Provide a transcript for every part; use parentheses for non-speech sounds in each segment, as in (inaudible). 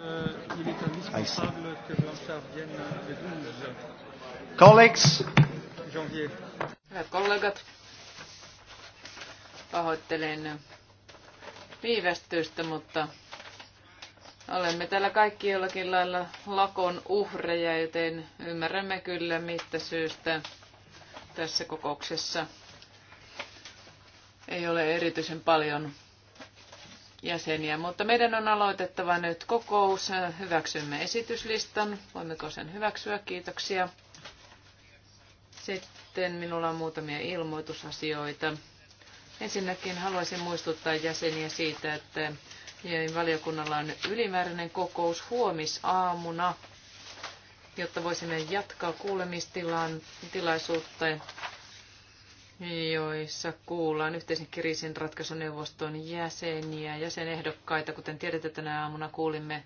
Euh, Colleagues. Hyvät kollegat, pahoittelen viivästystä, mutta olemme täällä kaikki jollakin lailla lakon uhreja, joten ymmärrämme kyllä mistä syystä tässä kokouksessa ei ole erityisen paljon jäseniä, mutta meidän on aloitettava nyt kokous. Hyväksymme esityslistan. Voimmeko sen hyväksyä? Kiitoksia. Sitten minulla on muutamia ilmoitusasioita. Ensinnäkin haluaisin muistuttaa jäseniä siitä, että valiokunnalla on ylimääräinen kokous huomisaamuna, jotta voisimme jatkaa kuulemistilaisuutta joissa kuullaan yhteisen ratkaisuneuvoston jäseniä, jäsenehdokkaita. Kuten tiedätte, tänä aamuna kuulimme,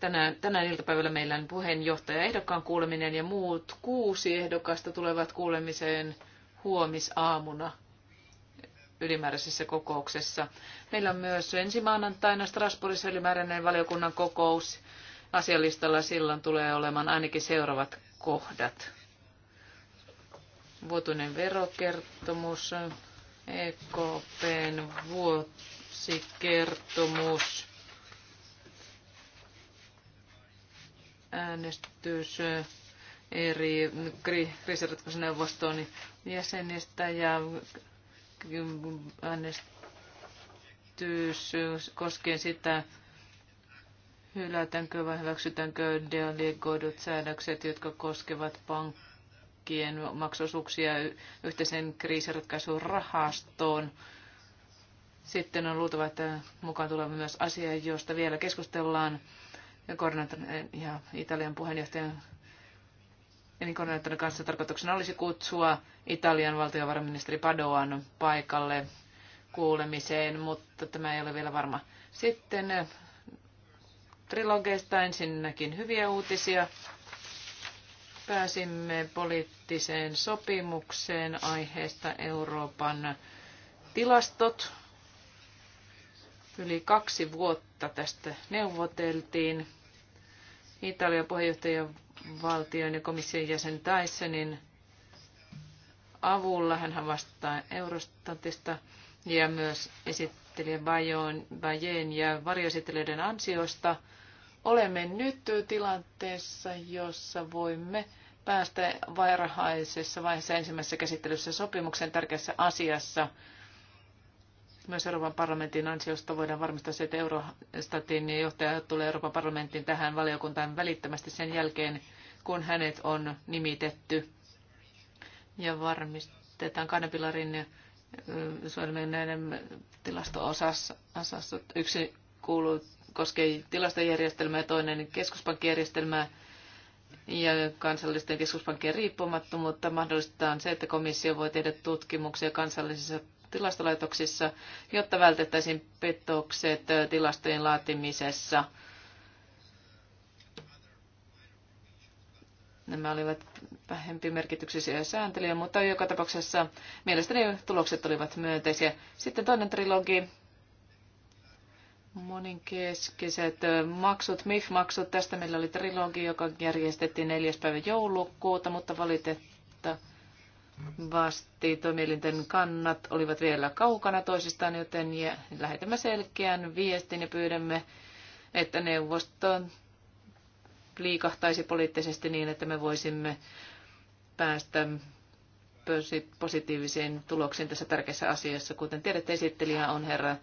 tänään, tänään iltapäivällä meillä on puheenjohtaja ehdokkaan kuuleminen ja muut kuusi ehdokasta tulevat kuulemiseen huomisaamuna ylimääräisessä kokouksessa. Meillä on myös ensi maanantaina Strasbourgissa ylimääräinen valiokunnan kokous. Asialistalla silloin tulee olemaan ainakin seuraavat kohdat vuotuinen verokertomus, EKPn vuosikertomus, äänestys eri kriisiratkaisuneuvoston jäsenistä ja äänestys koskien sitä, hylätäänkö vai hyväksytäänkö delegoidut säädökset, jotka koskevat pankkia pankkien maksosuuksia yhteisen kriisiratkaisun rahastoon. Sitten on luultava, että mukaan tulee myös asia, josta vielä keskustellaan ja Italian puheenjohtajan elinkoordinaattorin kanssa tarkoituksena olisi kutsua Italian valtiovarainministeri Padoan paikalle kuulemiseen, mutta tämä ei ole vielä varma. Sitten äh, trilogeista ensinnäkin hyviä uutisia pääsimme poliittiseen sopimukseen aiheesta Euroopan tilastot. Yli kaksi vuotta tästä neuvoteltiin. Italian puheenjohtajan valtion ja komission jäsen Tysonin avulla. Hän vastaa Eurostatista ja myös esittelijä Bajon, Bajen ja varjoesittelijöiden ansiosta – Olemme nyt tilanteessa, jossa voimme päästä varhaisessa vaiheessa ensimmäisessä käsittelyssä sopimuksen tärkeässä asiassa. Myös Euroopan parlamentin ansiosta voidaan varmistaa se, että Eurostatin johtaja tulee Euroopan parlamentin tähän valiokuntaan välittömästi sen jälkeen, kun hänet on nimitetty. Ja varmistetaan kahden suojelmien näiden tilasto-osassa. Yksi kuuluu koskee tilastojärjestelmää, toinen keskuspankkijärjestelmää ja kansallisten keskuspankkien riippumattomuutta. Mahdollistetaan se, että komissio voi tehdä tutkimuksia kansallisissa tilastolaitoksissa, jotta vältettäisiin petokset tilastojen laatimisessa. Nämä olivat vähempi merkityksisiä sääntelyjä, mutta joka tapauksessa mielestäni tulokset olivat myönteisiä. Sitten toinen trilogi, moninkeskiset maksut, MIF-maksut. Tästä meillä oli trilogi, joka järjestettiin 4. päivä joulukuuta, mutta valitettavasti toimielinten kannat olivat vielä kaukana toisistaan, joten lähetämme selkeän viestin ja pyydämme, että neuvosto liikahtaisi poliittisesti niin, että me voisimme päästä positiivisiin tuloksiin tässä tärkeässä asiassa. Kuten tiedätte, esittelijä on herra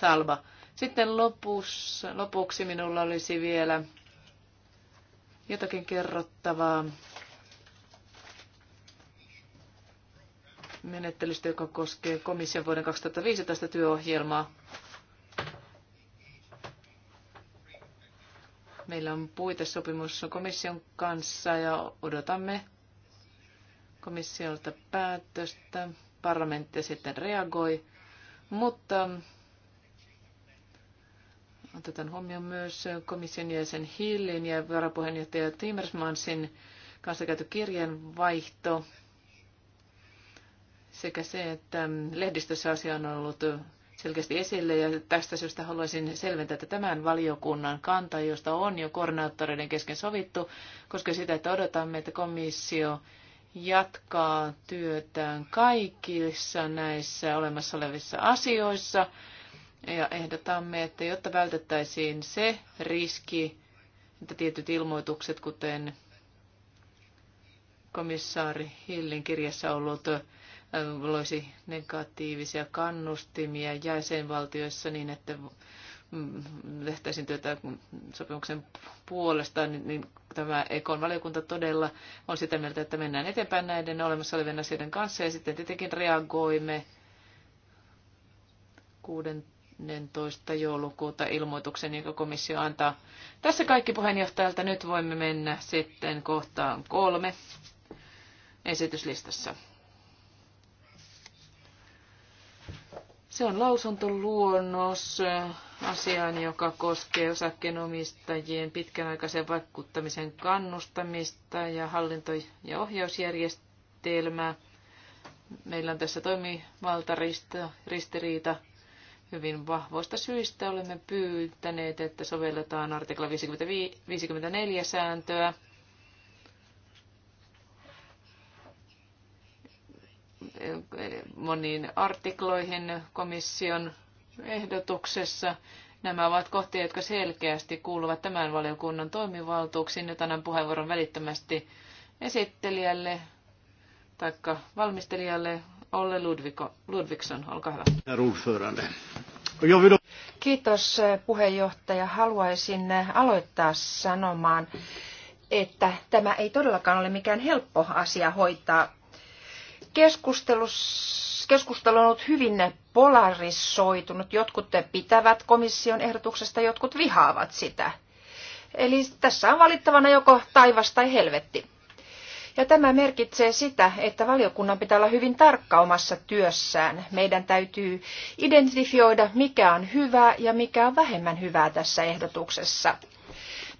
Salba. Sitten lopussa, lopuksi minulla olisi vielä jotakin kerrottavaa menettelystä, joka koskee komission vuoden 2015 työohjelmaa. Meillä on puitesopimus komission kanssa ja odotamme komissiolta päätöstä. Parlamentti sitten reagoi, mutta Otetaan huomioon myös komission jäsen Hillin ja varapuheenjohtaja Timmermansin kanssa käyty kirjeenvaihto sekä se, että lehdistössä asia on ollut selkeästi esille ja tästä syystä haluaisin selventää, että tämän valiokunnan kanta, josta on jo koordinaattoreiden kesken sovittu, koska sitä, että odotamme, että komissio jatkaa työtään kaikissa näissä olemassa olevissa asioissa ja ehdotamme, että jotta vältettäisiin se riski, että tietyt ilmoitukset, kuten komissaari Hillin kirjassa ollut, loisi negatiivisia kannustimia jäsenvaltioissa niin, että mm, tehtäisiin työtä sopimuksen puolesta, niin, niin tämä Ekon valiokunta todella on sitä mieltä, että mennään eteenpäin näiden olemassa olevien asioiden kanssa ja sitten tietenkin reagoimme kuuden 14. joulukuuta ilmoituksen, jonka komissio antaa. Tässä kaikki puheenjohtajalta. Nyt voimme mennä sitten kohtaan kolme esityslistassa. Se on lausuntoluonnos äh, asiaan, joka koskee osakkeenomistajien pitkänaikaisen vaikuttamisen kannustamista ja hallinto- ja ohjausjärjestelmää. Meillä on tässä toimivaltaristiriita. Ristiriita hyvin vahvoista syistä olemme pyytäneet, että sovelletaan artikla 54 sääntöä. moniin artikloihin komission ehdotuksessa. Nämä ovat kohtia, jotka selkeästi kuuluvat tämän valiokunnan toimivaltuuksiin. Nyt annan puheenvuoron välittömästi esittelijälle tai valmistelijalle Olle Ludviko, Ludviksson, olkaa hyvä. Kiitos eh, puheenjohtaja. Haluaisin eh, aloittaa sanomaan, että tämä ei todellakaan ole mikään helppo asia hoitaa. keskustelu on ollut hyvin polarisoitunut. Jotkut pitävät komission ehdotuksesta, jotkut vihaavat sitä. Eli tässä on valittavana joko taivas tai helvetti. Ja tämä merkitsee sitä, että valiokunnan pitää olla hyvin tarkka omassa työssään. Meidän täytyy identifioida, mikä on hyvää ja mikä on vähemmän hyvää tässä ehdotuksessa.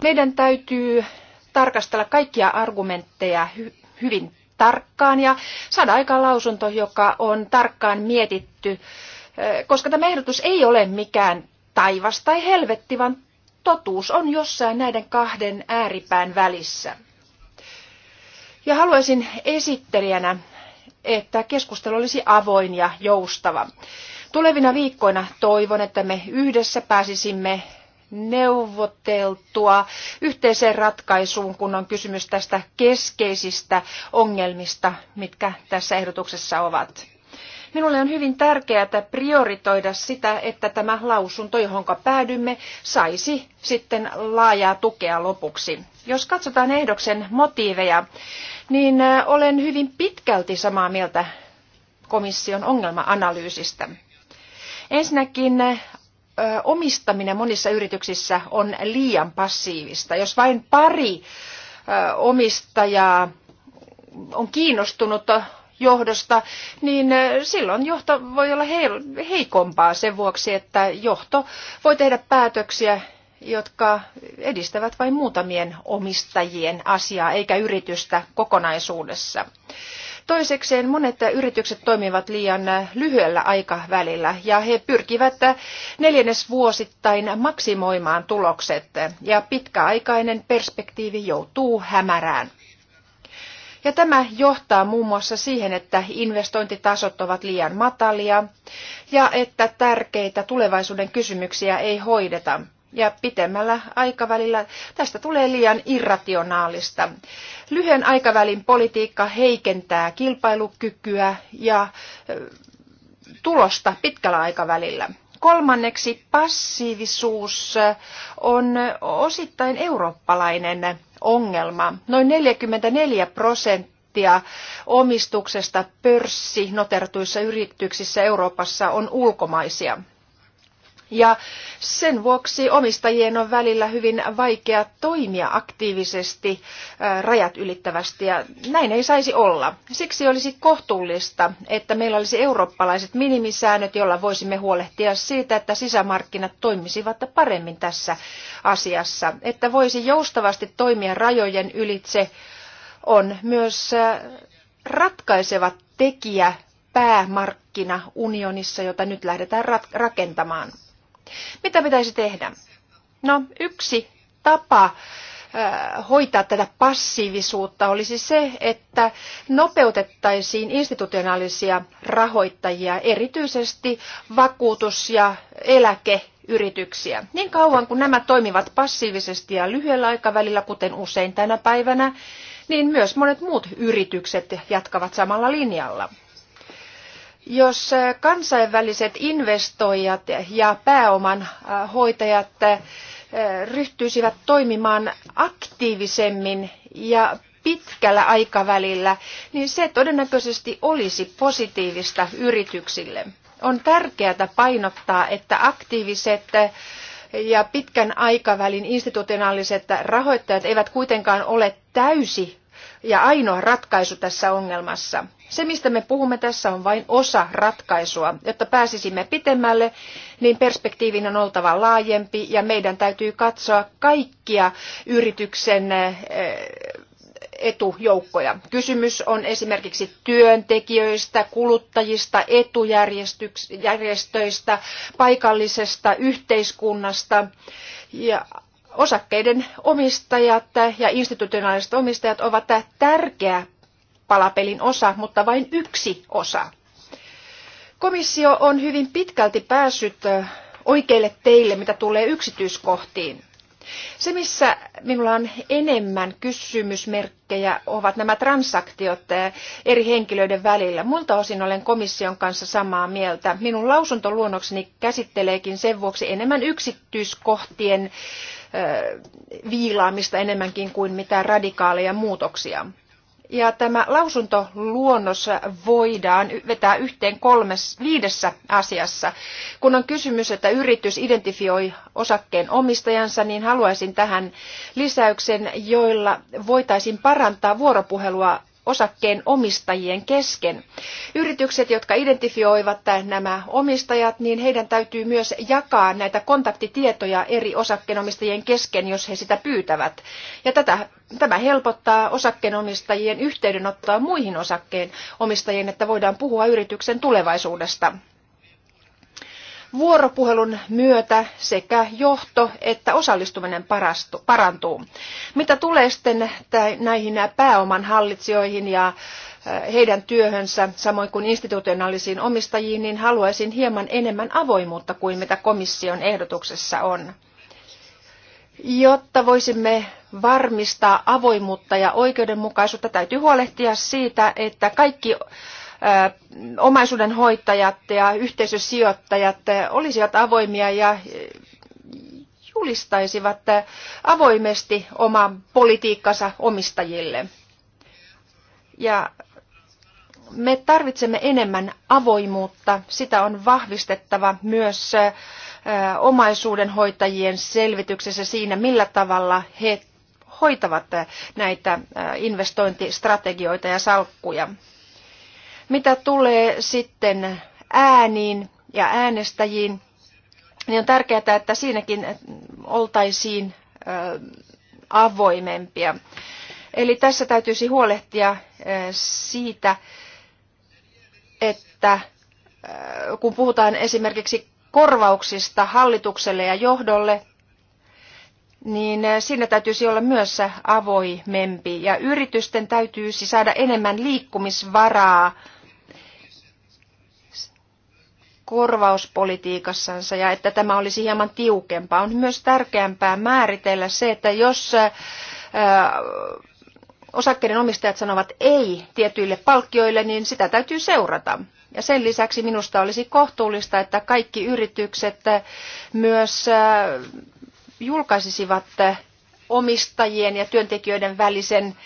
Meidän täytyy tarkastella kaikkia argumentteja hyvin tarkkaan ja saada aikaan lausunto, joka on tarkkaan mietitty, koska tämä ehdotus ei ole mikään taivas tai helvetti, vaan totuus on jossain näiden kahden ääripään välissä. Ja haluaisin esittelijänä, että keskustelu olisi avoin ja joustava. Tulevina viikkoina toivon, että me yhdessä pääsisimme neuvoteltua yhteiseen ratkaisuun, kun on kysymys tästä keskeisistä ongelmista, mitkä tässä ehdotuksessa ovat. Minulle on hyvin tärkeää prioritoida sitä, että tämä lausunto, johon päädymme, saisi sitten laajaa tukea lopuksi. Jos katsotaan ehdoksen motiiveja, niin olen hyvin pitkälti samaa mieltä komission ongelma-analyysistä. Ensinnäkin omistaminen monissa yrityksissä on liian passiivista. Jos vain pari omistajaa on kiinnostunut johdosta, niin eh, silloin johto voi olla heikompaa sen vuoksi, että johto voi tehdä päätöksiä, jotka edistävät vain muutamien omistajien asiaa eikä yritystä kokonaisuudessa. Toisekseen monet yritykset toimivat liian eh, lyhyellä aikavälillä ja he pyrkivät eh, neljännesvuosittain maksimoimaan tulokset ja pitkäaikainen perspektiivi joutuu hämärään. Ja tämä johtaa muun muassa siihen, että investointitasot ovat liian matalia ja että tärkeitä tulevaisuuden kysymyksiä ei hoideta. Ja pitemmällä aikavälillä tästä tulee liian irrationaalista. Lyhyen aikavälin politiikka heikentää kilpailukykyä ja tulosta pitkällä aikavälillä. Kolmanneksi passiivisuus on osittain eurooppalainen ongelma. Noin 44 prosenttia omistuksesta pörssinotertuissa yrityksissä Euroopassa on ulkomaisia. Ja sen vuoksi omistajien on välillä hyvin vaikea toimia aktiivisesti rajat ylittävästi ja näin ei saisi olla. Siksi olisi kohtuullista, että meillä olisi eurooppalaiset minimisäännöt, joilla voisimme huolehtia siitä, että sisämarkkinat toimisivat paremmin tässä asiassa, että voisi joustavasti toimia rajojen ylitse on myös ratkaiseva tekijä päämarkkinaunionissa, jota nyt lähdetään rakentamaan. Mitä pitäisi tehdä? No yksi tapa äh, hoitaa tätä passiivisuutta olisi se, että nopeutettaisiin institutionaalisia rahoittajia, erityisesti vakuutus- ja eläkeyrityksiä. Niin kauan kuin nämä toimivat passiivisesti ja lyhyellä aikavälillä, kuten usein tänä päivänä, niin myös monet muut yritykset jatkavat samalla linjalla. Jos äh, kansainväliset investoijat ja pääoman äh, hoitajat äh, ryhtyisivät toimimaan aktiivisemmin ja pitkällä aikavälillä, niin se todennäköisesti olisi positiivista yrityksille. On tärkeää painottaa, että aktiiviset ja pitkän aikavälin institutionaaliset rahoittajat eivät kuitenkaan ole täysi ja ainoa ratkaisu tässä ongelmassa. Se, mistä me puhumme tässä, on vain osa ratkaisua. Jotta pääsisimme pitemmälle, niin perspektiivin on oltava laajempi ja meidän täytyy katsoa kaikkia yrityksen eh, etujoukkoja. Kysymys on esimerkiksi työntekijöistä, kuluttajista, etujärjestöistä, paikallisesta yhteiskunnasta ja osakkeiden omistajat ja institutionaaliset omistajat ovat tärkeä palapelin osa, mutta vain yksi osa. Komissio on hyvin pitkälti päässyt oikeille teille, mitä tulee yksityiskohtiin. Se, missä minulla on enemmän kysymysmerkkejä, ovat nämä transaktiot eh, eri henkilöiden välillä. Multa osin olen komission kanssa samaa mieltä. Minun lausuntoluonnokseni käsitteleekin sen vuoksi enemmän yksityiskohtien eh, viilaamista enemmänkin kuin mitään radikaaleja muutoksia. Ja tämä lausuntoluonnos voidaan vetää yhteen kolmes, viidessä asiassa. Kun on kysymys, että yritys identifioi osakkeen omistajansa, niin haluaisin tähän lisäyksen, joilla voitaisiin parantaa vuoropuhelua osakkeen omistajien kesken. Yritykset, jotka identifioivat nämä omistajat, niin heidän täytyy myös jakaa näitä kontaktitietoja eri osakkeenomistajien kesken, jos he sitä pyytävät. Ja tätä, tämä helpottaa osakkeenomistajien yhteydenottoa muihin osakkeenomistajiin, että voidaan puhua yrityksen tulevaisuudesta. Vuoropuhelun myötä sekä johto että osallistuminen parantuu. Mitä tulee sitten näihin pääoman hallitsijoihin ja heidän työhönsä, samoin kuin institutionaalisiin omistajiin, niin haluaisin hieman enemmän avoimuutta kuin mitä komission ehdotuksessa on. Jotta voisimme varmistaa avoimuutta ja oikeudenmukaisuutta, täytyy huolehtia siitä, että kaikki omaisuudenhoitajat ja yhteisösijoittajat olisivat avoimia ja julistaisivat avoimesti oma politiikkansa omistajille. Ja me tarvitsemme enemmän avoimuutta. Sitä on vahvistettava myös omaisuudenhoitajien selvityksessä siinä, millä tavalla he hoitavat näitä investointistrategioita ja salkkuja. Mitä tulee sitten ääniin ja äänestäjiin, niin on tärkeää, että siinäkin oltaisiin avoimempia. Eli tässä täytyisi huolehtia siitä, että kun puhutaan esimerkiksi korvauksista hallitukselle ja johdolle, niin siinä täytyisi olla myös avoimempi ja yritysten täytyisi saada enemmän liikkumisvaraa korvauspolitiikassansa ja että tämä olisi hieman tiukempaa. On myös tärkeämpää määritellä se, että jos osakkeiden omistajat sanovat ei tietyille palkkioille, niin sitä täytyy seurata. Ja sen lisäksi minusta olisi kohtuullista, että kaikki yritykset myös julkaisisivat omistajien ja työntekijöiden välisen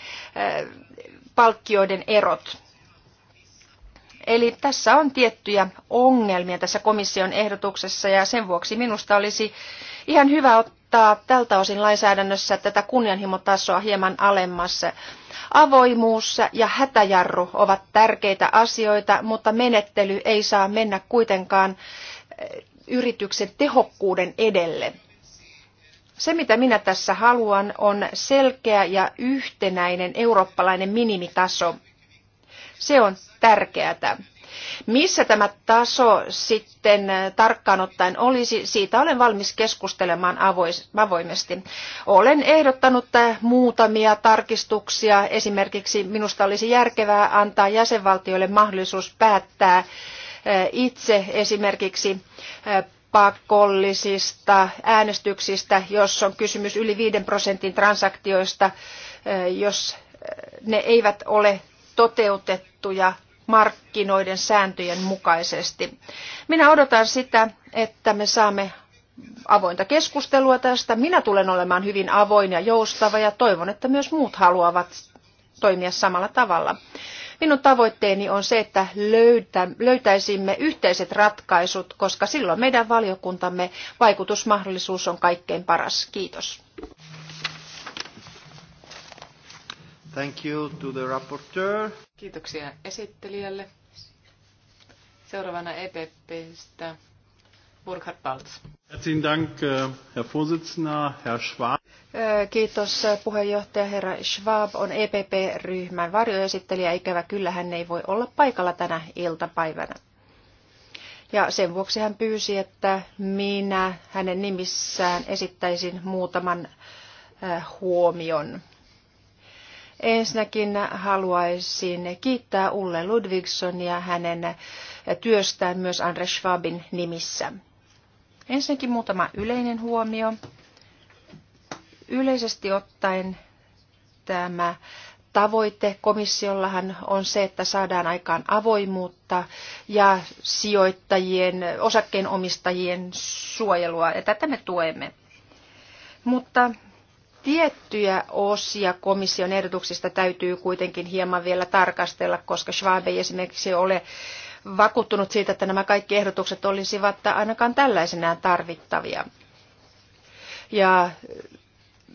palkkioiden erot Eli tässä on tiettyjä ongelmia tässä komission ehdotuksessa ja sen vuoksi minusta olisi ihan hyvä ottaa tältä osin lainsäädännössä tätä kunnianhimotasoa hieman alemmassa. Avoimuus ja hätäjarru ovat tärkeitä asioita, mutta menettely ei saa mennä kuitenkaan eh, yrityksen tehokkuuden edelle. Se, mitä minä tässä haluan, on selkeä ja yhtenäinen eurooppalainen minimitaso. Se on tärkeätä. Missä tämä taso sitten äh, tarkkaan ottaen olisi, siitä olen valmis keskustelemaan avoimesti. Olen ehdottanut äh, muutamia tarkistuksia. Esimerkiksi minusta olisi järkevää antaa jäsenvaltioille mahdollisuus päättää äh, itse esimerkiksi pakollisista äänestyksistä, jos on kysymys yli 5 prosentin transaktioista, jos ne eivät ole toteutettuja markkinoiden sääntöjen mukaisesti. Minä odotan sitä, että me saamme avointa keskustelua tästä. Minä tulen olemaan hyvin avoin ja joustava ja toivon, että myös muut haluavat toimia samalla tavalla. Minun tavoitteeni on se, että löytä, löytäisimme yhteiset ratkaisut, koska silloin meidän valiokuntamme vaikutusmahdollisuus on kaikkein paras. Kiitos. Thank you to the rapporteur. Kiitoksia esittelijälle. Seuraavana EPPstä Burkhard Balz. Dank, äh, Herr Herr Schwab. Äh, kiitos äh, puheenjohtaja herra Schwab on EPP-ryhmän varjoesittelijä. Ikävä kyllä hän ei voi olla paikalla tänä iltapäivänä. Ja sen vuoksi hän pyysi, että minä hänen nimissään esittäisin muutaman huomion. Ensinnäkin haluaisin kiittää Ulle ja hänen työstään myös Andre Schwabin nimissä. Ensinnäkin muutama yleinen huomio. Yleisesti ottaen tämä tavoite komissiollahan on se, että saadaan aikaan avoimuutta ja sijoittajien, osakkeenomistajien suojelua, ja tätä me tuemme. Mutta Tiettyjä osia komission ehdotuksista täytyy kuitenkin hieman vielä tarkastella, koska Schwab ei esimerkiksi ole vakuuttunut siitä, että nämä kaikki ehdotukset olisivat ainakaan tällaisenaan tarvittavia. Ja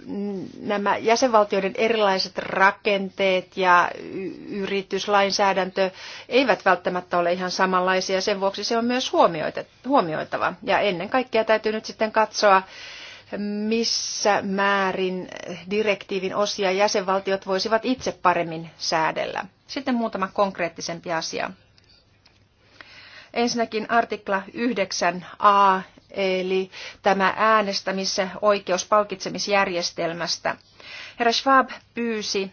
mm, nämä jäsenvaltioiden erilaiset rakenteet ja yrityslainsäädäntö eivät välttämättä ole ihan samanlaisia. Sen vuoksi se on myös huomioitava. Ja ennen kaikkea täytyy nyt sitten katsoa, missä määrin direktiivin osia jäsenvaltiot voisivat itse paremmin säädellä. Sitten muutama konkreettisempi asia. Ensinnäkin artikla 9a, eli tämä äänestämissä oikeus palkitsemisjärjestelmästä. Herra Schwab pyysi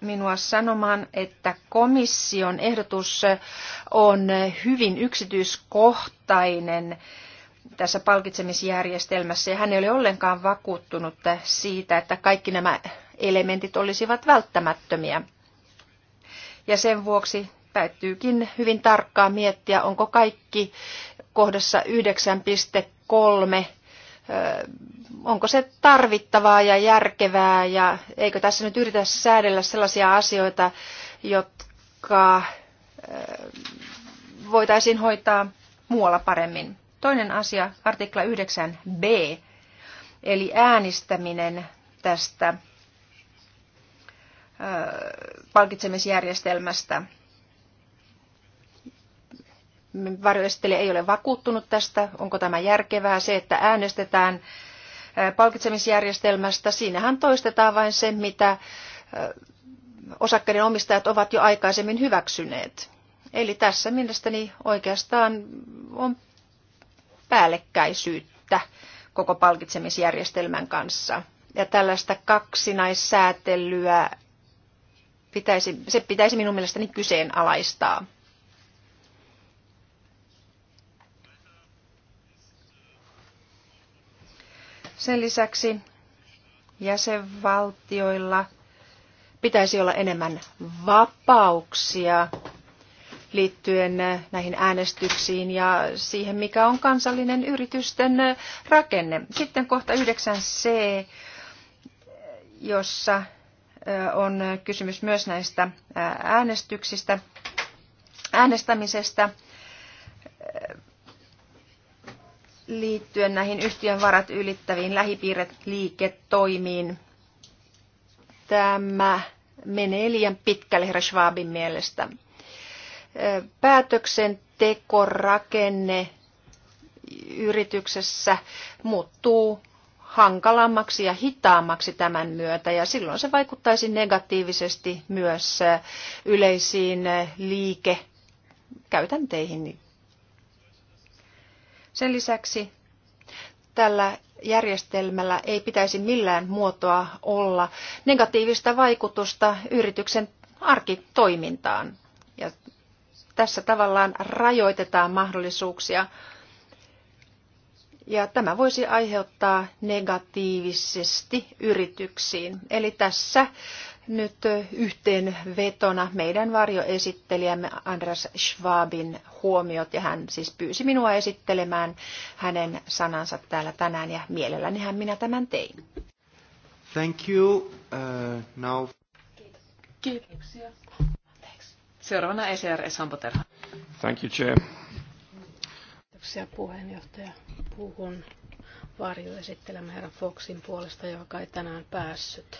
minua sanomaan, että komission ehdotus on hyvin yksityiskohtainen tässä palkitsemisjärjestelmässä ja hän ei ole ollenkaan vakuuttunut siitä, että kaikki nämä elementit olisivat välttämättömiä. Ja sen vuoksi täytyykin hyvin tarkkaan miettiä, onko kaikki kohdassa 9.3, onko se tarvittavaa ja järkevää ja eikö tässä nyt yritä säädellä sellaisia asioita, jotka voitaisiin hoitaa muualla paremmin. Toinen asia, artikla 9b, eli äänestäminen tästä palkitsemisjärjestelmästä. Varjoesittelijä ei ole vakuuttunut tästä, onko tämä järkevää se, että äänestetään palkitsemisjärjestelmästä. Siinähän toistetaan vain se, mitä osakkeiden omistajat ovat jo aikaisemmin hyväksyneet. Eli tässä mielestäni oikeastaan on päällekkäisyyttä koko palkitsemisjärjestelmän kanssa. Ja tällaista kaksinaissäätelyä pitäisi, se pitäisi minun mielestäni kyseenalaistaa. Sen lisäksi jäsenvaltioilla pitäisi olla enemmän vapauksia liittyen äh, näihin äänestyksiin ja siihen, mikä on kansallinen yritysten äh, rakenne. Sitten kohta 9c, jossa äh, on kysymys myös näistä äänestyksistä, äänestämisestä liittyen näihin yhtiön varat ylittäviin liiketoimiin. Tämä menee liian pitkälle Herra Schwabin mielestä päätöksentekorakenne yrityksessä muuttuu hankalammaksi ja hitaammaksi tämän myötä ja silloin se vaikuttaisi negatiivisesti myös yleisiin liikekäytänteihin. Sen lisäksi tällä järjestelmällä ei pitäisi millään muotoa olla negatiivista vaikutusta yrityksen arkitoimintaan. Ja tässä tavallaan rajoitetaan mahdollisuuksia. Ja tämä voisi aiheuttaa negatiivisesti yrityksiin. Eli tässä nyt yhteenvetona meidän varjoesittelijämme Andras Schwabin huomiot ja hän siis pyysi minua esittelemään hänen sanansa täällä tänään ja hän minä tämän tein. Thank you. Uh, now... Kiitoksia. Seuraavana ECRS Sampo Terha. Thank you, Chair. Kiitoksia puheenjohtaja. Puhun varjoesittelemään herra Foxin puolesta, joka ei tänään päässyt.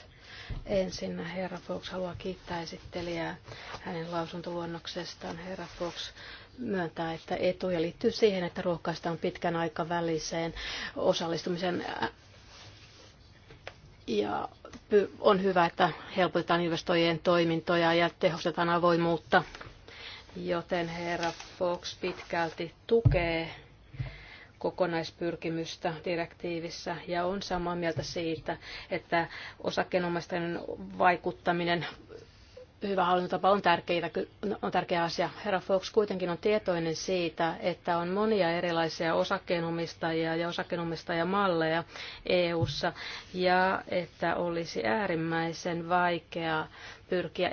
Ensin herra Fox haluaa kiittää esittelijää hänen lausuntoluonnoksestaan. Herra Fox myöntää, että etuja liittyy siihen, että rohkaistaan pitkän aikaväliseen osallistumisen ja on hyvä, että helpotetaan investoijien toimintoja ja tehostetaan avoimuutta, joten herra Fox pitkälti tukee kokonaispyrkimystä direktiivissä ja on samaa mieltä siitä, että osakkeenomistajien vaikuttaminen hyvä hallintotapa on, tärkeitä, on tärkeä asia. Herra Fox kuitenkin on tietoinen siitä, että on monia erilaisia osakkeenomistajia ja osakkeenomistajamalleja EU-ssa ja että olisi äärimmäisen vaikeaa pyrkiä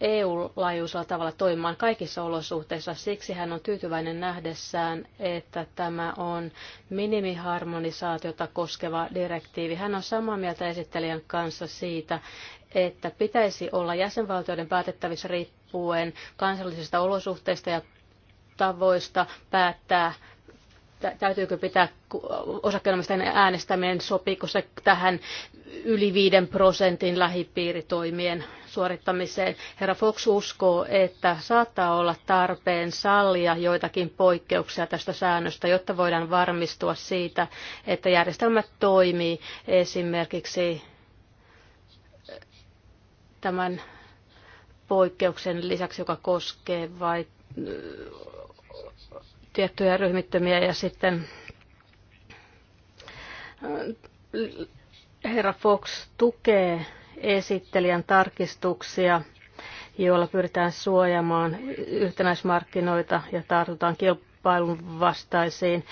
EU-laajuisella e tavalla toimimaan kaikissa olosuhteissa. Siksi hän on tyytyväinen nähdessään, että tämä on minimiharmonisaatiota koskeva direktiivi. Hän on samaa mieltä esittelijän kanssa siitä, että pitäisi olla jäsenvaltioiden päätettävissä riippuen kansallisista olosuhteista ja tavoista päättää täytyykö pitää osakkeenomistajan äänestäminen, sopiiko se tähän yli 5 prosentin lähipiiritoimien suorittamiseen. Herra Fox uskoo, että saattaa olla tarpeen sallia joitakin poikkeuksia tästä säännöstä, jotta voidaan varmistua siitä, että järjestelmä toimii esimerkiksi eh, tämän poikkeuksen lisäksi, joka koskee vai tiettyjä ryhmittymiä ja sitten äh, herra Fox tukee esittelijän tarkistuksia, joilla pyritään suojaamaan yhtenäismarkkinoita ja tartutaan kilpailun vastaisiin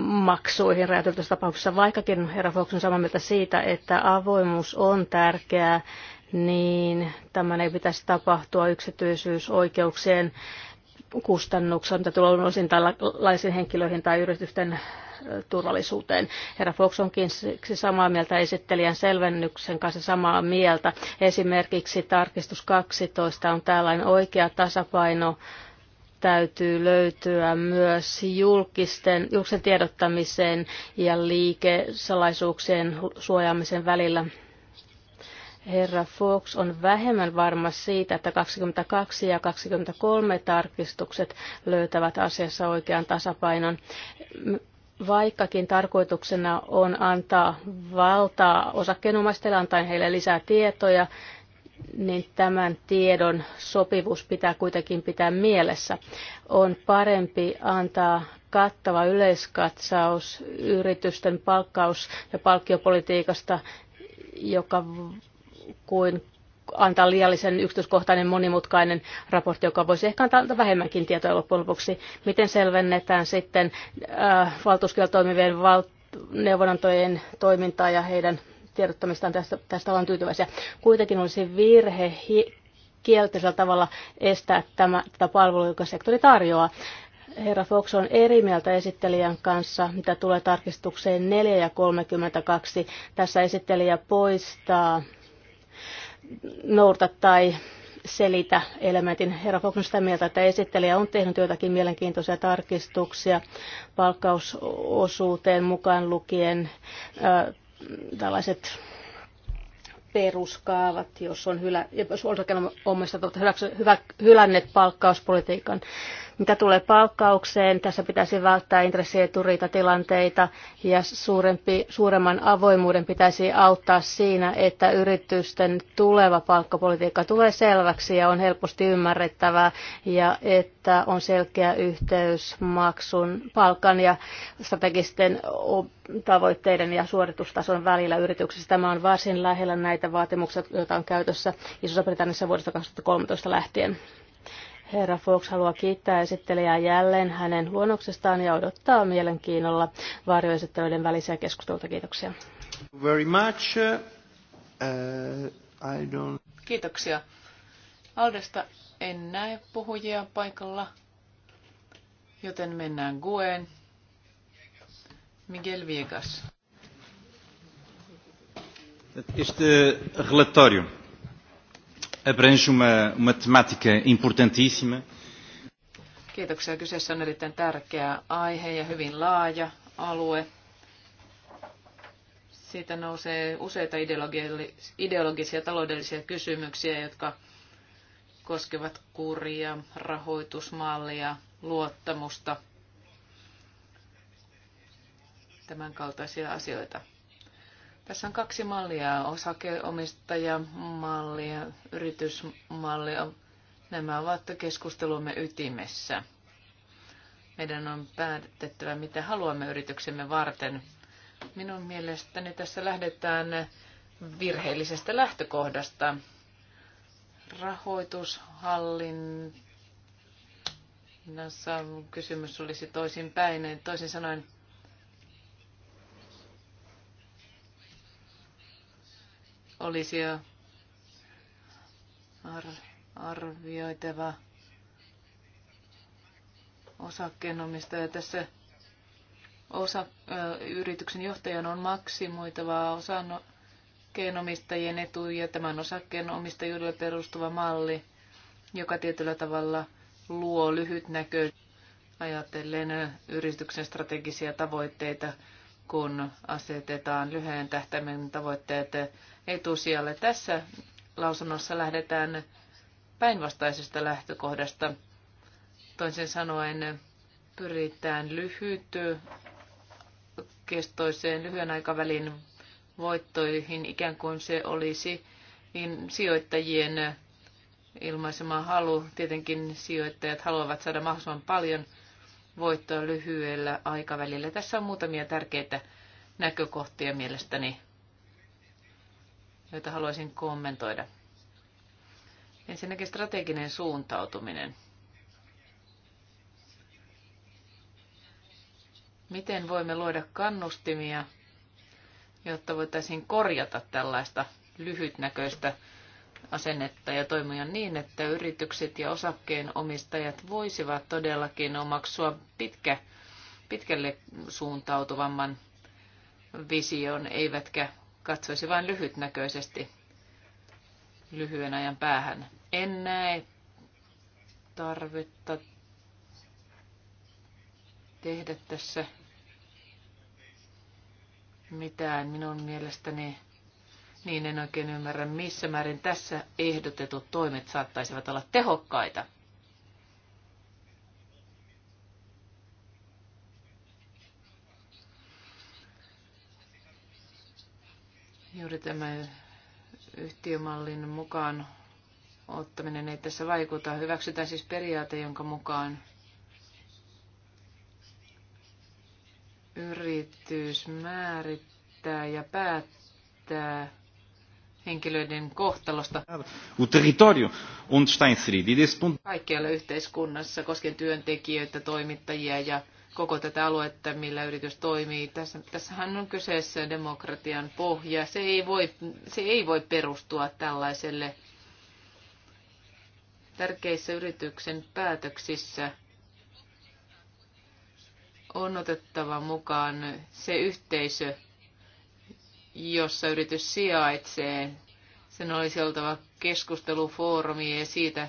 maksuihin räätälöityssä tapauksessa, vaikkakin herra Fox on samaa mieltä siitä, että avoimuus on tärkeää, niin tämän ei pitäisi tapahtua yksityisyysoikeuksien kustannuksia, mitä tulee luonnollisiin tällaisiin henkilöihin tai yritysten turvallisuuteen. Herra Fox onkin siksi samaa mieltä esittelijän selvennyksen kanssa samaa mieltä. Esimerkiksi tarkistus 12 on tällainen oikea tasapaino täytyy löytyä myös julkisten, julkisen tiedottamisen ja liikesalaisuuksien suojaamisen välillä. Herra Fox on vähemmän varma siitä, että 22 ja 23 tarkistukset löytävät asiassa oikean tasapainon vaikkakin tarkoituksena on antaa valtaa osakkeenomaisille, antaa heille lisää tietoja, niin tämän tiedon sopivuus pitää kuitenkin pitää mielessä. On parempi antaa kattava yleiskatsaus yritysten palkkaus- ja palkkiopolitiikasta, joka kuin antaa liiallisen yksityiskohtainen monimutkainen raportti, joka voisi ehkä antaa vähemmänkin tietoa loppujen lopuksi. Miten selvennetään sitten äh, valtuuskielä toimivien val- neuvonantojen toimintaa ja heidän tiedottamistaan tästä, tästä ollaan tyytyväisiä. Kuitenkin olisi virhe hi- kielteisellä tavalla estää tämä, tätä palvelua, joka sektori tarjoaa. Herra Fox on eri mieltä esittelijän kanssa, mitä tulee tarkistukseen 4 ja 32. Tässä esittelijä poistaa noudata tai selitä elementin. Herra Fox on sitä mieltä, että esittelijä on tehnyt joitakin mielenkiintoisia tarkistuksia palkkausosuuteen mukaan lukien ää, tällaiset peruskaavat, jos on hylä, jos hylä, hyvä, hylänneet palkkauspolitiikan. Mitä tulee palkkaukseen, tässä pitäisi välttää tilanteita ja suurempi, suuremman avoimuuden pitäisi auttaa siinä, että yritysten tuleva palkkapolitiikka tulee selväksi ja on helposti ymmärrettävää ja että on selkeä yhteys maksun, palkan ja strategisten tavoitteiden ja suoritustason välillä yrityksessä. Tämä on varsin lähellä näitä vaatimuksia, joita on käytössä iso britanniassa vuodesta 2013 lähtien. Herra Fox haluaa kiittää esittelijää jälleen hänen luonnoksestaan ja odottaa mielenkiinnolla varjoesittelyiden välisiä keskusteluita. Kiitoksia. Very much. Uh, I don't... Kiitoksia. Aldesta en näe puhujia paikalla, joten mennään Guen. Miguel Viegas. de relatorium abrange uma, uma temática importantíssima. Kiitoksia. Kyseessä on erittäin tärkeä aihe ja hyvin laaja alue. Siitä nousee useita ideologisia taloudellisia kysymyksiä, jotka koskevat kuria, rahoitusmallia, luottamusta, tämän kaltaisia asioita. Tässä on kaksi mallia, osakeomistajamalli ja yritysmalli. Nämä ovat keskustelumme ytimessä. Meidän on päätettävä, mitä haluamme yrityksemme varten. Minun mielestäni tässä lähdetään virheellisestä lähtökohdasta. Rahoitushallin kysymys olisi toisin Toisin sanoen olisi jo arvioitava osakkeenomistaja. Tässä osa, ö, yrityksen johtajan on maksimoitava osakkeenomistajien etu ja tämän osakkeenomistajuudelle perustuva malli, joka tietyllä tavalla luo lyhytnäköisyyttä ajatellen yrityksen strategisia tavoitteita kun asetetaan lyhyen tähtäimen tavoitteet etusijalle. Tässä lausunnossa lähdetään päinvastaisesta lähtökohdasta. Toisin sanoen pyritään lyhyt kestoiseen lyhyen aikavälin voittoihin, ikään kuin se olisi niin sijoittajien ilmaisema halu. Tietenkin sijoittajat haluavat saada mahdollisimman paljon – voittoa lyhyellä aikavälillä. Tässä on muutamia tärkeitä näkökohtia mielestäni, joita haluaisin kommentoida. Ensinnäkin strateginen suuntautuminen. Miten voimme luoda kannustimia, jotta voitaisiin korjata tällaista lyhytnäköistä asennetta ja toimia niin, että yritykset ja osakkeenomistajat voisivat todellakin omaksua pitkä, pitkälle suuntautuvamman vision, eivätkä katsoisi vain lyhytnäköisesti lyhyen ajan päähän. En näe tarvetta tehdä tässä mitään. Minun mielestäni niin en oikein ymmärrä, missä määrin tässä ehdotetut toimet saattaisivat olla tehokkaita. Juuri tämä yhtiömallin mukaan ottaminen ei tässä vaikuta. Hyväksytään siis periaate, jonka mukaan yritys määrittää ja päättää, henkilöiden kohtalosta e kaikkialla yhteiskunnassa koskien työntekijöitä, toimittajia ja koko tätä aluetta, millä yritys toimii. Tässä, tässähän on kyseessä demokratian pohja. Se ei voi, se ei voi perustua tällaiselle tärkeissä yrityksen päätöksissä on otettava mukaan se yhteisö, jossa yritys sijaitsee. Sen olisi oltava keskustelufoorumi ja siitä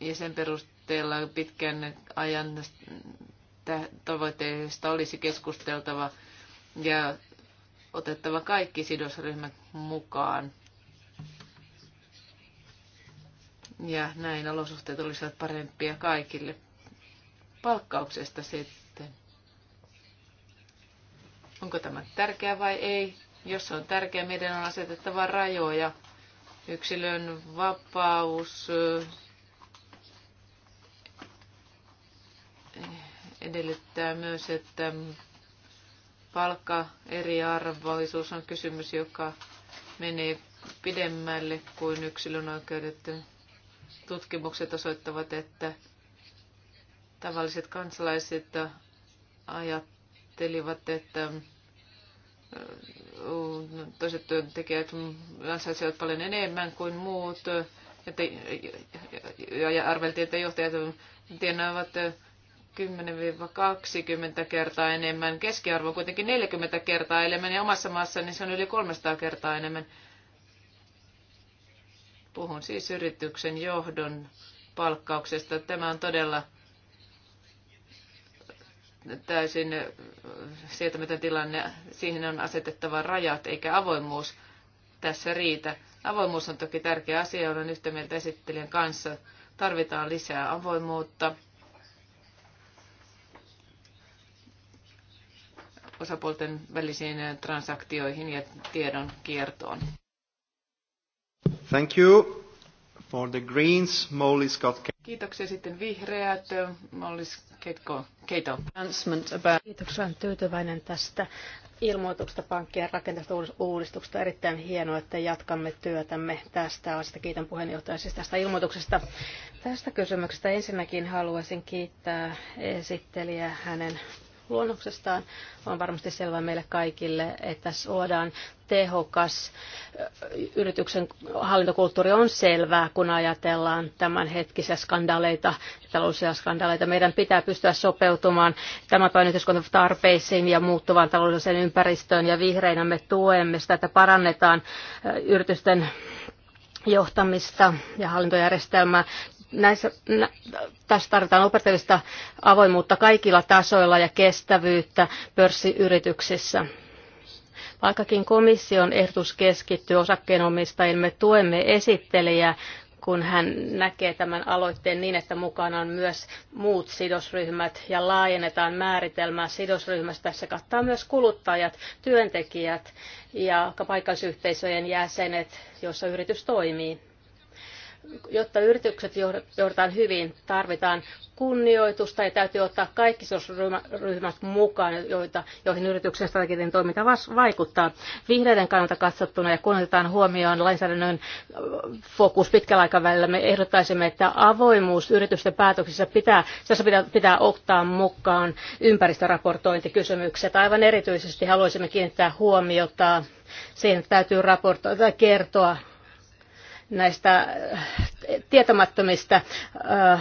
ja sen perusteella pitkän ajan tavoitteesta olisi keskusteltava ja otettava kaikki sidosryhmät mukaan. Ja näin olosuhteet olisivat parempia kaikille. Palkkauksesta sitten. Onko tämä tärkeä vai ei? Jos se on tärkeä, meidän on asetettava rajoja. Yksilön vapaus, eh, edellyttää myös, että palkka eriarvoisuus on kysymys, joka menee pidemmälle kuin yksilön oikeudet. Tutkimukset osoittavat, että tavalliset kansalaiset ajattelivat, että toiset työntekijät ansaitsevat paljon enemmän kuin muut. Ja, te, ja, arveltiin, että johtajat tienaavat 10-20 kertaa enemmän. Keskiarvo on kuitenkin 40 kertaa enemmän ja omassa maassa niin se on yli 300 kertaa enemmän. Puhun siis yrityksen johdon palkkauksesta. Tämä on todella täysin sietämätön tilanne. Siihen on asetettava rajat eikä avoimuus tässä riitä. Avoimuus on toki tärkeä asia, olen yhtä mieltä esittelijän kanssa. Tarvitaan lisää avoimuutta. osapuolten välisiin transaktioihin ja tiedon kiertoon. Thank you for the Greens, Molly Scott. Kiitoksia sitten vihreät. Kiitoksia, olen tyytyväinen tästä ilmoituksesta pankkien rakenteesta uudistuksesta. Erittäin hienoa, että jatkamme työtämme tästä asiasta. Kiitän puheenjohtaja siis tästä ilmoituksesta. Tästä kysymyksestä ensinnäkin haluaisin kiittää esittelijää hänen luonnoksestaan. On varmasti selvää meille kaikille, että suodaan tehokas yrityksen hallintokulttuuri on selvää, kun ajatellaan tämänhetkisiä skandaaleita, taloudellisia skandaaleita. Meidän pitää pystyä sopeutumaan tämän päivän yhteiskunnan tarpeisiin ja muuttuvaan taloudelliseen ympäristöön ja vihreinä me tuemme sitä, että parannetaan yritysten johtamista ja hallintojärjestelmää näissä, nä, tässä tarvitaan operatiivista avoimuutta kaikilla tasoilla ja kestävyyttä pörssiyrityksissä. Vaikkakin komission ehdotus keskittyy osakkeenomistajille, me tuemme esittelijää, kun hän näkee tämän aloitteen niin, että mukana on myös muut sidosryhmät ja laajennetaan määritelmää sidosryhmästä. Se kattaa myös kuluttajat, työntekijät ja paikallisyhteisöjen jäsenet, joissa yritys toimii jotta yritykset johdetaan hyvin, tarvitaan kunnioitusta ja täytyy ottaa kaikki sidosryhmät mukaan, joita, joihin yrityksen strateginen toiminta vaikuttaa. Vihreiden kannalta katsottuna ja kun otetaan huomioon lainsäädännön äh, fokus pitkällä aikavälillä, me ehdottaisimme, että avoimuus yritysten päätöksissä pitää, tässä pitää, pitää ottaa mukaan ympäristöraportointikysymykset. Aivan erityisesti haluaisimme kiinnittää huomiota siihen, että täytyy raportoida kertoa näistä eh, tietämättömistä eh,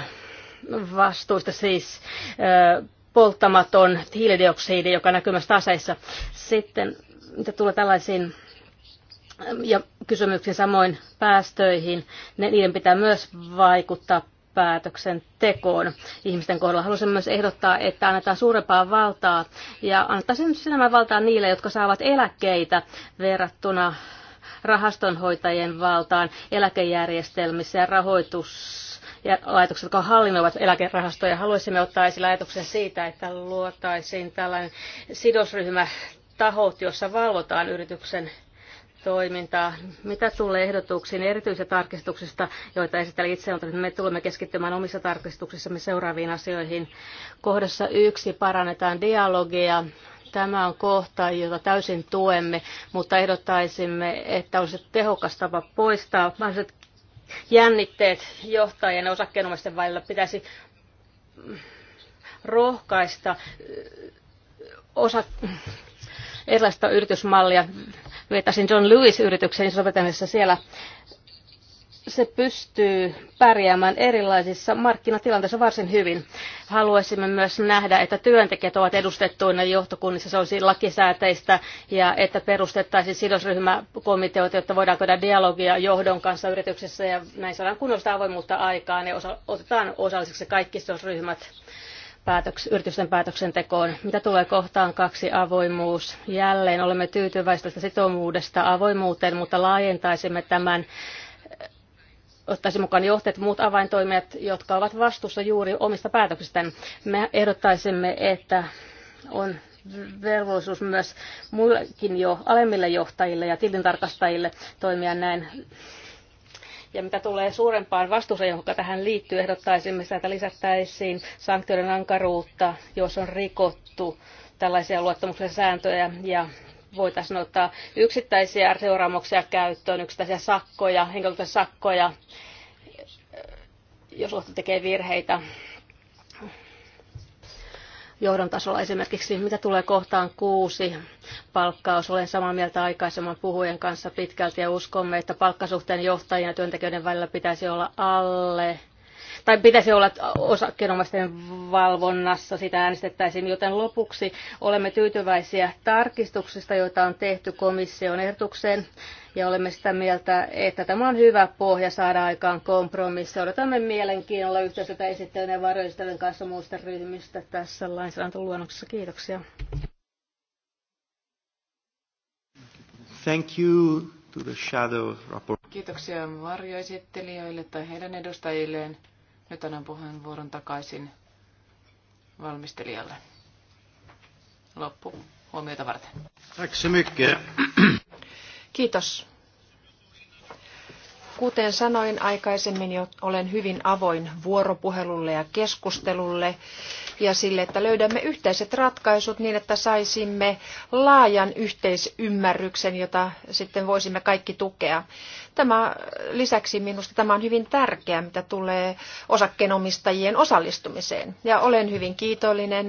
vastuista, siis eh, polttamaton hiilidioksidi, joka näkyy myös taseissa. Sitten mitä tulee tällaisiin ja kysymyksiin samoin päästöihin, ne, niiden pitää myös vaikuttaa päätöksentekoon ihmisten kohdalla. Haluaisin myös ehdottaa, että annetaan suurempaa valtaa ja annetaan sen valtaa niille, jotka saavat eläkkeitä verrattuna rahastonhoitajien valtaan eläkejärjestelmissä ja rahoitus ja laitokset, jotka hallinnoivat eläkerahastoja. Haluaisimme ottaa esille ajatuksen siitä, että luotaisiin tällainen sidosryhmä tahot, jossa valvotaan yrityksen toimintaa. Mitä tulee ehdotuksiin erityisistä tarkistuksista, joita esitteli itse on, että me tulemme keskittymään omissa tarkistuksissamme seuraaviin asioihin. Kohdassa yksi parannetaan dialogia Tämä on kohta, jota täysin tuemme, mutta ehdottaisimme, että olisi tehokas tapa poistaa mahdolliset jännitteet johtajien ja osakkeenomaisten välillä. Pitäisi rohkaista osa, erilaista yritysmallia. vietäisiin John Lewis-yritykseen Iso-Britanniassa siellä se pystyy pärjäämään erilaisissa markkinatilanteissa varsin hyvin. Haluaisimme myös nähdä, että työntekijät ovat edustettuina johtokunnissa, se olisi lakisääteistä, ja että perustettaisiin sidosryhmäkomiteoita, jotta voidaan käydä dialogia johdon kanssa yrityksessä, ja näin saadaan kunnollista avoimuutta aikaan, ja osa- otetaan osalliseksi kaikki sidosryhmät päätöks- yritysten päätöksentekoon. Mitä tulee kohtaan kaksi avoimuus? Jälleen olemme tyytyväisiä sitoumuudesta avoimuuteen, mutta laajentaisimme tämän ottaisi mukaan johtajat ja muut avaintoimijat, jotka ovat vastuussa juuri omista päätöksistään. Me ehdottaisimme, että on velvollisuus myös muillekin jo alemmille johtajille ja tilintarkastajille toimia näin. Ja mitä tulee suurempaan vastuuseen, joka tähän liittyy, ehdottaisimme sitä, että lisättäisiin sanktioiden ankaruutta, jos on rikottu tällaisia luottamuksen sääntöjä ja voitaisiin ottaa yksittäisiä seuraamuksia käyttöön, yksittäisiä sakkoja, henkilökohtaisia sakkoja, jos johto tekee virheitä johdon tasolla esimerkiksi, mitä tulee kohtaan kuusi palkkaus. Olen samaa mieltä aikaisemman puhujen kanssa pitkälti ja uskomme, että palkkasuhteen johtajien ja työntekijöiden välillä pitäisi olla alle tai pitäisi olla osakkeenomaisten valvonnassa, sitä äänestettäisiin, joten lopuksi olemme tyytyväisiä tarkistuksista, joita on tehty komission ehdotukseen ja olemme sitä mieltä, että tämä on hyvä pohja saada aikaan kompromissi. Odotamme mielenkiinnolla yhteistyötä esittelyyn ja varjoistelujen kanssa muista ryhmistä tässä lainsäädäntöluonnoksessa. Kiitoksia. Thank you to the shadow Kiitoksia varjoesittelijöille tai heidän edustajilleen. Nyt annan puheenvuoron takaisin valmistelijalle. Loppu huomiota varten. Kiitos. Kuten sanoin aikaisemmin jo, olen hyvin avoin vuoropuhelulle ja keskustelulle takia sille, että löydämme yhteiset ratkaisut niin, että saisimme laajan yhteisymmärryksen, jota sitten voisimme kaikki tukea. Tämä, lisäksi minusta tämä on hyvin tärkeää, mitä tulee osakkeenomistajien osallistumiseen. Ja olen hyvin kiitollinen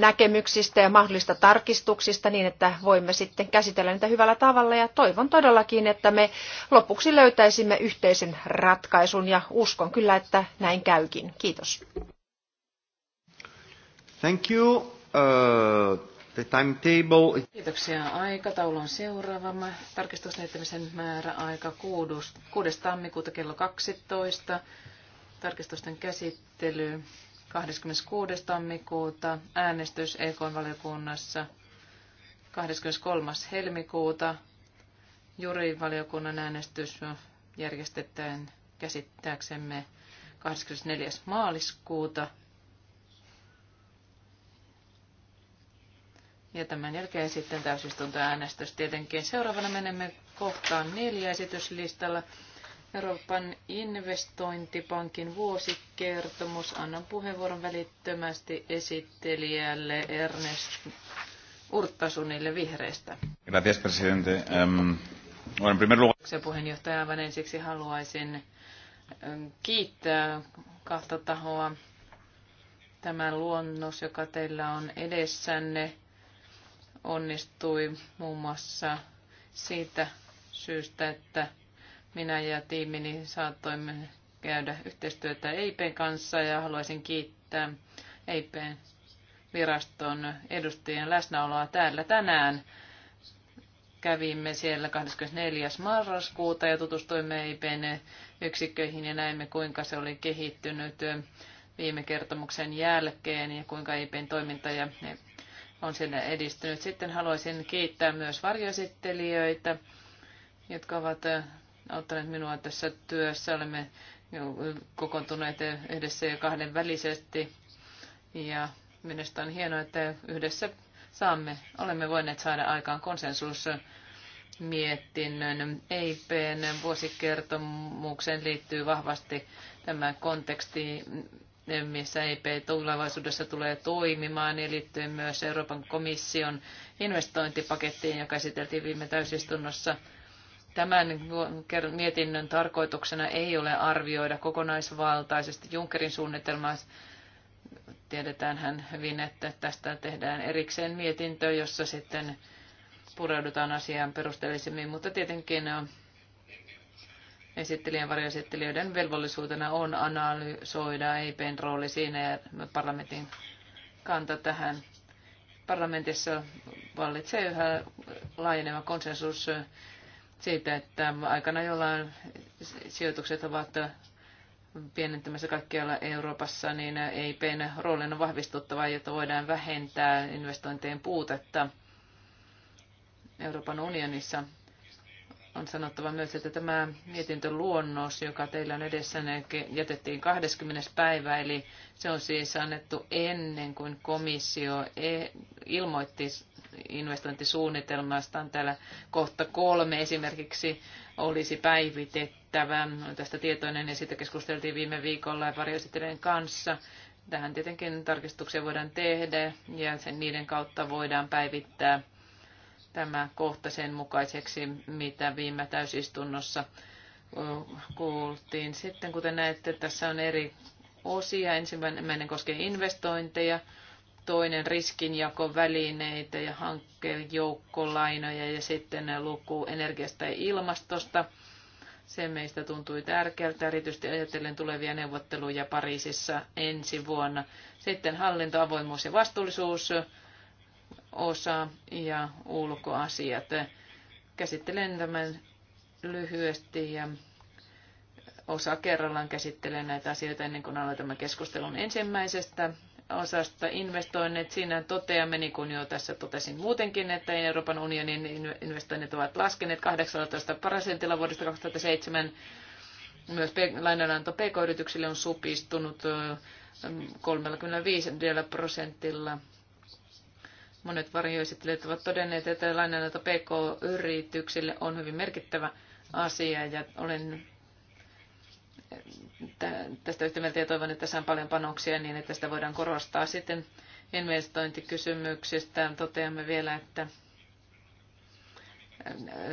näkemyksistä ja mahdollista tarkistuksista niin, että voimme sitten käsitellä niitä hyvällä tavalla. Ja toivon todellakin, että me lopuksi löytäisimme yhteisen ratkaisun ja uskon kyllä, että näin käykin. Kiitos. Thank you. Uh, the timetable. Kiitoksia. aikataulun seuraava. Tarkistusnäyttämisen määräaika 6. 6. tammikuuta kello 12. Tarkistusten käsittely 26. tammikuuta. Äänestys EK-valiokunnassa 23. helmikuuta. Jurivaliokunnan äänestys järjestetään käsittääksemme 24. maaliskuuta Ja tämän jälkeen sitten täysistuntoäänestys tietenkin. Seuraavana menemme kohtaan neljä esityslistalla. Euroopan investointipankin vuosikertomus. Annan puheenvuoron välittömästi esittelijälle Ernest Urtasunille vihreistä. Gracias, presidente. Um, bueno, primer lugar... Se Puheenjohtaja, aivan ensiksi haluaisin kiittää kahta tahoa. Tämä luonnos, joka teillä on edessänne, onnistui muun muassa siitä syystä, että minä ja tiimini saattoimme käydä yhteistyötä Eipen kanssa ja haluaisin kiittää Eipen viraston edustajien läsnäoloa täällä tänään. Kävimme siellä 24. marraskuuta ja tutustuimme Eipen yksikköihin ja näimme kuinka se oli kehittynyt viime kertomuksen jälkeen ja kuinka Eipen toiminta ja on siinä edistynyt. Sitten haluaisin kiittää myös varjoesittelijöitä, jotka ovat äh, auttaneet minua tässä työssä. Olemme kokoontuneet yhdessä ja kahden välisesti. Ja minusta on hienoa, että yhdessä saamme, olemme voineet saada aikaan konsensus mietinnön. EIPn vuosikertomukseen liittyy vahvasti tämä konteksti missä IP e tulevaisuudessa tulee toimimaan, niin liittyen myös Euroopan komission investointipakettiin, joka käsiteltiin viime täysistunnossa. Tämän mietinnön tarkoituksena ei ole arvioida kokonaisvaltaisesti Junckerin suunnitelmaa. tiedetään hän hyvin, että tästä tehdään erikseen mietintö, jossa sitten pureudutaan asiaan perusteellisemmin, mutta tietenkin esittelijän varjoesittelijöiden velvollisuutena on analysoida EIPn rooli siinä ja parlamentin kanta tähän. Parlamentissa vallitsee yhä laajeneva konsensus siitä, että aikana jolloin sijoitukset ovat pienentymässä kaikkialla Euroopassa, niin EIPn roolin on vahvistuttava, jotta voidaan vähentää investointien puutetta Euroopan unionissa on sanottava myös, että tämä mietintöluonnos, joka teillä on edessänne, jätettiin 20. päivä, eli se on siis annettu ennen kuin komissio e- ilmoitti investointisuunnitelmastaan. Täällä kohta kolme esimerkiksi olisi päivitettävä. Tästä tietoinen ja siitä keskusteltiin viime viikolla ja varjoesittelijän kanssa. Tähän tietenkin tarkistuksia voidaan tehdä ja sen, niiden kautta voidaan päivittää tämä kohta sen mukaiseksi, mitä viime täysistunnossa kuultiin. Sitten kuten näette, tässä on eri osia. Ensimmäinen koskee investointeja, toinen riskinjakovälineitä ja hankkeen joukkolainoja ja sitten luku energiasta ja ilmastosta. Se meistä tuntui tärkeältä, erityisesti ajatellen tulevia neuvotteluja Pariisissa ensi vuonna. Sitten hallinto, avoimuus ja vastuullisuus, osa ja ulkoasiat. Käsittelen tämän lyhyesti ja osa kerrallaan käsittelen näitä asioita ennen kuin aloitamme keskustelun ensimmäisestä osasta investoinnit. Siinä toteamme, niin kuin jo tässä totesin muutenkin, että Euroopan unionin investoinnit ovat laskeneet 18 prosentilla vuodesta 2007. Myös lainananto pk-yrityksille on supistunut 35 prosentilla Monet varjoesittelijät ovat todenneet, että lainananto PK-yrityksille on hyvin merkittävä asia ja olen tästä yhtä mieltä ja toivon, että saan paljon panoksia niin, että sitä voidaan korostaa. Sitten investointikysymyksistä toteamme vielä, että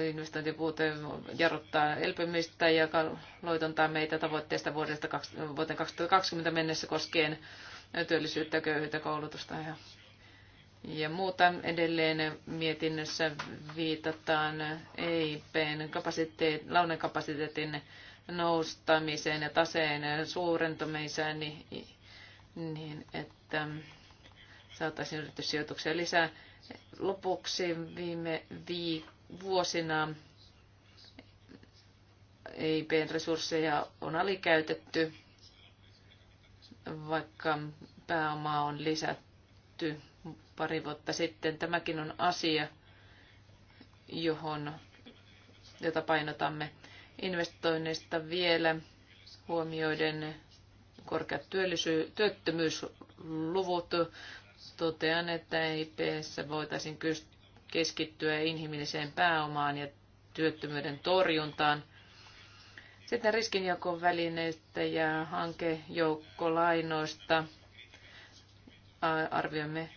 investointipuute jarruttaa elpymistä ja loitontaa meitä tavoitteesta vuodesta, vuoteen 2020 mennessä koskien työllisyyttä, köyhyyttä, koulutusta ja ja muuta. Edelleen mietinnössä viitataan EIPn kapasiteet, launakapasiteetin noustamiseen ja taseen suurentamiseen niin, niin että saataisiin yrityssijoituksia lisää. Lopuksi viime vii vuosina EIPn resursseja on alikäytetty, vaikka pääomaa on lisätty pari vuotta sitten. Tämäkin on asia, johon, jota painotamme investoinneista vielä huomioiden korkeat työllisyy- työttömyysluvut. Totean, että EIPssä voitaisiin keskittyä inhimilliseen pääomaan ja työttömyyden torjuntaan. Sitten välineistä ja hankejoukkolainoista arvioimme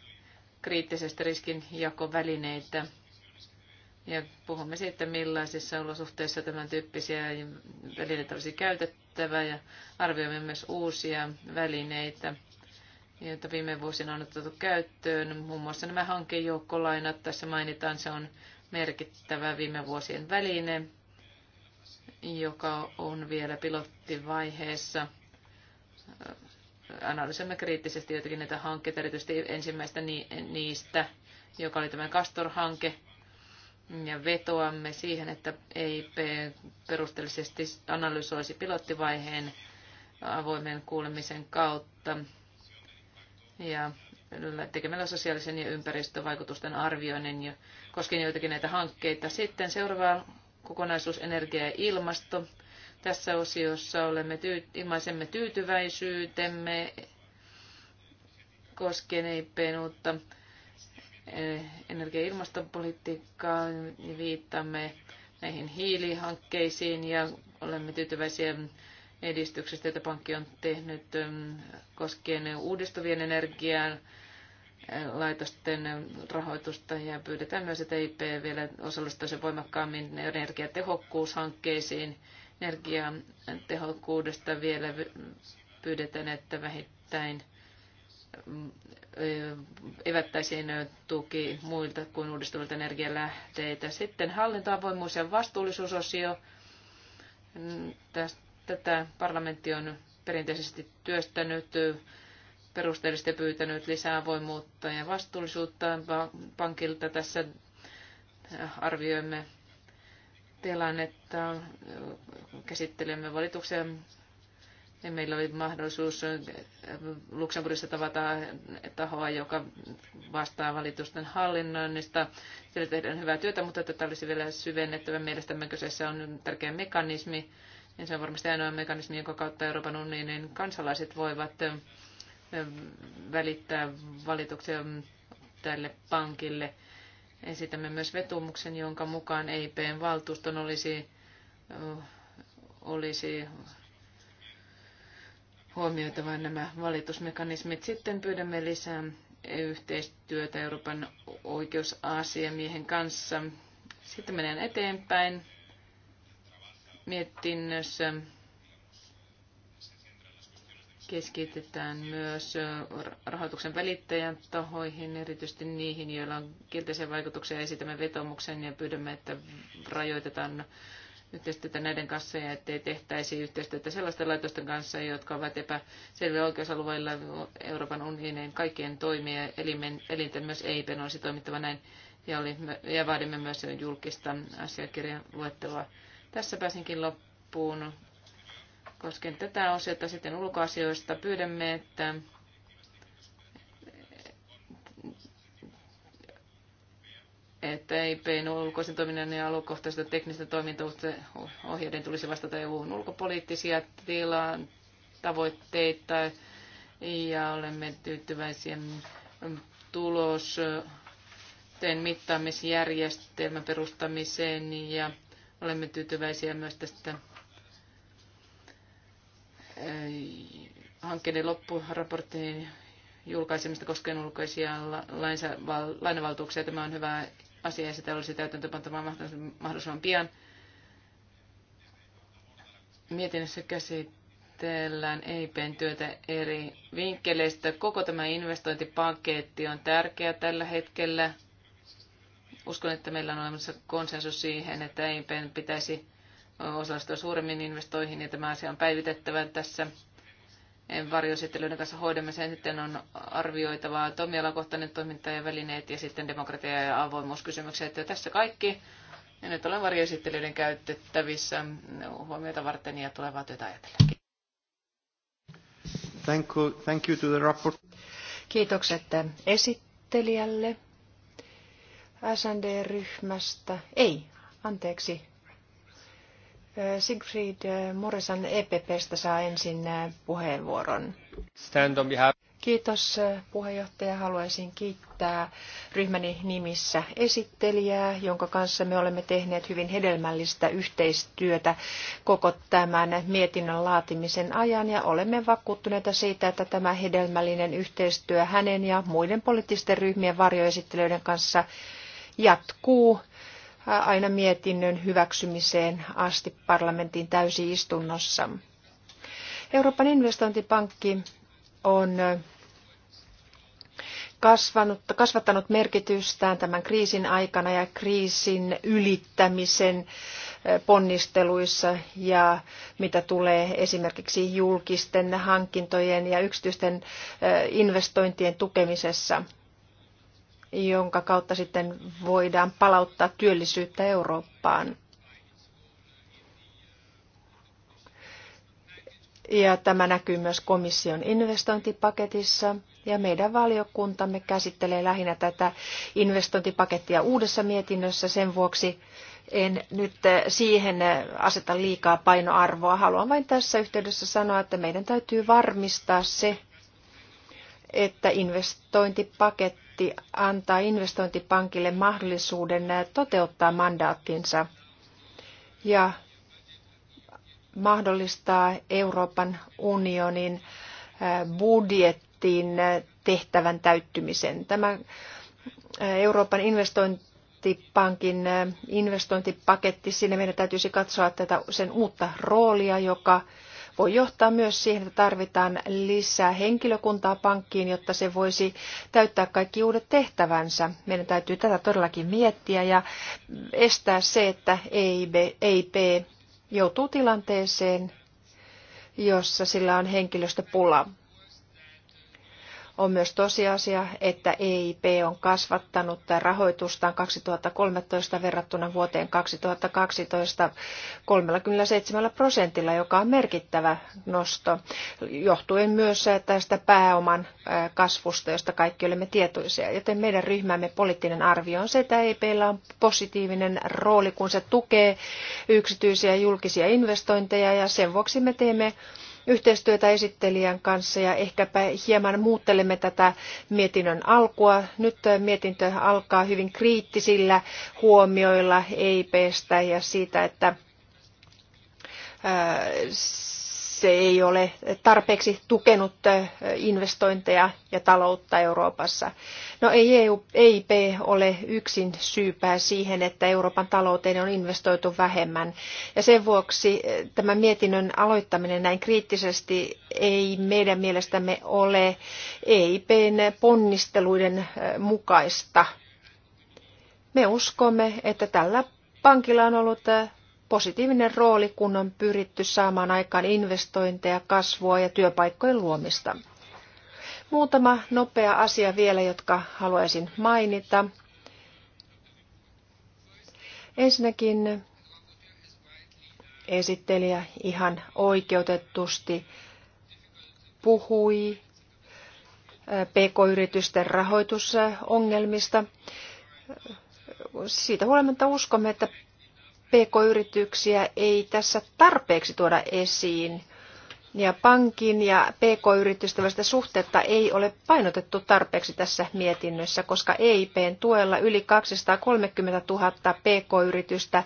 kriittisestä riskinjakovälineitä. Ja puhumme siitä, millaisissa olosuhteissa tämän tyyppisiä välineitä olisi käytettävä ja arvioimme myös uusia välineitä, joita viime vuosina on otettu käyttöön. Muun muassa nämä hankejoukkolainat tässä mainitaan, se on merkittävä viime vuosien väline, joka on vielä pilottivaiheessa analysoimme kriittisesti joitakin näitä hankkeita, erityisesti ensimmäistä niistä, joka oli tämä Castor-hanke, ja vetoamme siihen, että EIP perusteellisesti analysoisi pilottivaiheen avoimen kuulemisen kautta ja tekemällä sosiaalisen ja ympäristövaikutusten arvioinnin ja koskien joitakin näitä hankkeita. Sitten seuraava kokonaisuus energia ja ilmasto. Tässä osiossa olemme tyy- ilmaisemme tyytyväisyytemme koskien EIPn uutta eh, energia- ja ilmastopolitiikkaa. Viittamme näihin hiilihankkeisiin ja olemme tyytyväisiä edistyksestä, jota pankki on tehnyt eh, koskien uudistuvien energian eh, laitosten rahoitusta ja pyydetään myös, että e IP vielä osallistuisi voimakkaammin energiatehokkuushankkeisiin energiatehokkuudesta vielä pyydetään, että vähittäin evättäisiin tuki muilta kuin uudistuvilta energialähteitä Sitten hallintoavoimuus ja vastuullisuusosio. Tätä parlamentti on perinteisesti työstänyt perusteellisesti pyytänyt lisää avoimuutta ja vastuullisuutta pankilta. Tässä arvioimme tilannetta, käsittelemme valituksia ja meillä oli mahdollisuus Luxemburgissa tavata tahoa, joka vastaa valitusten hallinnoinnista. Siellä tehdään hyvää työtä, mutta tätä olisi vielä syvennettävä. Mielestämme kyseessä on tärkeä mekanismi. Ja se on varmasti ainoa mekanismi, jonka kautta Euroopan unionin kansalaiset voivat välittää valituksia tälle pankille. Esitämme myös vetumuksen, jonka mukaan EIPn valtuuston olisi, olisi huomioitava nämä valitusmekanismit. Sitten pyydämme lisää yhteistyötä Euroopan oikeusasiamiehen kanssa. Sitten menen eteenpäin mietinnössä keskitetään myös rahoituksen välittäjän tahoihin, erityisesti niihin, joilla on kielteisiä vaikutuksia. Esitämme vetomuksen ja pyydämme, että rajoitetaan yhteistyötä näiden kanssa ja ettei tehtäisi yhteistyötä sellaisten laitosten kanssa, jotka ovat epäselviä oikeusalueilla Euroopan unionin kaikkien toimia elimen, elinten myös EIPen olisi toimittava näin ja, oli, ja vaadimme myös julkista asiakirjan luettelua. Tässä pääsinkin loppuun koskien tätä osiota sitten ulkoasioista pyydämme, että että EIPn ulkoisen toiminnan ja aluekohtaisesta teknistä toimintaohjeiden tulisi vastata EUn ulkopoliittisia tilan tavoitteita ja olemme tyytyväisiä tulos mittaamisjärjestelmän perustamiseen ja olemme tyytyväisiä myös tästä Äh, hankkeiden loppuraportin julkaisemista koskien ulkoisia lainavaltuuksia. Tämä on hyvä asia ja sitä olisi täytäntöpantava mahdollisimman pian. Mietinnössä käsitellään EIPn työtä eri vinkkeleistä. Koko tämä investointipaketti on tärkeä tällä hetkellä. Uskon, että meillä on olemassa konsensus siihen, että EIPn pitäisi osallistua suuremmin investoihin, ja niin tämä asia on päivitettävä tässä varjoesittelyiden kanssa hoidamme sen. Sitten on arvioitavaa toimialakohtainen toiminta ja välineet ja sitten demokratia- ja avoimuuskysymykset. Ja tässä kaikki. Ja nyt olen varjoesittelyiden käytettävissä huomiota varten ja tulevaa työtä ajatellen. Thank you, thank you to the rapport. Kiitokset esittelijälle. SND-ryhmästä. Ei, anteeksi. Siegfried Murisan EPPstä saa ensin äh, puheenvuoron. Stand on behalf. Kiitos äh, puheenjohtaja. Haluaisin kiittää ryhmäni nimissä esittelijää, jonka kanssa me olemme tehneet hyvin hedelmällistä yhteistyötä koko tämän mietinnön laatimisen ajan ja olemme vakuuttuneita siitä, että tämä hedelmällinen yhteistyö hänen ja muiden poliittisten ryhmien varjoesittelijöiden kanssa jatkuu aina mietinnön hyväksymiseen asti parlamentin täysiistunnossa. Euroopan investointipankki on kasvanut, kasvattanut merkitystään tämän kriisin aikana ja kriisin ylittämisen ponnisteluissa ja mitä tulee esimerkiksi julkisten hankintojen ja yksityisten investointien tukemisessa – jonka kautta sitten voidaan palauttaa työllisyyttä Eurooppaan. Ja tämä näkyy myös komission investointipaketissa. Ja meidän valiokuntamme käsittelee lähinnä tätä investointipakettia uudessa mietinnössä. Sen vuoksi en nyt eh, siihen eh, aseta liikaa painoarvoa. Haluan vain tässä yhteydessä sanoa, että meidän täytyy varmistaa se, että investointipaketti mandaatti antaa investointipankille mahdollisuuden toteuttaa mandaattinsa ja mahdollistaa Euroopan unionin budjettiin tehtävän täyttymisen. Tämä Euroopan investointipankin investointipaketti, siinä meidän täytyisi katsoa tätä sen uutta roolia, joka voi johtaa myös siihen, että tarvitaan lisää henkilökuntaa pankkiin, jotta se voisi täyttää kaikki uudet tehtävänsä. Meidän täytyy tätä todellakin miettiä ja estää se, että EIB, EIP joutuu tilanteeseen, jossa sillä on henkilöstöpula. On myös tosiasia, että EIP on kasvattanut rahoitustaan 2013 verrattuna vuoteen 2012 37 prosentilla, joka on merkittävä nosto, johtuen myös tästä pääoman kasvusta, josta kaikki olemme tietoisia. Joten meidän ryhmämme poliittinen arvio on se, että EIPllä on positiivinen rooli, kun se tukee yksityisiä ja julkisia investointeja, ja sen vuoksi me teemme yhteistyötä esittelijän kanssa ja ehkäpä hieman muuttelemme tätä mietinnön alkua. Nyt mietintö alkaa hyvin kriittisillä huomioilla EIPstä ja siitä, että se ei ole tarpeeksi tukenut investointeja ja taloutta Euroopassa. No ei EU, EIP ole yksin syypää siihen, että Euroopan talouteen on investoitu vähemmän. Ja sen vuoksi tämä mietinnön aloittaminen näin kriittisesti ei meidän mielestämme ole EIPn ponnisteluiden mukaista. Me uskomme, että tällä pankilla on ollut positiivinen rooli, kun on pyritty saamaan aikaan investointeja, kasvua ja työpaikkojen luomista. Muutama nopea asia vielä, jotka haluaisin mainita. Ensinnäkin esittelijä ihan oikeutetusti puhui PK-yritysten rahoitusongelmista. Siitä huolimatta uskomme, että PK-yrityksiä ei tässä tarpeeksi tuoda esiin. Ja pankin ja PK-yritysten välistä suhteetta ei ole painotettu tarpeeksi tässä mietinnössä, koska EIPn tuella yli 230 000 PK-yritystä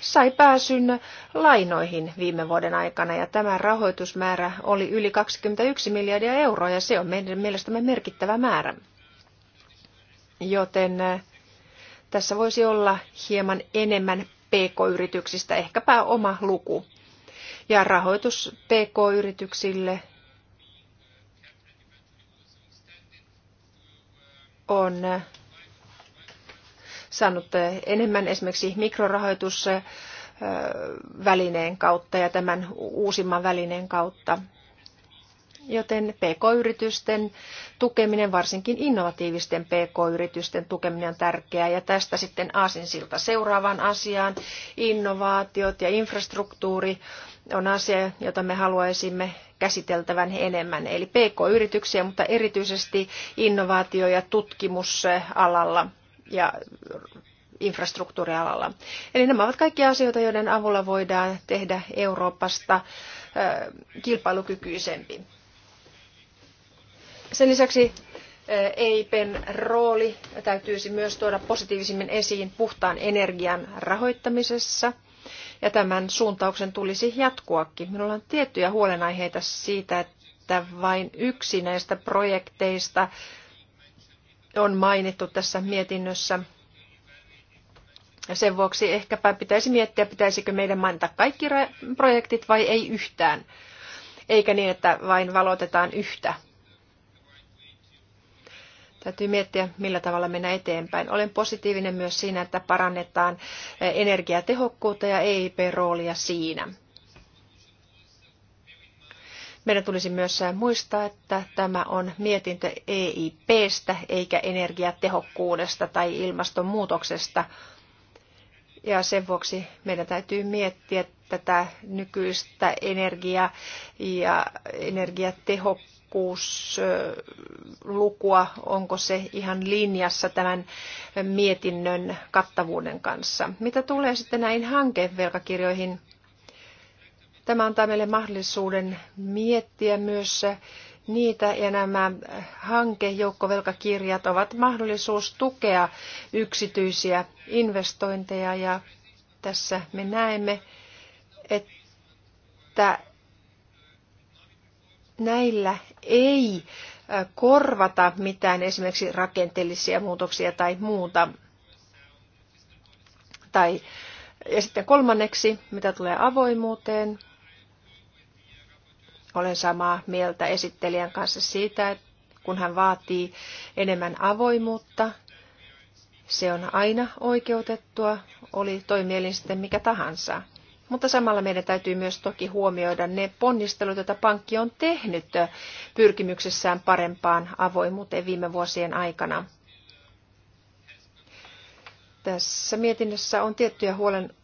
sai pääsyn lainoihin viime vuoden aikana ja tämä rahoitusmäärä oli yli 21 miljardia euroa ja se on meidän mielestämme merkittävä määrä. Joten äh, tässä voisi olla hieman enemmän PK-yrityksistä, ehkäpä oma luku. Ja rahoitus PK-yrityksille on saanut enemmän esimerkiksi mikrorahoitusvälineen kautta ja tämän uusimman välineen kautta joten PK-yritysten tukeminen, varsinkin innovatiivisten PK-yritysten tukeminen on tärkeää. Ja tästä sitten aasinsilta seuraavaan asiaan. Innovaatiot ja infrastruktuuri on asia, jota me haluaisimme käsiteltävän enemmän. Eli PK-yrityksiä, mutta erityisesti innovaatio- ja tutkimusalalla ja infrastruktuurialalla. Eli nämä ovat kaikki asioita, joiden avulla voidaan tehdä Euroopasta kilpailukykyisempi. Sen lisäksi eh, EIPn rooli täytyisi myös tuoda positiivisimmin esiin puhtaan energian rahoittamisessa ja tämän suuntauksen tulisi jatkuakin. Minulla on tiettyjä huolenaiheita siitä, että vain yksi näistä projekteista on mainittu tässä mietinnössä. Ja sen vuoksi ehkäpä pitäisi miettiä, pitäisikö meidän mainita kaikki projektit vai ei yhtään, eikä niin, että vain valotetaan yhtä Täytyy miettiä, millä tavalla mennä eteenpäin. Olen positiivinen myös siinä, että parannetaan energiatehokkuutta ja EIP-roolia siinä. Meidän tulisi myös muistaa, että tämä on mietintö EIPstä eikä energiatehokkuudesta tai ilmastonmuutoksesta, ja sen vuoksi meidän täytyy miettiä tätä nykyistä energia- ja energiatehokkuuslukua, onko se ihan linjassa tämän mietinnön kattavuuden kanssa. Mitä tulee sitten näihin hankevelkakirjoihin, tämä antaa meille mahdollisuuden miettiä myös niitä ja nämä hankejoukkovelkakirjat ovat mahdollisuus tukea yksityisiä investointeja ja tässä me näemme, että näillä ei korvata mitään esimerkiksi rakenteellisia muutoksia tai muuta. Tai, ja sitten kolmanneksi, mitä tulee avoimuuteen, olen samaa mieltä esittelijän kanssa siitä, kun hän vaatii enemmän avoimuutta. Se on aina oikeutettua, oli toimielin sitten mikä tahansa. Mutta samalla meidän täytyy myös toki huomioida ne ponnistelut, joita pankki on tehnyt pyrkimyksessään parempaan avoimuuteen viime vuosien aikana. Tässä mietinnössä on tiettyjä huolen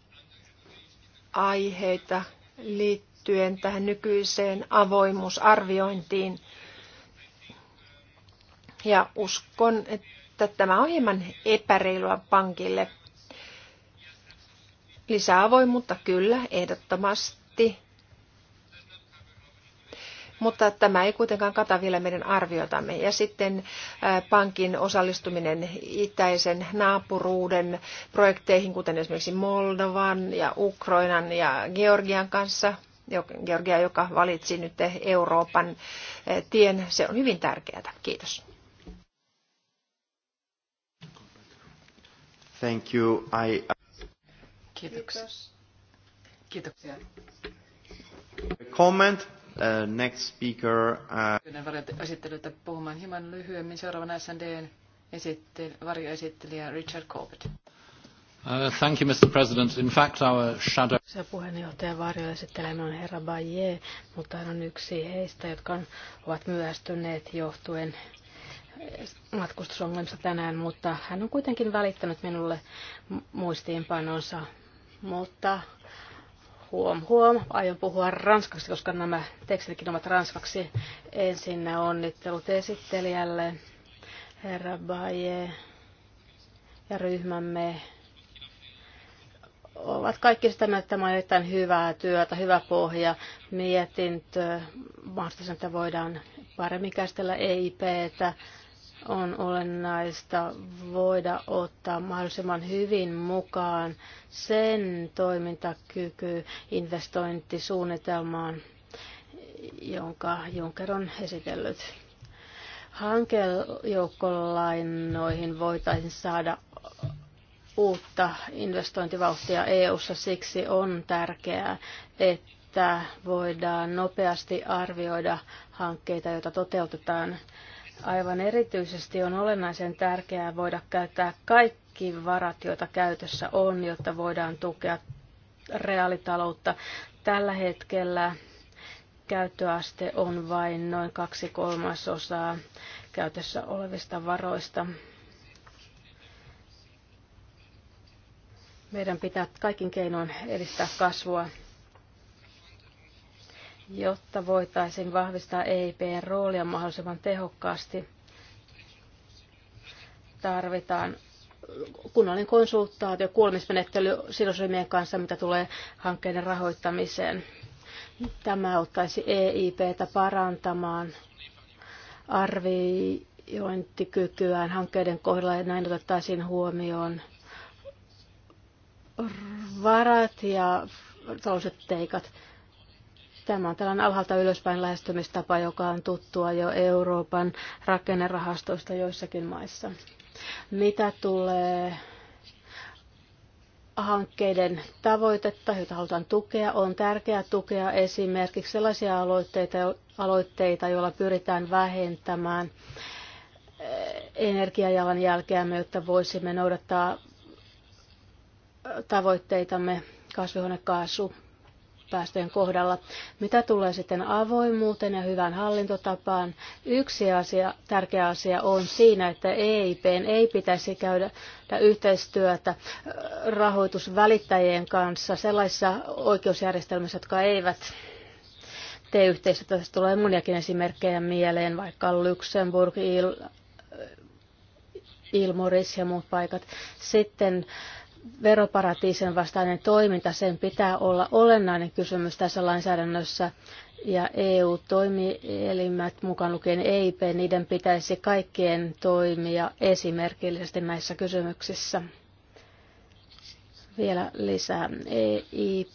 aiheita liittyen liittyen tähän nykyiseen avoimuusarviointiin. Ja uskon, että tämä on hieman epäreilua pankille. Lisää avoimuutta kyllä, ehdottomasti. Mutta tämä ei kuitenkaan kata vielä meidän arviotamme. Ja sitten pankin osallistuminen itäisen naapuruuden projekteihin, kuten esimerkiksi Moldovan ja Ukrainan ja Georgian kanssa – Georgia, joka valitsi nyt Euroopan eh, tien. Se on hyvin tärkeää. Kiitos. Thank you. I... Kiitoksia. Kiitoksia. Comment. Uh, next speaker. Uh... Kyllä puhumaan hieman lyhyemmin. Seuraavana SNDn esittely, varjoesittelijä Richard Corbett. Uh, thank you, Mr. President. In fact, our shadow... Se puheenjohtaja varjo on herra Baye, mutta hän on yksi heistä, jotka ovat myöhästyneet johtuen matkustusongelmista tänään, mutta hän on kuitenkin välittänyt minulle muistiinpanonsa. Mutta huom, huom, aion puhua ranskaksi, koska nämä tekstitkin ovat ranskaksi. ensin onnittelut esittelijälle, herra Baye ja ryhmämme ovat kaikki sitä mieltä, että tämä on erittäin hyvää työtä, hyvä pohja, mietintö, mahdollisesti, että voidaan paremmin käsitellä EIPtä, on olennaista voida ottaa mahdollisimman hyvin mukaan sen toimintakyky investointisuunnitelmaan, jonka Juncker on esitellyt. Hankejoukkolainoihin voitaisiin saada uutta investointivauhtia EU:ssa siksi on tärkeää, että voidaan nopeasti arvioida hankkeita, joita toteutetaan. Aivan erityisesti on olennaisen tärkeää voida käyttää kaikki varat, joita käytössä on, jotta voidaan tukea reaalitaloutta. Tällä hetkellä käyttöaste on vain noin kaksi kolmasosaa käytössä olevista varoista. Meidän pitää kaikin keinoin edistää kasvua, jotta voitaisiin vahvistaa EIPn roolia mahdollisimman tehokkaasti. Tarvitaan kunnollinen konsultaatio, kuulemismenettely sidosryhmien kanssa, mitä tulee hankkeiden rahoittamiseen. Tämä auttaisi EIPtä parantamaan arviointikykyään hankkeiden kohdalla ja näin otettaisiin huomioon varat ja toiset teikat. Tämä on tällainen alhaalta ylöspäin lähestymistapa, joka on tuttua jo Euroopan rakennerahastoista joissakin maissa. Mitä tulee hankkeiden tavoitetta, joita halutaan tukea, on tärkeää tukea esimerkiksi sellaisia aloitteita, aloitteita joilla pyritään vähentämään eh, energiajalanjälkeämme, jotta voisimme noudattaa tavoitteitamme kasvihuonekaasu päästöjen kohdalla. Mitä tulee sitten avoimuuteen ja hyvään hallintotapaan, yksi asia, tärkeä asia on siinä, että EIPn ei pitäisi käydä yhteistyötä rahoitusvälittäjien kanssa sellaisissa oikeusjärjestelmissä, jotka eivät tee yhteistyötä. Tästä tulee moniakin esimerkkejä mieleen, vaikka Luxemburg, Il- Ilmoris ja muut paikat. Sitten äh, veroparatiisin vastainen toiminta, sen pitää olla olennainen kysymys tässä lainsäädännössä. Ja EU-toimielimet, mukaan lukien EIP, niiden pitäisi kaikkien toimia esimerkillisesti näissä kysymyksissä. Vielä lisää EIP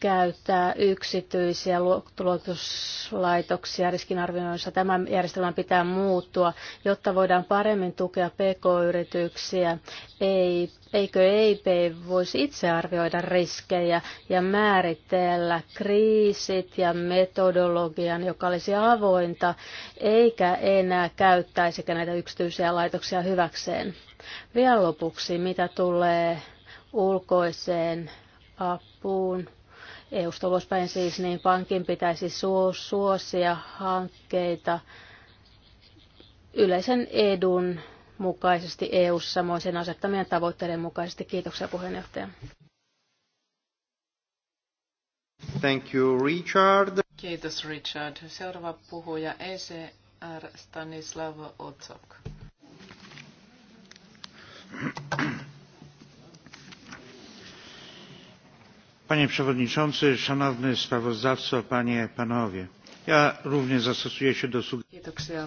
käyttää yksityisiä luottoluokituslaitoksia riskinarvioinnissa. Tämän järjestelmän pitää muuttua, jotta voidaan paremmin tukea pk-yrityksiä. Ei, eikö EIP voisi itse arvioida riskejä ja määritellä kriisit ja metodologian, joka olisi avointa, eikä enää käyttäisi näitä yksityisiä laitoksia hyväkseen? Vielä lopuksi, mitä tulee ulkoiseen apuun EU-sta ulospäin siis, niin pankin pitäisi suosia hankkeita yleisen edun mukaisesti EU-ssa moisen sen asettamien tavoitteiden mukaisesti. Kiitoksia puheenjohtaja. Thank you, Richard. Kiitos Richard. Seuraava puhuja ECR Stanislav Otsok. Panie Przewodniczący, Szanowny Sprawozdawco, Panie, Panowie. Ja również zastosuję się do sugestii. E,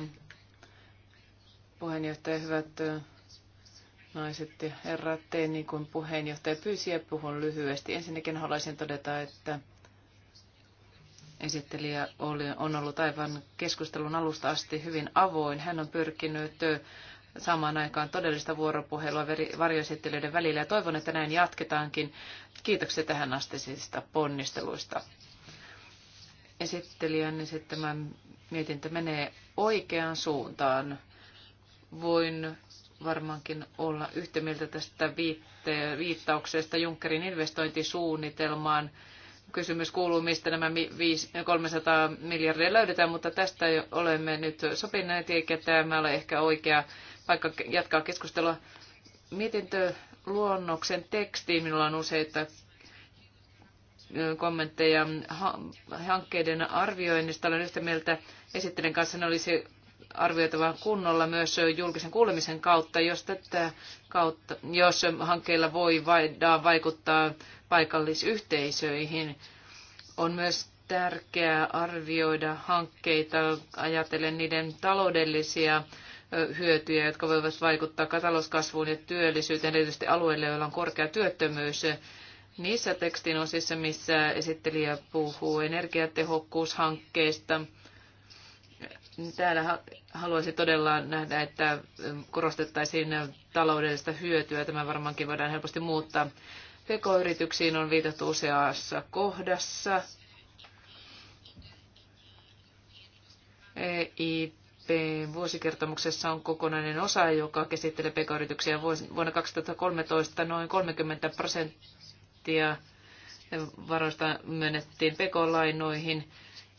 niin esittelijä oli, on ollut aivan keskustelun alusta asti hyvin avoin. Hän on pyrkinyt e, saamaan aikaan todellista vuoropuhelua varjoesittelyiden välillä ja toivon, että näin jatketaankin. Kiitoksia tähän astisista ponnisteluista. Esittelijän esittämä mietintö menee oikeaan suuntaan. Voin varmaankin olla yhtä mieltä tästä viitte, viittauksesta Junckerin investointisuunnitelmaan. Kysymys kuuluu, mistä nämä 300 miljardia löydetään, mutta tästä olemme nyt sopineet, eikä tämä ole ehkä oikea vaikka jatkaa keskustelua luonnoksen tekstiin. Minulla on useita kommentteja hankkeiden arvioinnista. Olen yhtä mieltä esittelen kanssa, ne olisi arvioitava kunnolla myös julkisen kuulemisen kautta, jos, tätä kautta, jos hankkeilla voi vaikuttaa paikallisyhteisöihin. On myös tärkeää arvioida hankkeita, ajatellen niiden taloudellisia hyötyjä, jotka voivat vaikuttaa talouskasvuun ja työllisyyteen, erityisesti alueille, joilla on korkea työttömyys. Niissä tekstin osissa, missä esittelijä puhuu energiatehokkuushankkeista, niin täällä haluaisi todella nähdä, että korostettaisiin taloudellista hyötyä. Tämä varmaankin voidaan helposti muuttaa. PK-yrityksiin on viitattu useassa kohdassa. EIT vuosikertomuksessa on kokonainen osa, joka käsittelee pk-yrityksiä. Vuonna 2013 noin 30 prosenttia varoista myönnettiin pk-lainoihin.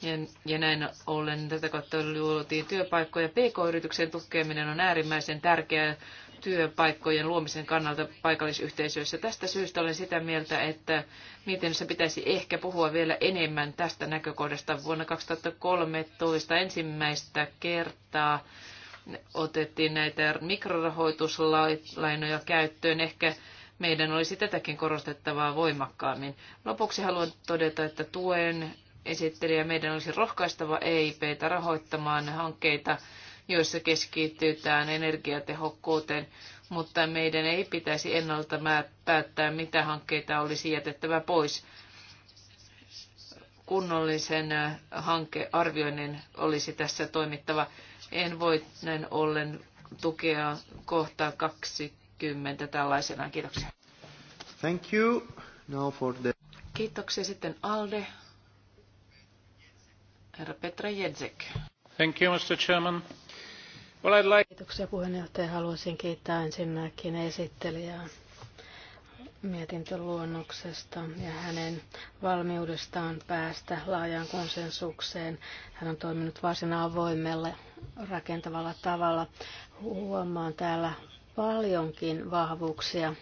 Ja, ja näin ollen tätä kautta luotiin työpaikkoja. PK-yrityksen tukeminen on äärimmäisen tärkeää työpaikkojen luomisen kannalta paikallisyhteisöissä. Tästä syystä olen sitä mieltä, että mietinnössä pitäisi ehkä puhua vielä enemmän tästä näkökohdasta. Vuonna 2013 ensimmäistä kertaa otettiin näitä mikrorahoituslainoja käyttöön. Ehkä meidän olisi tätäkin korostettavaa voimakkaammin. Lopuksi haluan todeta, että tuen esittelijä meidän olisi rohkaistava EIPtä rahoittamaan hankkeita, joissa keskitytään energiatehokkuuteen, mutta meidän ei pitäisi ennalta päättää, mitä hankkeita olisi jätettävä pois. Kunnollisen hankearvioinnin olisi tässä toimittava. En voi näin ollen tukea kohtaa 20 tällaisena. Kiitoksia. Thank you. Now for the... Kiitoksia sitten Alde. Herra Petra Jedzek. Thank you, Mr. Chairman. Kiitoksia puheenjohtaja. Haluaisin kiittää ensinnäkin esittelijää mietintöluonnoksesta ja hänen valmiudestaan päästä laajaan konsensukseen. Hän on toiminut varsin avoimella rakentavalla tavalla. Huomaan täällä paljonkin vahvuuksia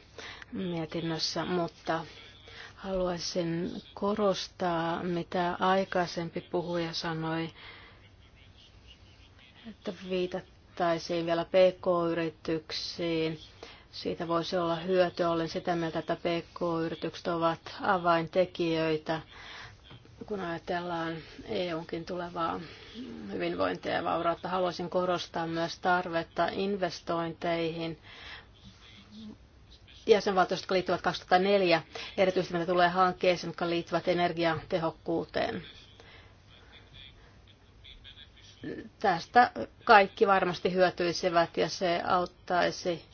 mietinnössä, mutta haluaisin korostaa, mitä aikaisempi puhuja sanoi, että viitat vahvistettaisiin vielä PK-yrityksiin. Siitä voisi olla hyötyä. Olen sitä mieltä, että PK-yritykset ovat avaintekijöitä, kun ajatellaan EUnkin tulevaa hyvinvointia ja vaurautta. Haluaisin korostaa myös tarvetta investointeihin jäsenvaltioista, jotka liittyvät 2004, erityisesti mitä tulee hankkeisiin, jotka liittyvät energiatehokkuuteen tästä kaikki varmasti hyötyisivät ja se auttaisi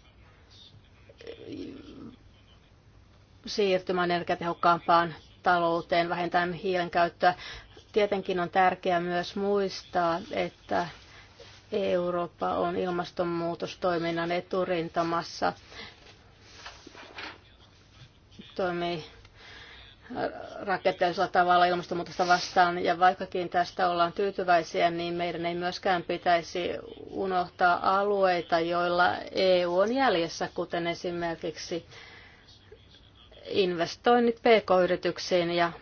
siirtymään energiatehokkaampaan talouteen, vähentämään hiilen käyttöä. Tietenkin on tärkeää myös muistaa, että Eurooppa on ilmastonmuutostoiminnan eturintamassa. Toimii rakenteellisella tavalla ilmastonmuutosta vastaan. Ja vaikkakin tästä ollaan tyytyväisiä, niin meidän ei myöskään pitäisi unohtaa alueita, joilla EU on jäljessä, kuten esimerkiksi investoinnit pk-yrityksiin ja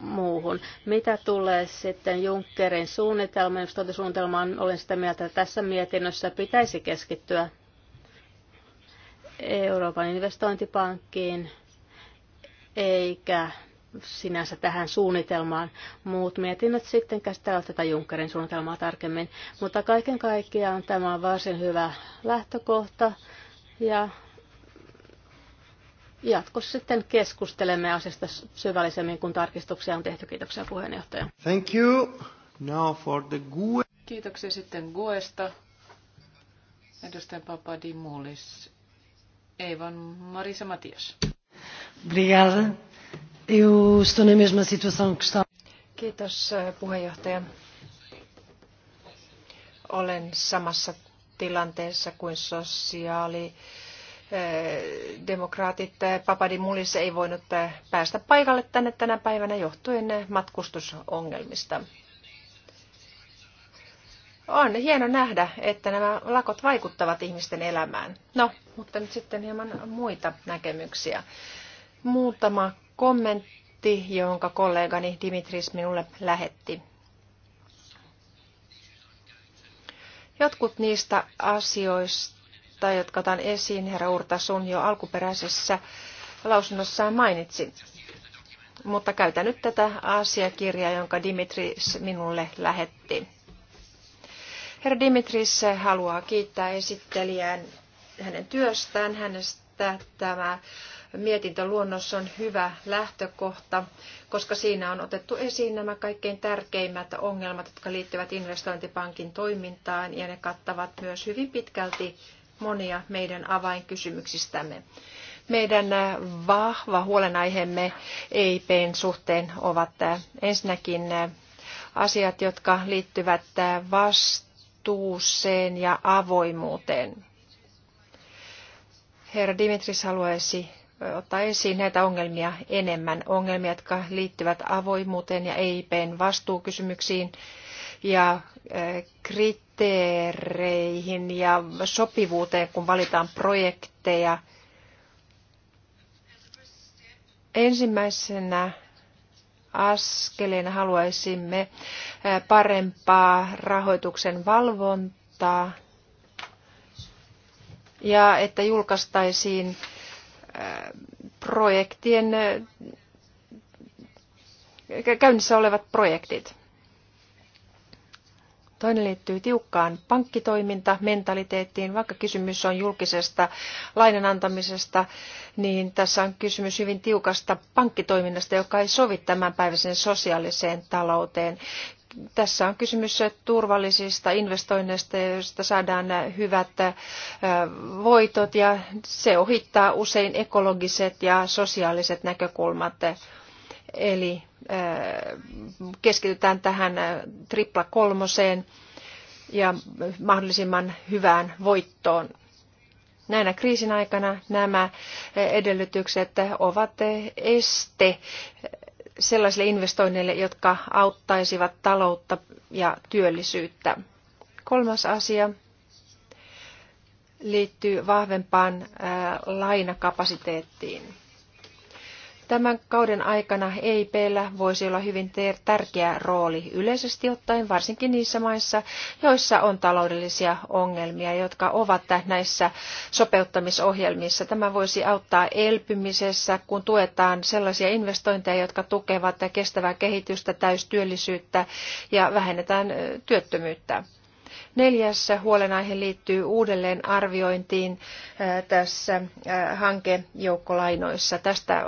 muuhun. Mitä tulee sitten Junckerin suunnitelmaan, investointisuunnitelmaan, olen sitä mieltä, että tässä mietinnössä pitäisi keskittyä Euroopan investointipankkiin, eikä sinänsä tähän suunnitelmaan. Muut mietinnöt sitten käsittelevät tätä Junckerin suunnitelmaa tarkemmin. Mutta kaiken kaikkiaan tämä on varsin hyvä lähtökohta ja jatkossa sitten keskustelemme asiasta syvällisemmin, kun tarkistuksia on tehty. Kiitoksia puheenjohtaja. Thank you. Now for the GUE. Kiitoksia sitten GUEsta. Edustaja Papadimoulis. Eivan Marisa Matias. Obrigada. Eu estou na mesma situação que está. Kiitos eh, puheenjohtaja. Olen samassa tilanteessa kuin sosiaali eh, demokraatit Papadimulis ei voinut eh, päästä paikalle tänne tänä päivänä johtuen matkustusongelmista. On hieno nähdä, että nämä lakot vaikuttavat ihmisten elämään. No, mutta nyt sitten hieman muita näkemyksiä. Muutama kommentti, jonka kollegani Dimitris minulle lähetti. Jotkut niistä asioista, jotka otan esiin, herra Urta sun jo alkuperäisessä lausunnossaan mainitsin, Mutta käytän nyt tätä asiakirjaa, jonka Dimitris minulle lähetti Herra Dimitris haluaa kiittää esittelijään hänen työstään. Hänestä tämä mietintöluonnos on hyvä lähtökohta, koska siinä on otettu esiin nämä kaikkein tärkeimmät ongelmat, jotka liittyvät investointipankin toimintaan, ja ne kattavat myös hyvin pitkälti monia meidän avainkysymyksistämme. Meidän vahva huolenaiheemme EIPn suhteen ovat ensinnäkin asiat, jotka liittyvät vastuun vastuuseen ja avoimuuteen. Herra Dimitris haluaisi ottaa esiin näitä ongelmia enemmän. Ongelmia, jotka liittyvät avoimuuteen ja EIPn vastuukysymyksiin ja kriteereihin ja sopivuuteen, kun valitaan projekteja. Ensimmäisenä askeleen haluaisimme parempaa rahoituksen valvontaa ja että julkaistaisiin projektien käynnissä olevat projektit. Toinen liittyy tiukkaan pankkitoiminta, mentaliteettiin. Vaikka kysymys on julkisesta lainan antamisesta, niin tässä on kysymys hyvin tiukasta pankkitoiminnasta, joka ei sovi tämänpäiväiseen sosiaaliseen talouteen. Tässä on kysymys turvallisista investoinneista, joista saadaan hyvät voitot ja se ohittaa usein ekologiset ja sosiaaliset näkökulmat Eli keskitytään tähän tripla kolmoseen ja mahdollisimman hyvään voittoon. Näinä kriisin aikana nämä edellytykset ovat este sellaisille investoinneille, jotka auttaisivat taloutta ja työllisyyttä. Kolmas asia liittyy vahvempaan lainakapasiteettiin. Tämän kauden aikana EIPllä voisi olla hyvin tärkeä rooli yleisesti ottaen, varsinkin niissä maissa, joissa on taloudellisia ongelmia, jotka ovat näissä sopeuttamisohjelmissa. Tämä voisi auttaa elpymisessä, kun tuetaan sellaisia investointeja, jotka tukevat kestävää kehitystä, täystyöllisyyttä ja vähennetään työttömyyttä. Neljäs huolenaihe liittyy uudelleen arviointiin tässä hankejoukkolainoissa. Tästä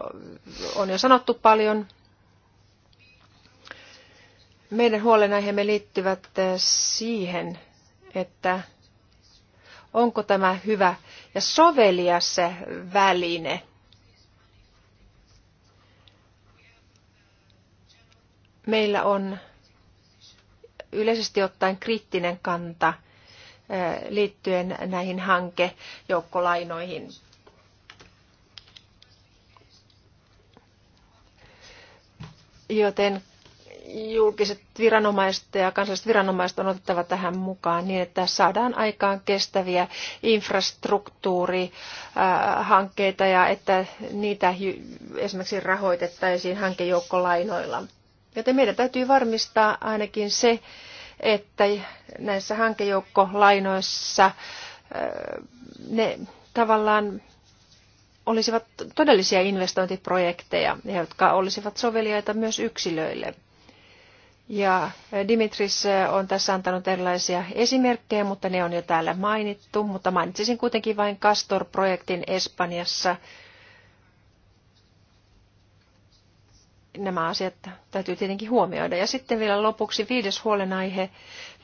on jo sanottu paljon. Meidän huolenaiheemme liittyvät siihen, että onko tämä hyvä ja sovelias väline – meillä on yleisesti ottaen kriittinen kanta liittyen näihin hankejoukkolainoihin. Joten julkiset viranomaiset ja kansalliset viranomaiset on otettava tähän mukaan niin, että saadaan aikaan kestäviä infrastruktuurihankkeita ja että niitä esimerkiksi rahoitettaisiin hankejoukkolainoilla. Joten meidän täytyy varmistaa ainakin se, että näissä hankejoukkolainoissa ne tavallaan olisivat todellisia investointiprojekteja, jotka olisivat soveliaita myös yksilöille. Ja Dimitris on tässä antanut erilaisia esimerkkejä, mutta ne on jo täällä mainittu, mutta mainitsisin kuitenkin vain Castor-projektin Espanjassa – nämä asiat täytyy tietenkin huomioida. Ja sitten vielä lopuksi viides huolenaihe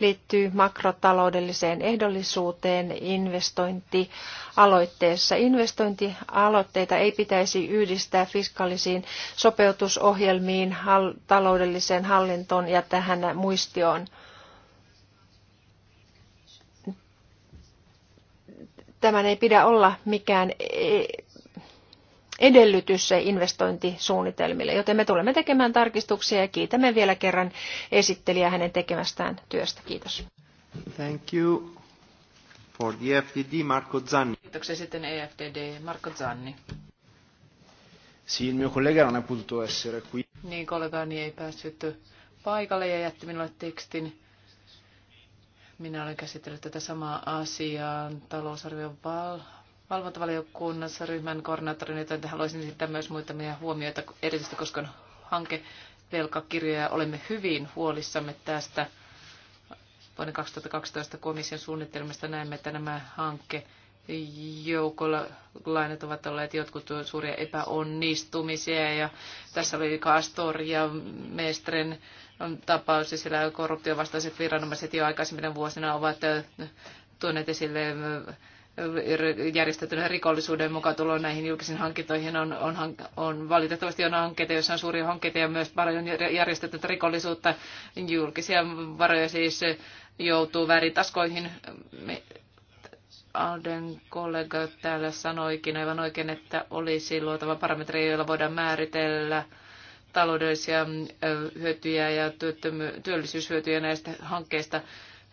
liittyy makrotaloudelliseen ehdollisuuteen investointialoitteessa. Investointialoitteita ei pitäisi yhdistää fiskaalisiin sopeutusohjelmiin, hal- taloudelliseen hallintoon ja tähän muistioon. Tämän ei pidä olla mikään e- edellytys se investointisuunnitelmille, joten me tulemme tekemään tarkistuksia ja kiitämme vielä kerran esittelijää hänen tekemästään työstä. Kiitos. Thank you. For the FDD, Marco Zanni. Kiitoksia sitten EFDD, Marco Zanni. Sì, il mio collega non è potuto essere qui. Niin, kollegani ei päässyt paikalle ja jätti minulle tekstin. Minä olen käsitellyt tätä samaa asiaa talousarvion val- valvontavaliokunnassa ryhmän koordinaattorina, joten haluaisin esittää myös muutamia huomioita, erityisesti koska hanke velkakirjoja. Olemme hyvin huolissamme tästä vuoden 2012 komission suunnitelmasta. Näemme, että nämä hanke joukolla lainat ovat olleet jotkut suuria epäonnistumisia ja tässä oli Kastor ja Mestren tapaus ja siellä korruptiovastaiset viranomaiset jo aikaisemmin vuosina ovat tuoneet esille Er, järjestäytyneen rikollisuuden mukaan tulo näihin julkisiin hankintoihin on, on, on valitettavasti on hankkeita, joissa on suuria hankkeita ja myös paljon järjestettyä rikollisuutta. Julkisia varoja siis joutuu väritaskoihin. Me, Alden kollega täällä sanoikin aivan oikein, että olisi luotava parametreja, joilla voidaan määritellä taloudellisia hyötyjä ja työllisyyshyötyjä näistä hankkeista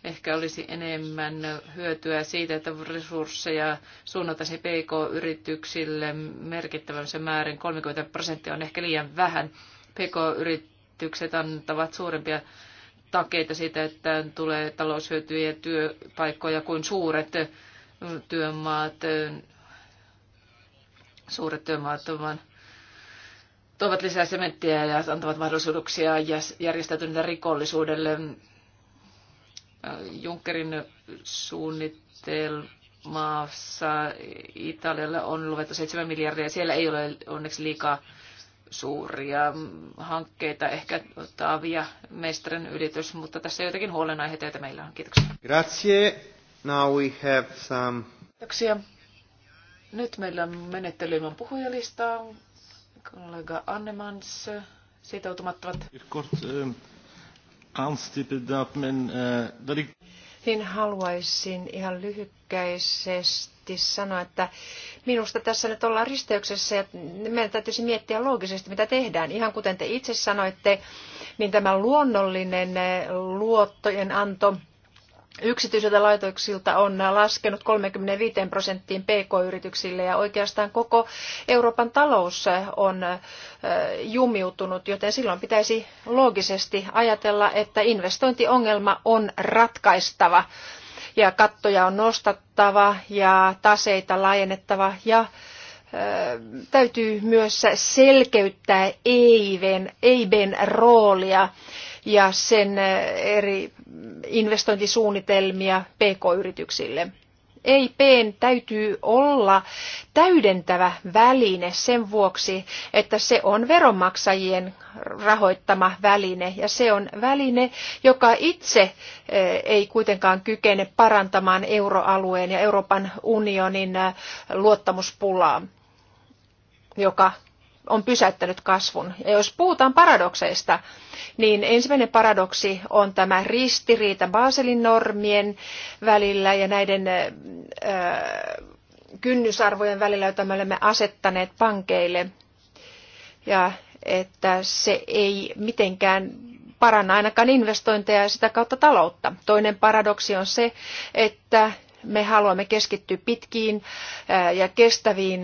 ehkä olisi enemmän hyötyä siitä, että resursseja suunnataan PK-yrityksille merkittävässä määrin. 30 prosenttia on ehkä liian vähän. PK-yritykset antavat suurempia takeita siitä, että tulee taloushyötyjä ja työpaikkoja kuin suuret työmaat. Suuret työmaat ovat tuovat lisää sementtiä ja antavat mahdollisuuksia järjestäytyneelle rikollisuudelle Junckerin suunnitelmassa Italialle on luvattu 7 miljardia. Siellä ei ole onneksi liikaa suuria hankkeita, ehkä Taavia, Mestren ylitys, mutta tässä jotenkin huolenaiheita, joita meillä on. Kiitoksia. Grazie. Now we have some... Kiitoksia. Nyt meillä on menettelymän puhujalistaa. Kollega Annemans, sitoutumattomat. Kort, eh, Eh, niin haluaisin ihan lyhykkäisesti sanoa, että minusta tässä nyt ollaan risteyksessä ja meidän täytyisi miettiä loogisesti, mitä tehdään. Ihan kuten te itse sanoitte, niin tämä luonnollinen eh, luottojen anto yksityisiltä laitoksilta on laskenut 35 prosenttiin pk-yrityksille ja oikeastaan koko Euroopan talous on jumiutunut, joten silloin pitäisi loogisesti ajatella, että investointiongelma on ratkaistava ja kattoja on nostattava ja taseita laajennettava ja täytyy myös selkeyttää EIBn, e EIBn roolia ja sen eh, eri investointisuunnitelmia PK-yrityksille. EIP täytyy olla täydentävä väline sen vuoksi, että se on veronmaksajien rahoittama väline ja se on väline, joka itse eh, ei kuitenkaan kykene parantamaan euroalueen ja Euroopan unionin eh, luottamuspulaa joka on pysäyttänyt kasvun. Ja jos puhutaan paradokseista, niin ensimmäinen paradoksi on tämä ristiriita Baselin normien välillä ja näiden ö, kynnysarvojen välillä, joita me olemme asettaneet pankeille. Ja että se ei mitenkään paranna ainakaan investointeja ja sitä kautta taloutta. Toinen paradoksi on se, että me haluamme keskittyä pitkiin ja kestäviin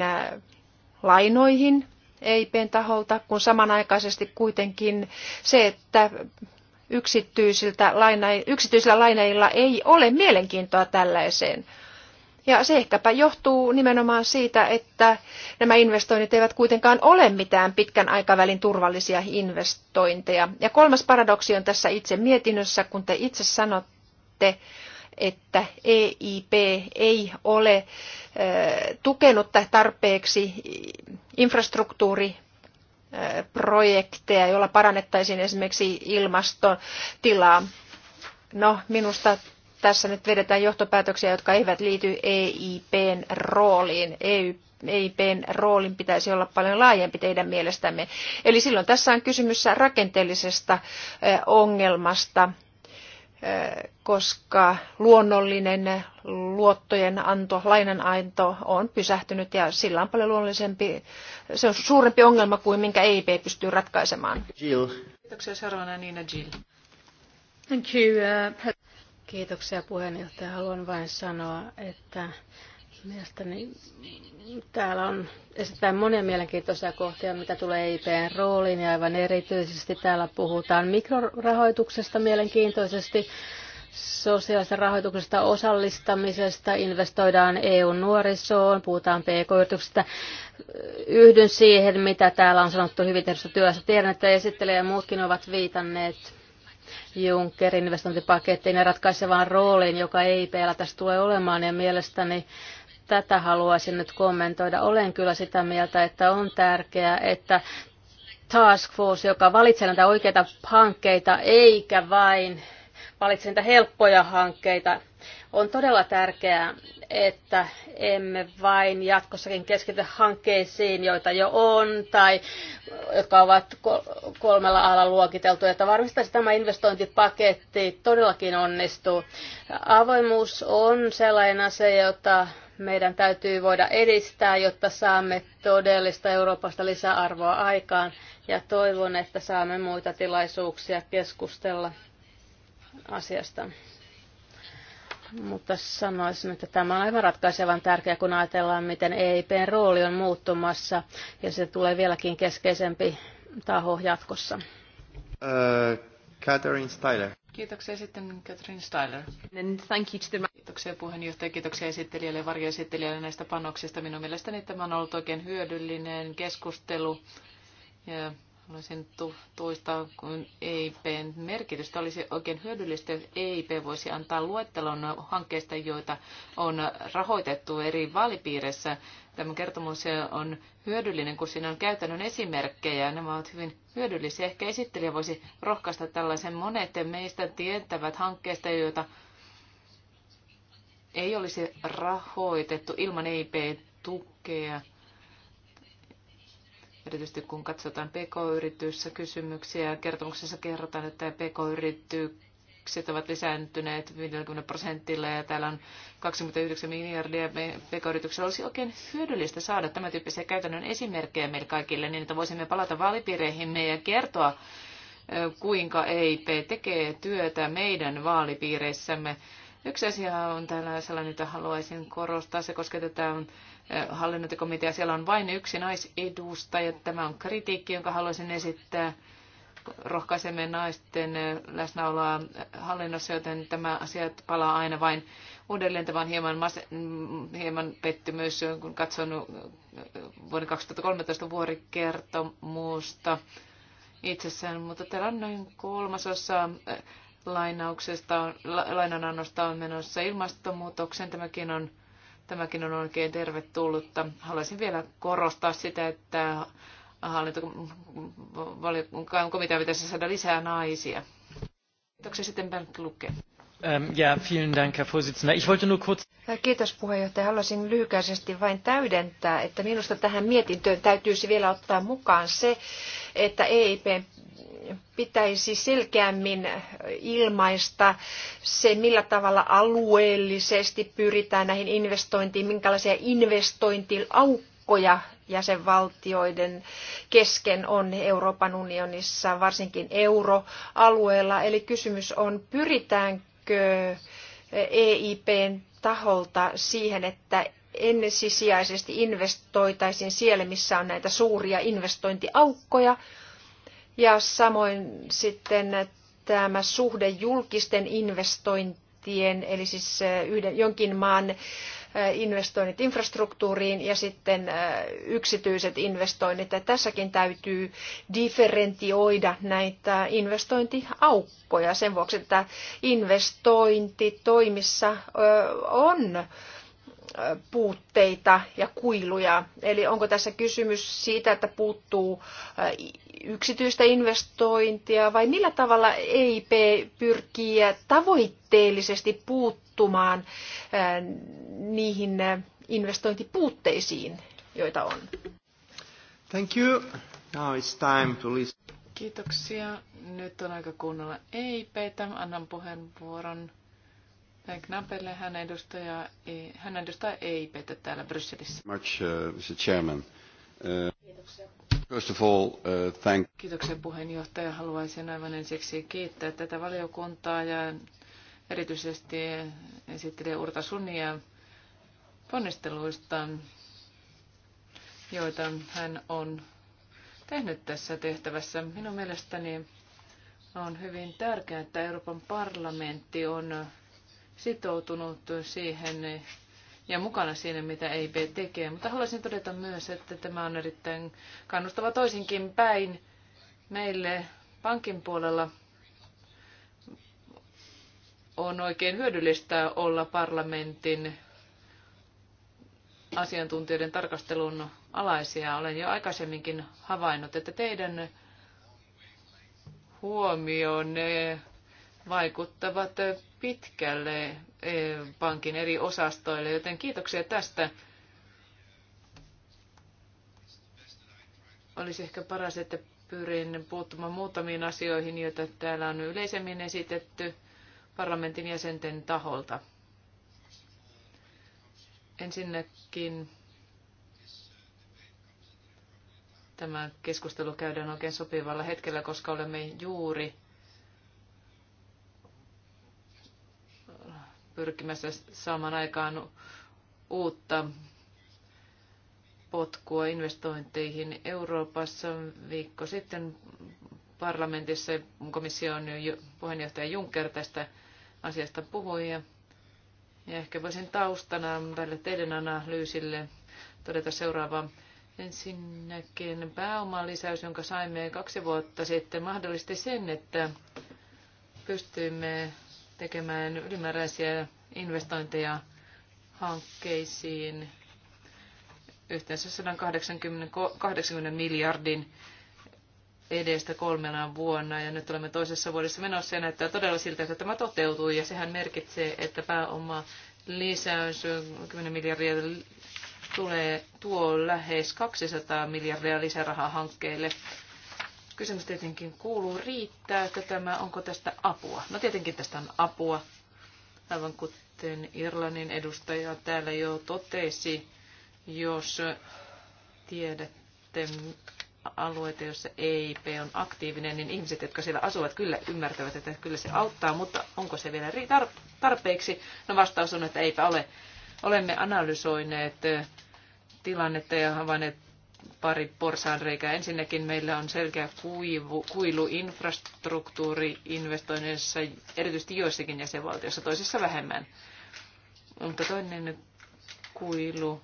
lainoihin, EIPn taholta, kun samanaikaisesti kuitenkin se, että yksityisiltä laina, yksityisillä lainajilla ei ole mielenkiintoa tällaiseen. Ja se ehkäpä johtuu nimenomaan siitä, että nämä investoinnit eivät kuitenkaan ole mitään pitkän aikavälin turvallisia investointeja. Ja kolmas paradoksi on tässä itse mietinnössä, kun te itse sanotte, että EIP ei ole tukenut tarpeeksi infrastruktuuri joilla parannettaisiin esimerkiksi ilmaston tilaa. No, minusta tässä nyt vedetään johtopäätöksiä, jotka eivät liity EIPn rooliin. EIPn e roolin pitäisi olla paljon laajempi teidän mielestämme. Eli silloin tässä on kysymys rakenteellisesta ongelmasta, koska luonnollinen luottojen anto, lainananto on pysähtynyt ja sillä on paljon luonnollisempi, se on suurempi ongelma kuin minkä EIP pystyy ratkaisemaan. Jill. Kiitoksia seuraavana Niina Jill. Thank you. Uh, Kiitoksia puheenjohtaja. Haluan vain sanoa, että Mielestäni täällä on esitetään monia mielenkiintoisia kohtia, mitä tulee IPn rooliin ja aivan erityisesti täällä puhutaan mikrorahoituksesta mielenkiintoisesti, sosiaalista rahoituksesta, osallistamisesta, investoidaan EU-nuorisoon, puhutaan PK-yrityksistä. Yhdyn siihen, mitä täällä on sanottu hyvin tehdystä työssä. Tiedän, että esittelijä ja muutkin ovat viitanneet Junckerin investointipakettiin ja ratkaisevaan rooliin, joka EIPllä tässä tulee olemaan. Ja mielestäni Tätä haluaisin nyt kommentoida. Olen kyllä sitä mieltä, että on tärkeää, että task force, joka valitsee näitä oikeita hankkeita, eikä vain valitse niitä helppoja hankkeita. On todella tärkeää, että emme vain jatkossakin keskity hankkeisiin, joita jo on tai jotka ovat kolmella alalla luokiteltu, että varmistaisi tämä investointipaketti todellakin onnistuu. Avoimuus on sellainen asia, jota meidän täytyy voida edistää, jotta saamme todellista Euroopasta lisäarvoa aikaan. Ja toivon, että saamme muita tilaisuuksia keskustella asiasta. Mutta sanoisin, että tämä on aivan ratkaisevan tärkeä, kun ajatellaan, miten EIPn rooli on muuttumassa ja se tulee vieläkin keskeisempi taho jatkossa. Uh, Catherine Styler. Kiitoksia sitten Katrin Styler. Thank you to the... Kiitoksia puheenjohtaja, kiitoksia esittelijälle ja varjoesittelijälle näistä panoksista. Minun mielestäni tämä on ollut oikein hyödyllinen keskustelu. Ja Haluaisin tu- toistaa, kun EIPn merkitystä olisi oikein hyödyllistä, jos EIP voisi antaa luettelon hankkeista, joita on rahoitettu eri vaalipiireissä. Tämä kertomus on hyödyllinen, kun siinä on käytännön esimerkkejä. Nämä ovat hyvin hyödyllisiä. Ehkä esittelijä voisi rohkaista tällaisen monet meistä tietävät hankkeista, joita ei olisi rahoitettu ilman EIP-tukea erityisesti kun katsotaan pk-yrityssä kysymyksiä. Kertomuksessa kerrotaan, että pk-yritykset ovat lisääntyneet 50 prosentilla ja täällä on 29 miljardia pk-yrityksellä. Olisi oikein hyödyllistä saada tämän tyyppisiä käytännön esimerkkejä meille kaikille niin, että voisimme palata vaalipiireihimme ja kertoa, kuinka EIP tekee työtä meidän vaalipiireissämme Yksi asia on täällä sellainen, jota haluaisin korostaa. Se koskee tätä hallinnointikomitea. Siellä on vain yksi naisedustaja. Tämä on kritiikki, jonka haluaisin esittää. Rohkaisemme naisten läsnäoloa hallinnossa, joten tämä asia palaa aina vain uudelleen. Tämä on hieman, mas- hieman pettymys, kun katson vuoden 2013 vuorikertomusta itsessään, mutta täällä on noin kolmasosa lainauksesta on, la, lainanannosta on menossa ilmastonmuutokseen. Tämäkin on, tämäkin on oikein tervetullutta. Haluaisin vielä korostaa sitä, että hallintokomitea pitäisi saada lisää naisia. Kiitoksia sitten Bernd Luke. Ähm, ja, vielen Dank, Herr Vorsitzender. Ich wollte nur kurz... Kiitos puheenjohtaja. Haluaisin lyhykäisesti vain täydentää, että minusta tähän mietintöön täytyisi vielä ottaa mukaan se, että EIPn pitäisi selkeämmin ilmaista se, millä tavalla alueellisesti pyritään näihin investointiin, minkälaisia investointiaukkoja jäsenvaltioiden kesken on Euroopan unionissa, varsinkin euroalueella. Eli kysymys on, pyritäänkö EIPn taholta siihen, että ensisijaisesti investoitaisiin siellä, missä on näitä suuria investointiaukkoja – ja samoin sitten tämä suhde julkisten investointien, eli siis yhden, jonkin maan investoinnit infrastruktuuriin ja sitten yksityiset investoinnit. Ja tässäkin täytyy differentioida näitä investointiaukkoja sen vuoksi, että investointitoimissa on puutteita ja kuiluja. Eli onko tässä kysymys siitä, että puuttuu yksityistä investointia vai millä tavalla EIP pyrkii tavoitteellisesti puuttumaan niihin investointipuutteisiin, joita on? Thank you. Now it's time to listen. Kiitoksia. Nyt on aika kuunnella EIPtä. Annan puheenvuoron Knappelle. Hän edustaa, hän e edustaa EIPtä täällä Brysselissä. Much, uh, Mr. Chairman. Uh, Kiitoksia. First of all, uh, thank... Kiitoksia puheenjohtaja. Haluaisin aivan ensiksi kiittää tätä valiokuntaa ja erityisesti esittelijä Urta Sunnia ponnisteluista, joita hän on tehnyt tässä tehtävässä. Minun mielestäni on hyvin tärkeää, että Euroopan parlamentti on sitoutunut siihen ja mukana siinä, mitä EIB tekee. Mutta haluaisin todeta myös, että tämä on erittäin kannustava toisinkin päin meille pankin puolella on oikein hyödyllistä olla parlamentin asiantuntijoiden tarkastelun alaisia. Olen jo aikaisemminkin havainnut, että teidän huomioon vaikuttavat pitkälle eh, pankin eri osastoille, joten kiitoksia tästä. Olisi ehkä paras, että pyrin puuttumaan muutamiin asioihin, joita täällä on yleisemmin esitetty parlamentin jäsenten taholta. Ensinnäkin tämä keskustelu käydään oikein sopivalla hetkellä, koska olemme juuri pyrkimässä saamaan aikaan uutta potkua investointeihin Euroopassa. Viikko sitten parlamentissa komission puheenjohtaja Juncker tästä asiasta puhui. Ja, ehkä voisin taustana tälle teidän analyysille todeta seuraavaa. Ensinnäkin pääoman lisäys, jonka saimme kaksi vuotta sitten, mahdollisti sen, että pystyimme tekemään ylimääräisiä investointeja hankkeisiin yhteensä 180 80 miljardin edestä kolmena vuonna ja nyt olemme toisessa vuodessa menossa ja näyttää todella siltä, että tämä toteutuu ja sehän merkitsee, että pääoma lisäys 10 miljardia tulee tuo lähes 200 miljardia lisärahaa hankkeille Kysymys tietenkin kuuluu, riittääkö tämä, onko tästä apua? No tietenkin tästä on apua, aivan kuten Irlannin edustaja täällä jo totesi, jos tiedätte alueita, joissa EIP on aktiivinen, niin ihmiset, jotka siellä asuvat, kyllä ymmärtävät, että kyllä se auttaa, mutta onko se vielä tarpeeksi? No vastaus on, että eipä ole. Olemme analysoineet eh, tilannetta ja havainneet pari porsaanreikää. Ensinnäkin meillä on selkeä kuivu, kuilu investoinneissa, erityisesti joissakin jäsenvaltioissa, toisissa vähemmän. Mutta toinen kuilu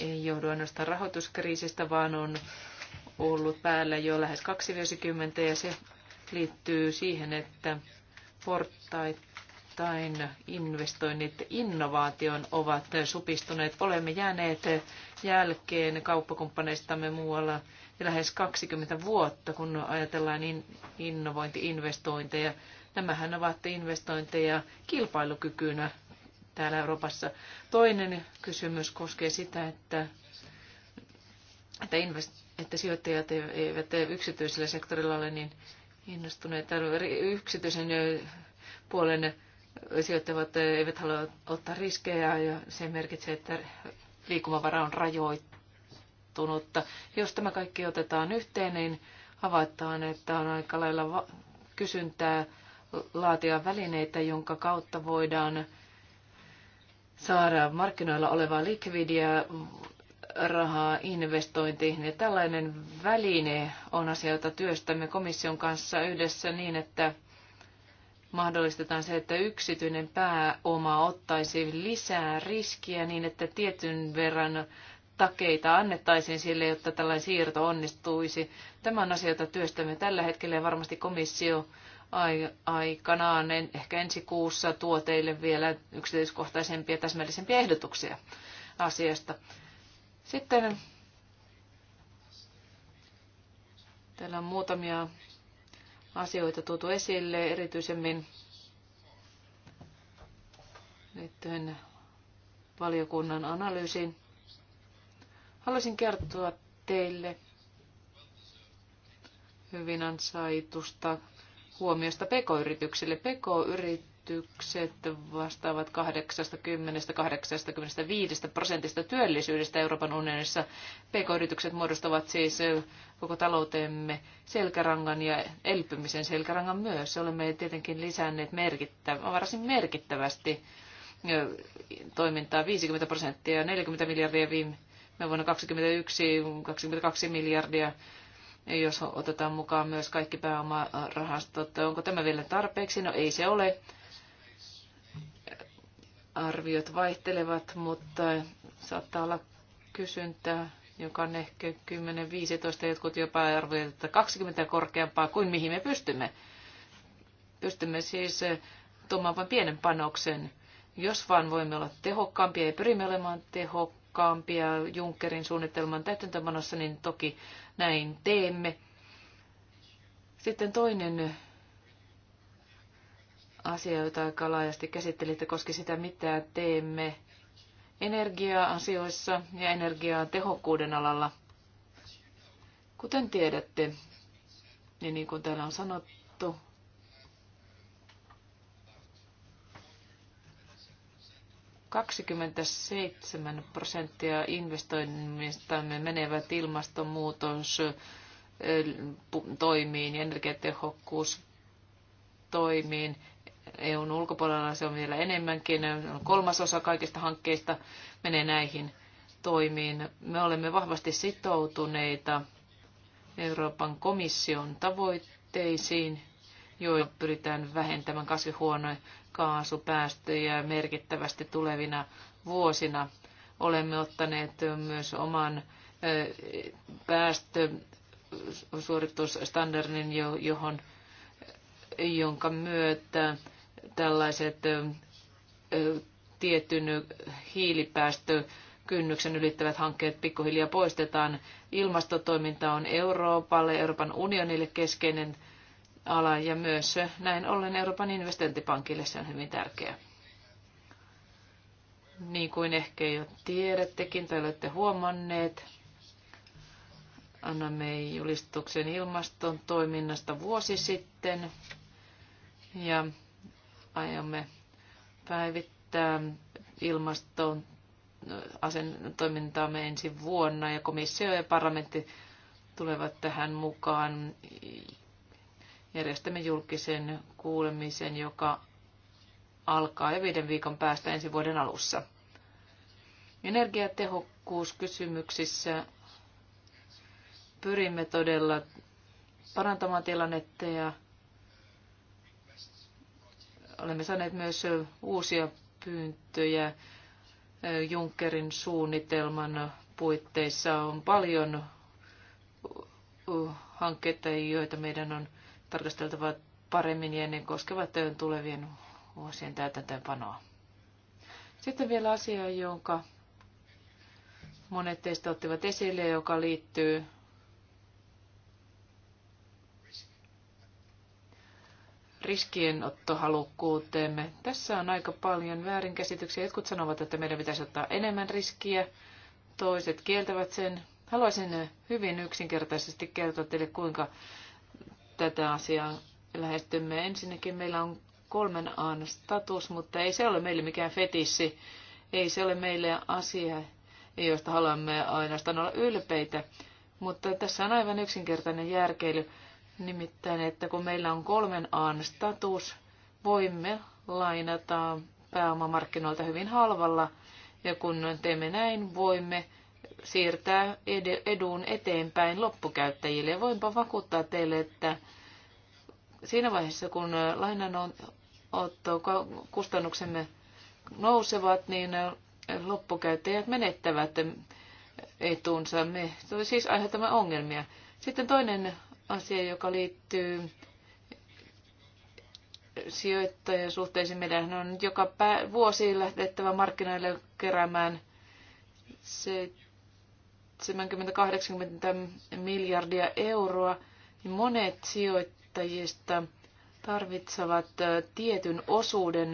ei joudu ainoastaan rahoituskriisistä, vaan on ollut päällä jo lähes kaksi vuosikymmentä ja se liittyy siihen, että portaita vuosittain investoinnit innovaatioon ovat supistuneet. Olemme jääneet jälkeen kauppakumppaneistamme muualla lähes 20 vuotta, kun ajatellaan in, innovointiinvestointeja. Nämähän ovat investointeja kilpailukykynä täällä Euroopassa. Toinen kysymys koskee sitä, että, että, invest, että sijoittajat eivät yksityisellä sektorilla ole niin innostuneita yksityisen puolen sijoittavat eivät halua ottaa riskejä ja se merkitsee, että liikkumavara on rajoittunutta. Jos tämä kaikki otetaan yhteen, niin havaitaan, että on aika lailla kysyntää laatia välineitä, jonka kautta voidaan saada markkinoilla olevaa likvidiä rahaa investointiin. Ja tällainen väline on asia, jota työstämme komission kanssa yhdessä niin, että mahdollistetaan se, että yksityinen pääoma ottaisi lisää riskiä niin, että tietyn verran takeita annettaisiin sille, jotta tällainen siirto onnistuisi. Tämä on asia, jota työstämme tällä hetkellä ja varmasti komissio aikanaan, en, ehkä ensi kuussa, tuo teille vielä yksityiskohtaisempia ja täsmällisempiä ehdotuksia asiasta. Sitten täällä on muutamia asioita tuotu esille, erityisemmin liittyen valiokunnan analyysiin. Haluaisin kertoa teille hyvin ansaitusta huomiosta pekoyrityksille. Pekoyrittäjät yritykset vastaavat 80-85 prosentista työllisyydestä Euroopan unionissa. PK-yritykset muodostavat siis koko taloutemme selkärangan ja elpymisen selkärangan myös. Olemme tietenkin lisänneet merkittävä, varsin merkittävästi toimintaa 50 prosenttia, 40 miljardia viime vuonna 2021, 22 miljardia jos otetaan mukaan myös kaikki pääomarahastot. Onko tämä vielä tarpeeksi? No ei se ole arviot vaihtelevat, mutta saattaa olla kysyntää, joka on ehkä 10-15, jotkut jopa arvioivat, että 20 korkeampaa kuin mihin me pystymme. Pystymme siis eh, tuomaan vain pienen panoksen, jos vaan voimme olla tehokkaampia ja pyrimme olemaan tehokkaampia Junckerin suunnitelman täytäntömanossa, niin toki näin teemme. Sitten toinen asia, jota aika laajasti käsittelitte, koski sitä, mitä teemme energia-asioissa ja energiaa tehokkuuden alalla. Kuten tiedätte, niin niin kuin täällä on sanottu, Kaksikymmentäseitsemän prosenttia investoinnistamme menevät ilmastonmuutos toimiin ja energiatehokkuus toimiin. EUn ulkopuolella se on vielä enemmänkin. Kolmas osa kaikista hankkeista menee näihin toimiin. Me olemme vahvasti sitoutuneita Euroopan komission tavoitteisiin, joilla pyritään vähentämään kasvihuonekaasupäästöjä merkittävästi tulevina vuosina. Olemme ottaneet myös oman päästösuoritusstandardin, johon jonka myötä tällaiset tietyn hiilipäästökynnyksen ylittävät hankkeet pikkuhiljaa poistetaan. Ilmastotoiminta on Euroopalle, Euroopan unionille keskeinen ala ja myös näin ollen Euroopan investointipankille se on hyvin tärkeä. Niin kuin ehkä jo tiedättekin tai olette huomanneet, annamme julistuksen ilmaston toiminnasta vuosi sitten. Ja aiomme päivittää ilmaston äh, asen toimintaamme ensi vuonna ja komissio ja parlamentti tulevat tähän mukaan. Järjestämme julkisen kuulemisen, joka alkaa jo viiden viikon päästä ensi vuoden alussa. Energiatehokkuuskysymyksissä pyrimme todella parantamaan tilannetta ja Olemme saaneet myös uusia pyyntöjä Junckerin suunnitelman puitteissa. On paljon hankkeita, joita meidän on tarkasteltava paremmin ja ne koskevat tulevien vuosien täytäntöönpanoa. Sitten vielä asia, jonka monet teistä ottivat esille, joka liittyy riskienottohalukkuuteemme. Tässä on aika paljon väärinkäsityksiä. Jotkut sanovat, että meidän pitäisi ottaa enemmän riskiä, toiset kieltävät sen. Haluaisin hyvin yksinkertaisesti kertoa teille, kuinka tätä asiaa lähestymme. Ensinnäkin meillä on kolmen aan status, mutta ei se ole meille mikään fetissi. Ei se ole meille asia, josta haluamme ainoastaan olla ylpeitä. Mutta tässä on aivan yksinkertainen järkeily. Nimittäin, että kun meillä on kolmen aan status, voimme lainata pääomamarkkinoilta hyvin halvalla. Ja kun teemme näin, voimme siirtää edun eteenpäin loppukäyttäjille. Ja voinpa vakuuttaa teille, että siinä vaiheessa, kun lainanotto kustannuksemme nousevat, niin loppukäyttäjät menettävät etunsa. Me siis aiheutamme ongelmia. Sitten toinen asia, joka liittyy sijoittajien suhteisiin. Meidän on joka pä- vuosi lähtettävä markkinoille keräämään 70-80 miljardia euroa. Niin monet sijoittajista tarvitsevat tietyn osuuden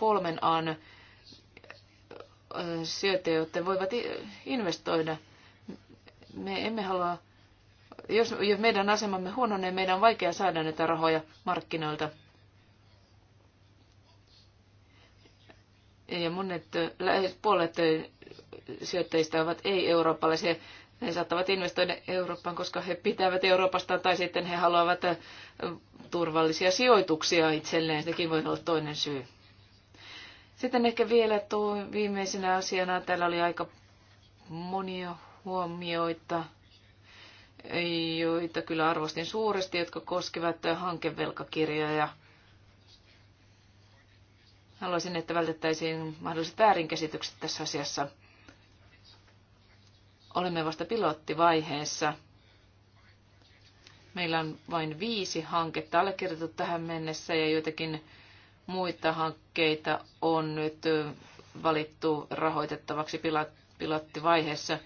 kolmen an sijoittajia, jotta voivat investoida. Me emme halua jos, jos meidän asemamme huononee, meidän on vaikea saada näitä rahoja markkinoilta. Ja monet, lähes puolet sijoittajista ovat ei-eurooppalaisia. He saattavat investoida Eurooppaan, koska he pitävät Euroopasta tai sitten he haluavat turvallisia sijoituksia itselleen. Sekin voi olla toinen syy. Sitten ehkä vielä tuo viimeisenä asiana, täällä oli aika monia huomioita joita kyllä arvostin suuresti, jotka koskivat hankevelkakirjoja. Haluaisin, että vältettäisiin mahdolliset väärinkäsitykset tässä asiassa. Olemme vasta pilottivaiheessa. Meillä on vain viisi hanketta allekirjoitettu tähän mennessä ja joitakin muita hankkeita on nyt valittu rahoitettavaksi pilottivaiheessa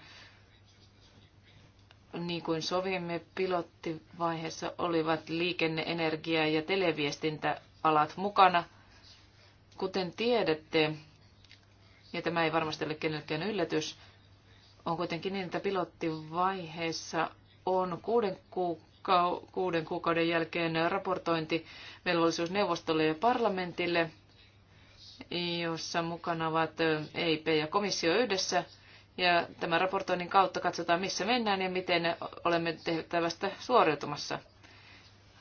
niin kuin sovimme pilottivaiheessa, olivat liikenne, energia ja televiestintäalat mukana. Kuten tiedätte, ja tämä ei varmasti ole kenellekään yllätys, on kuitenkin niin, että pilottivaiheessa on kuuden, kuukau- kuuden kuukauden jälkeen velvollisuus neuvostolle ja parlamentille, jossa mukana ovat EIP ja komissio yhdessä – ja tämän raportoinnin kautta katsotaan, missä mennään ja miten olemme tehtävästä suoriutumassa.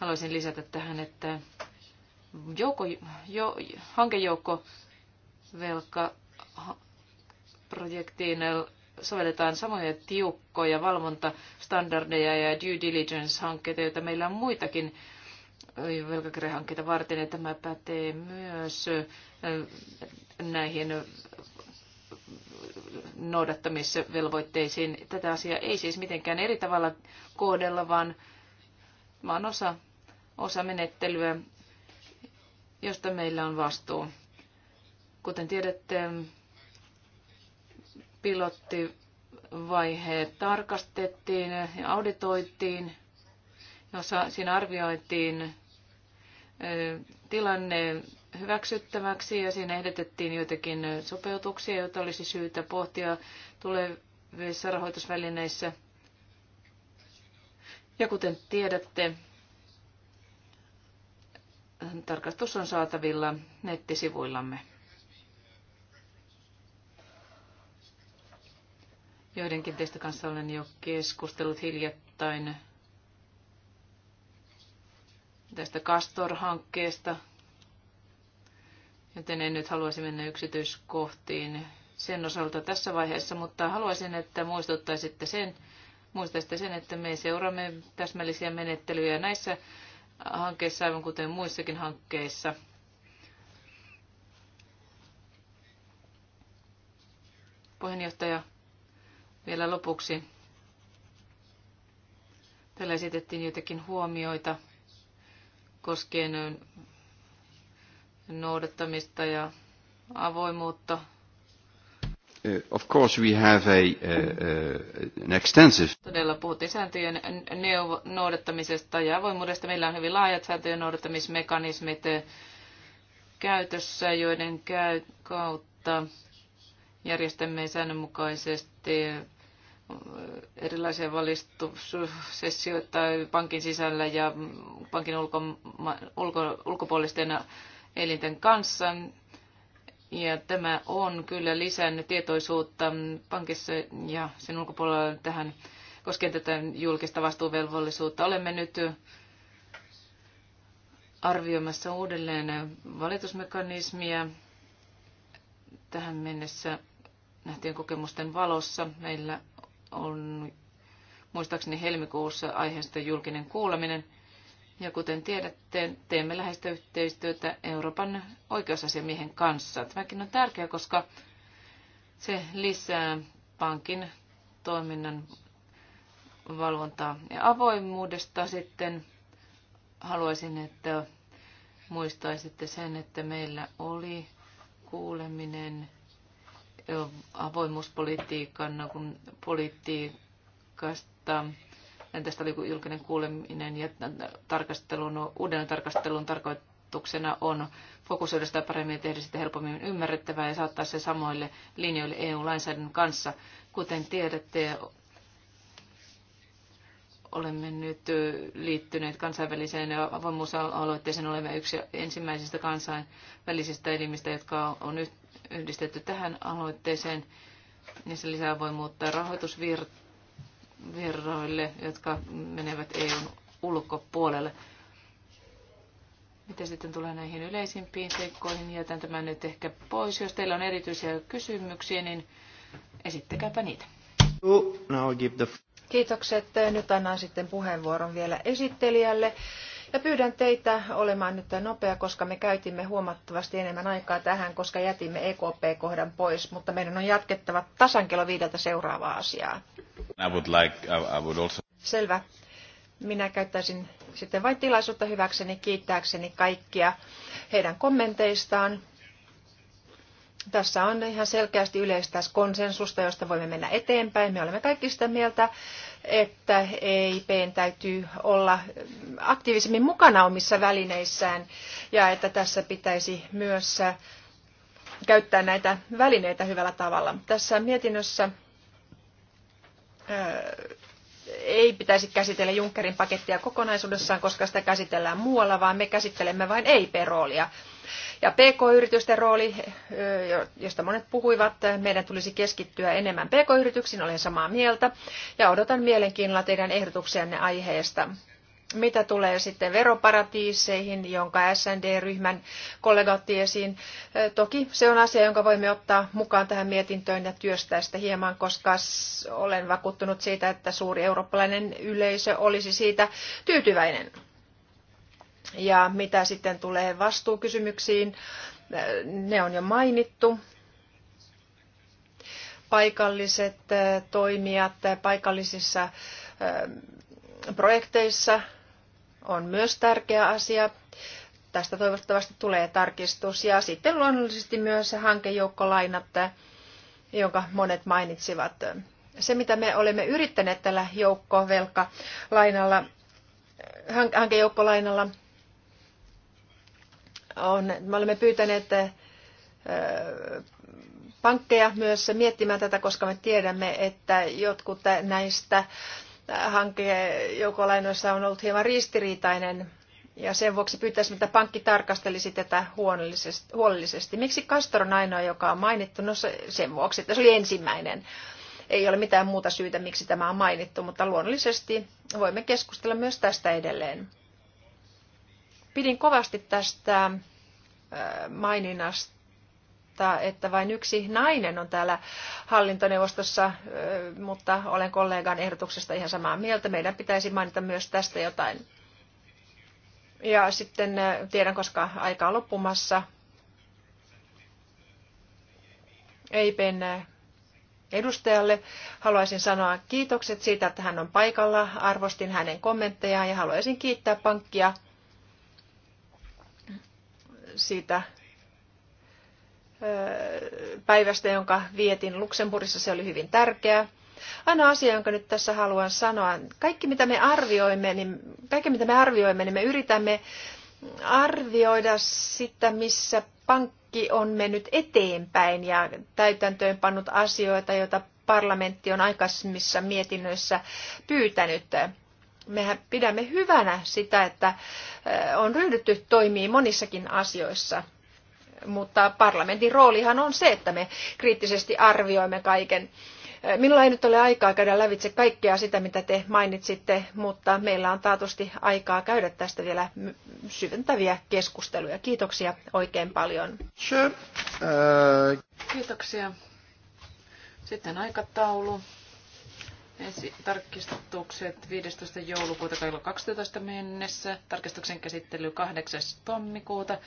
Haluaisin lisätä tähän, että joukko, jo, hankejoukko velka projektiin sovelletaan samoja tiukkoja valvontastandardeja ja due diligence-hankkeita, joita meillä on muitakin velkakirjahankkeita varten, ja tämä pätee myös äh, näihin noudattamisvelvoitteisiin. Tätä asiaa ei siis mitenkään eri tavalla kohdella, vaan, vaan osa, osa menettelyä, josta meillä on vastuu. Kuten tiedätte, pilottivaiheet tarkastettiin ja auditoitiin, jossa siinä arvioitiin tilanne hyväksyttäväksi ja siinä ehdotettiin joitakin sopeutuksia, joita olisi syytä pohtia tulevissa rahoitusvälineissä. Ja kuten tiedätte, tarkastus on saatavilla nettisivuillamme. Joidenkin teistä kanssa olen jo keskustellut hiljattain tästä Castor-hankkeesta – joten en nyt haluaisi mennä yksityiskohtiin sen osalta tässä vaiheessa, mutta haluaisin, että muistuttaisitte sen, muistaisitte sen, että me seuraamme täsmällisiä menettelyjä näissä hankkeissa, aivan kuten muissakin hankkeissa. Puheenjohtaja, vielä lopuksi. Täällä esitettiin joitakin huomioita koskien noudattamista ja avoimuutta. Eh, of course we have a, uh, an extensive... Todella puhuttiin sääntöjen neuvo- noudattamisesta ja avoimuudesta. Meillä on hyvin laajat sääntöjen noudattamismekanismit käytössä, joiden käy- kautta järjestämme säännönmukaisesti erilaisia valistussessioita pankin sisällä ja pankin ulko, ulko, ulkopuolisten elinten kanssa. Ja tämä on kyllä lisännyt tietoisuutta pankissa ja sen ulkopuolella tähän koskien tätä julkista vastuuvelvollisuutta. Olemme nyt arvioimassa uudelleen valitusmekanismia. Tähän mennessä nähtiin kokemusten valossa. Meillä on muistaakseni helmikuussa aiheesta julkinen kuuleminen – ja kuten tiedätte, teemme läheistä yhteistyötä Euroopan oikeusasiamiehen kanssa. Tämäkin on tärkeää, koska se lisää pankin toiminnan valvontaa ja avoimuudesta sitten haluaisin, että muistaisitte sen, että meillä oli kuuleminen avoimuuspolitiikan kun politiikasta Entistä oli julkinen kuuleminen ja tarkastelun, uuden tarkastelun tarkoituksena on fokusoida sitä paremmin ja tehdä sitä helpommin ymmärrettävää ja saattaa se samoille linjoille EU-lainsäädännön kanssa. Kuten tiedätte, olemme nyt liittyneet kansainväliseen avoimuusaloitteeseen. Olemme yksi ensimmäisistä kansainvälisistä elimistä, jotka on yhdistetty tähän aloitteeseen. Ja se lisää avoimuutta rahoitusvirta virroille, jotka menevät EUn ulkopuolelle. Mitä sitten tulee näihin yleisimpiin seikkoihin, jätän tämän nyt ehkä pois. Jos teillä on erityisiä kysymyksiä, niin esittäkääpä niitä. Kiitokset. Nyt annan sitten puheenvuoron vielä esittelijälle. Ja pyydän teitä olemaan nyt nopea, koska me käytimme huomattavasti enemmän aikaa tähän, koska jätimme EKP-kohdan pois, mutta meidän on jatkettava tasan kello viideltä seuraavaa asiaa. I would like, I would also... Selvä. Minä käyttäisin sitten vain tilaisuutta hyväkseni kiittääkseni kaikkia heidän kommenteistaan. Tässä on ihan selkeästi yleistä konsensusta, josta voimme mennä eteenpäin. Me olemme kaikki sitä mieltä, että EIP täytyy olla aktiivisemmin mukana omissa välineissään ja että tässä pitäisi myös käyttää näitä välineitä hyvällä tavalla. Tässä mietinnössä ei pitäisi käsitellä Junckerin pakettia kokonaisuudessaan, koska sitä käsitellään muualla, vaan me käsittelemme vain EIP-roolia. Ja PK-yritysten rooli, josta monet puhuivat, meidän tulisi keskittyä enemmän PK-yrityksiin, olen samaa mieltä. Ja odotan mielenkiinnolla teidän ehdotuksianne aiheesta. Mitä tulee sitten veroparatiiseihin, jonka SND-ryhmän kollega otti esiin, toki se on asia, jonka voimme ottaa mukaan tähän mietintöön ja työstää sitä hieman, koska olen vakuuttunut siitä, että suuri eurooppalainen yleisö olisi siitä tyytyväinen. Ja mitä sitten tulee vastuukysymyksiin, ne on jo mainittu. Paikalliset toimijat paikallisissa projekteissa on myös tärkeä asia. Tästä toivottavasti tulee tarkistus. Ja sitten luonnollisesti myös hankejoukkolainat, jonka monet mainitsivat. Se, mitä me olemme yrittäneet tällä joukkovelkalainalla, hankejoukkolainalla on, me olemme pyytäneet äh, pankkeja myös miettimään tätä, koska me tiedämme, että jotkut näistä äh, hankejoukolainoissa on ollut hieman ristiriitainen ja sen vuoksi pyytäisimme, että pankki tarkastelisi tätä huolellisesti. Miksi Castor on ainoa, joka on mainittu? No sen vuoksi, että se oli ensimmäinen. Ei ole mitään muuta syytä, miksi tämä on mainittu, mutta luonnollisesti voimme keskustella myös tästä edelleen. Pidin kovasti tästä äh, maininnasta että vain yksi nainen on täällä hallintoneuvostossa, äh, mutta olen kollegan ehdotuksesta ihan samaa mieltä. Meidän pitäisi mainita myös tästä jotain. Ja sitten äh, tiedän, koska aika on loppumassa, EIPn edustajalle haluaisin sanoa kiitokset siitä, että hän on paikalla. Arvostin hänen kommenttejaan ja haluaisin kiittää pankkia siitä päivästä, jonka vietin Luxemburgissa. Se oli hyvin tärkeää. Aina asia, jonka nyt tässä haluan sanoa, kaikki mitä me arvioimme, niin, kaikki, mitä me, arvioimme, niin me yritämme arvioida sitä, missä pankki on mennyt eteenpäin ja täytäntöön pannut asioita, joita parlamentti on aikaisemmissa mietinnöissä pyytänyt mehän pidämme hyvänä sitä, että eh, on ryhdytty toimiin monissakin asioissa. Mutta parlamentin roolihan on se, että me kriittisesti arvioimme kaiken. Eh, minulla ei nyt ole aikaa käydä lävitse kaikkea sitä, mitä te mainitsitte, mutta meillä on taatusti aikaa käydä tästä vielä syventäviä keskusteluja. Kiitoksia oikein paljon. Äh. Kiitoksia. Sitten aikataulu tarkistukset 15. joulukuuta kello 12 mennessä, tarkistuksen käsittely 8. tammikuuta,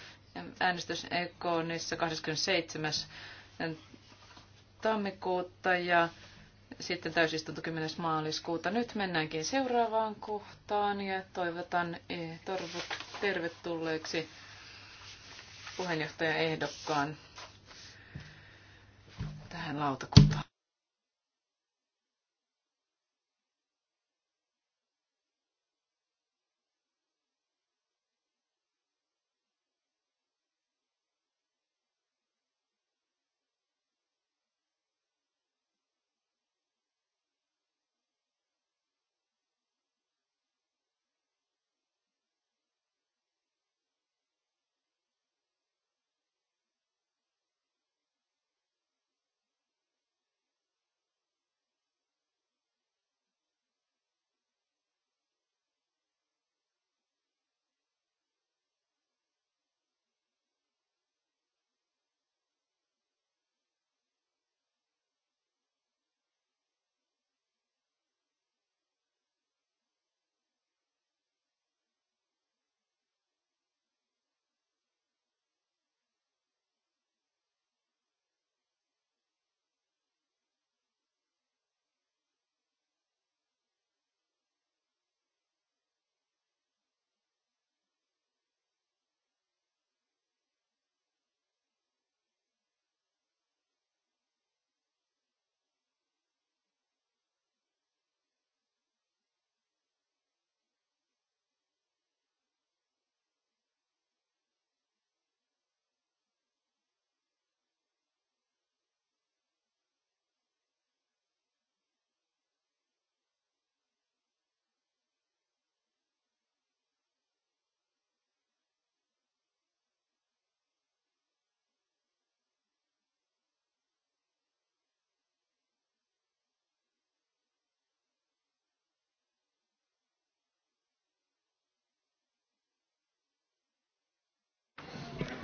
äänestys Ekonissa 27. tammikuuta ja sitten täysistunto 10. maaliskuuta. Nyt mennäänkin seuraavaan kohtaan ja toivotan eh, tervetulleeksi puheenjohtajaehdokkaan tähän lautakuntaan.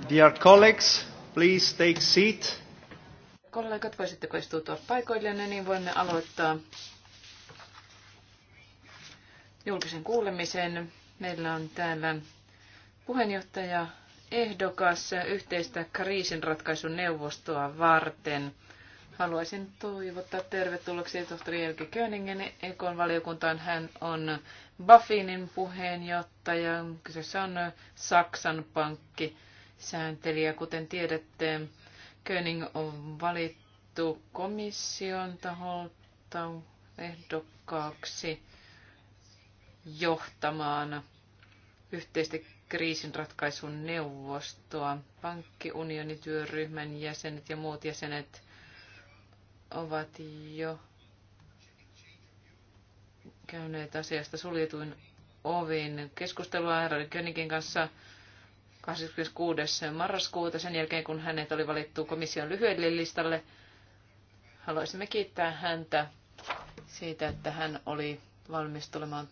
Dear colleagues, please take seat. Kollegat, voisitteko istua paikoillenne, niin voimme aloittaa julkisen kuulemisen. Meillä on täällä puheenjohtaja ehdokas yhteistä kriisinratkaisun neuvostoa varten. Haluaisin toivottaa tervetulleeksi tohtori Elke Köningen Ekon valiokuntaan. Hän on Buffinin puheenjohtaja. Kyseessä on Saksan pankki sääntelijä. Kuten tiedätte, König on valittu komission taholta ehdokkaaksi johtamaan yhteistä kriisinratkaisun neuvostoa. Pankkiunionityöryhmän jäsenet ja muut jäsenet ovat jo käyneet asiasta suljetuin ovin keskustelua Harald Königin kanssa 26. marraskuuta sen jälkeen, kun hänet oli valittu komission lyhyelle listalle. Haluaisimme kiittää häntä siitä, että hän oli valmis tulemaan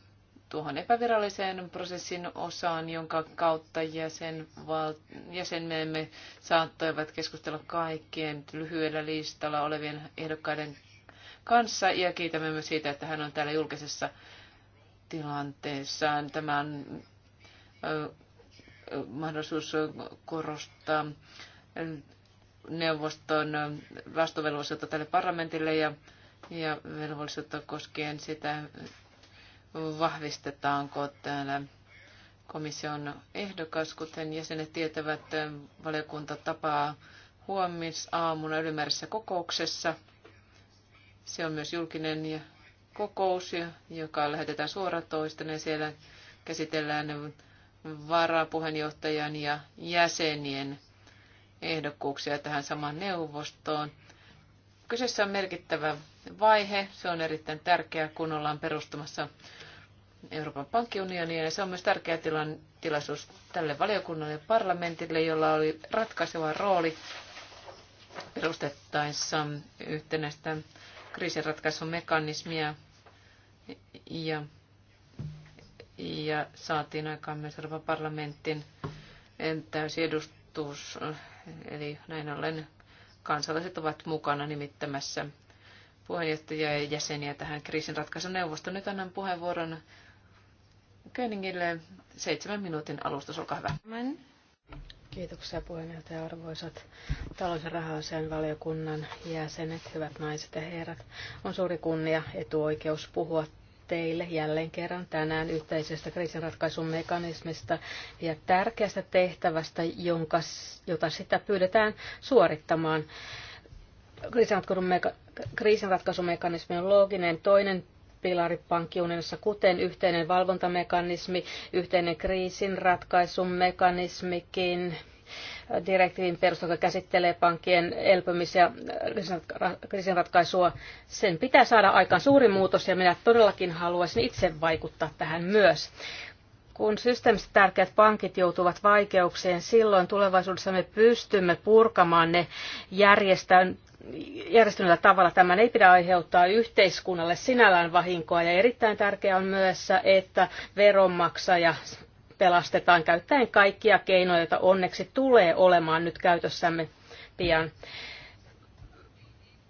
tuohon epäviralliseen prosessin osaan, jonka kautta jäsenval- jäsenmeemme saattoivat keskustella kaikkien lyhyellä listalla olevien ehdokkaiden kanssa. Ja kiitämme myös siitä, että hän on täällä julkisessa tilanteessaan. Tämä on mahdollisuus korostaa neuvoston vastuvelvollisuutta tälle parlamentille ja, ja velvollisuutta koskien sitä, vahvistetaanko täällä komission ehdokas, kuten jäsenet tietävät, valiokunta tapaa huomisaamuna ylimääräisessä kokouksessa. Se on myös julkinen kokous, joka lähetetään suoratoistona ja siellä käsitellään varapuheenjohtajan ja jäsenien ehdokkuuksia tähän samaan neuvostoon. Kyseessä on merkittävä vaihe. Se on erittäin tärkeää, kun ollaan perustamassa Euroopan pankkiunionia. Ja se on myös tärkeä tilan, tilaisuus tälle valiokunnalle ja parlamentille, jolla oli ratkaiseva rooli perustettaessa yhtenäistä kriisinratkaisumekanismia ja ja saatiin aikaan myös Euroopan parlamentin edustus, eli näin ollen kansalaiset ovat mukana nimittämässä puheenjohtajia ja jäseniä tähän kriisinratkaisuneuvostoon. Nyt annan puheenvuoron Köningille seitsemän minuutin alustus, olkaa hyvä. Kiitoksia puheenjohtaja arvoisat talous- ja raha valiokunnan jäsenet, hyvät naiset ja herrat. On suuri kunnia etuoikeus puhua teille jälleen kerran tänään yhteisestä mekanismista ja tärkeästä tehtävästä, jonka, jota sitä pyydetään suorittamaan. Kriisinratkaisumekanismi on looginen toinen pilari pankkiunionissa, kuten yhteinen valvontamekanismi, yhteinen kriisinratkaisumekanismikin. mekanismikin direktiivin perusta, joka käsittelee pankkien elpymis- ja kriisinratkaisua. Sen pitää saada aikaan suuri muutos ja minä todellakin haluaisin itse vaikuttaa tähän myös. Kun systeemisesti tärkeät pankit joutuvat vaikeuksiin, silloin tulevaisuudessa me pystymme purkamaan ne järjestön tavalla tämän ei pidä aiheuttaa yhteiskunnalle sinällään vahinkoa ja erittäin tärkeää on myös, että veronmaksaja pelastetaan käyttäen kaikkia keinoja, joita onneksi tulee olemaan nyt käytössämme pian.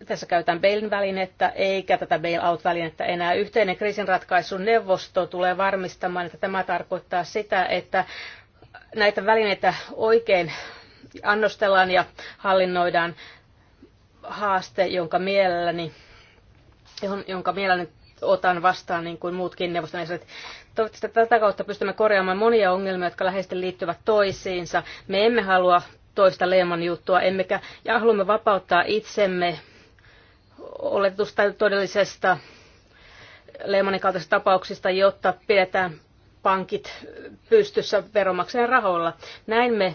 Tässä käytän bailin välinettä eikä tätä bailout-välinettä enää. Yhteinen kriisinratkaisun neuvosto tulee varmistamaan, että tämä tarkoittaa sitä, että näitä välineitä oikein annostellaan ja hallinnoidaan haaste, jonka mielelläni, jonka mielelläni otan vastaan niin kuin muutkin neuvoston jäsenet. Toivottavasti tätä kautta pystymme korjaamaan monia ongelmia, jotka läheisesti liittyvät toisiinsa. Me emme halua toista Lehman juttua, emmekä, ja haluamme vapauttaa itsemme oletusta todellisesta Lehmanin kaltaisista tapauksista, jotta pidetään pankit pystyssä veronmaksajan rahoilla. Näin me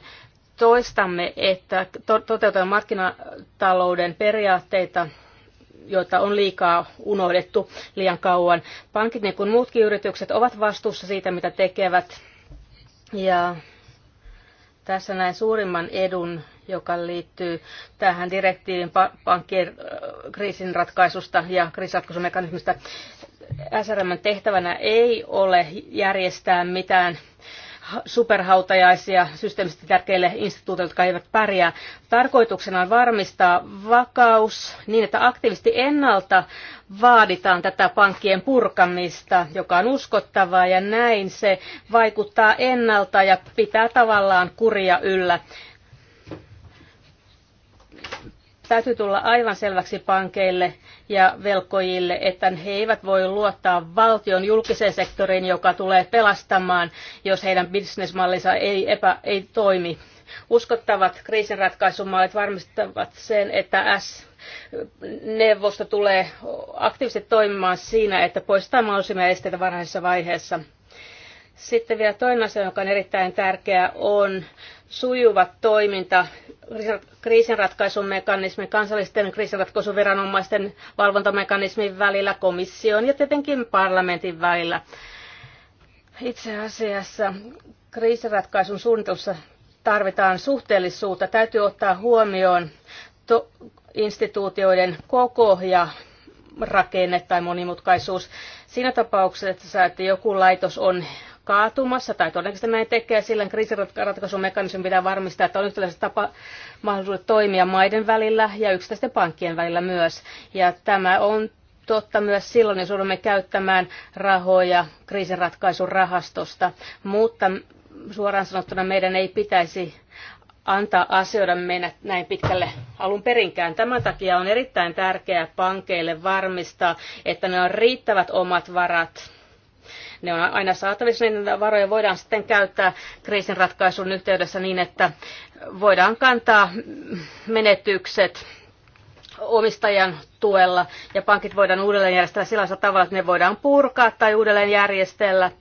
toistamme, että to- toteutamme markkinatalouden periaatteita joita on liikaa unohdettu liian kauan. Pankit, niin kuin muutkin yritykset, ovat vastuussa siitä, mitä tekevät. Ja tässä näin suurimman edun, joka liittyy tähän direktiivin pankkien kriisinratkaisusta ja kriisinratkaisumekanismista. SRM tehtävänä ei ole järjestää mitään superhautajaisia systeemisesti tärkeille instituutioille, jotka eivät pärjää. Tarkoituksena on varmistaa vakaus niin, että aktiivisesti ennalta vaaditaan tätä pankkien purkamista, joka on uskottavaa ja näin se vaikuttaa ennalta ja pitää tavallaan kuria yllä. Täytyy tulla aivan selväksi pankeille, ja velkojille, että he eivät voi luottaa valtion julkiseen sektoriin, joka tulee pelastamaan, jos heidän bisnesmallinsa ei, epä, ei toimi. Uskottavat kriisinratkaisumallit varmistavat sen, että S neuvosto tulee aktiivisesti toimimaan siinä, että poistaa mahdollisimman esteitä varhaisessa vaiheessa. Sitten vielä toinen asia, joka on erittäin tärkeä, on sujuva toiminta, kriisinratkaisun mekanismi, kansallisten kriisinratkaisuviranomaisten valvontamekanismin välillä, komission ja tietenkin parlamentin välillä. Itse asiassa kriisinratkaisun suunnitelussa tarvitaan suhteellisuutta. Täytyy ottaa huomioon instituutioiden koko ja rakenne tai monimutkaisuus. Siinä tapauksessa, että joku laitos on kaatumassa, tai todennäköisesti näin tekee, sillä kriisiratkaisumekanismin pitää varmistaa, että on yhtäläiset tapa mahdollisuudet toimia maiden välillä ja yksittäisten pankkien välillä myös. Ja tämä on totta myös silloin, jos olemme käyttämään rahoja kriisiratkaisun rahastosta, mutta suoraan sanottuna meidän ei pitäisi antaa asioida mennä näin pitkälle alun perinkään. Tämän takia on erittäin tärkeää pankeille varmistaa, että ne on riittävät omat varat ne on aina saatavissa, niin näitä varoja voidaan sitten käyttää kriisinratkaisun yhteydessä niin, että voidaan kantaa menetykset omistajan tuella ja pankit voidaan uudelleen järjestää sillä tavalla, että ne voidaan purkaa tai uudelleen järjestellä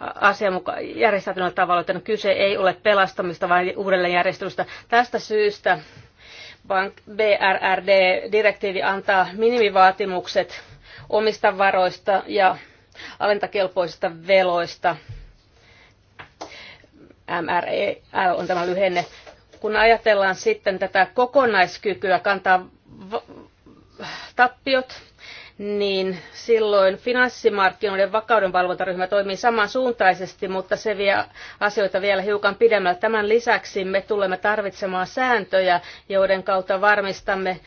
asianmuka- järjestäytyneellä tavalla, että kyse ei ole pelastamista, vaan uudelleenjärjestelystä. Tästä syystä Bank BRRD-direktiivi antaa minimivaatimukset omista varoista ja alentakelpoisista veloista. MREL on tämä lyhenne. Kun ajatellaan sitten tätä kokonaiskykyä kantaa tappiot, niin silloin finanssimarkkinoiden vakaudenvalvontaryhmä toimii samansuuntaisesti, mutta se vie asioita vielä hiukan pidemmälle. Tämän lisäksi me tulemme tarvitsemaan sääntöjä, joiden kautta varmistamme eh,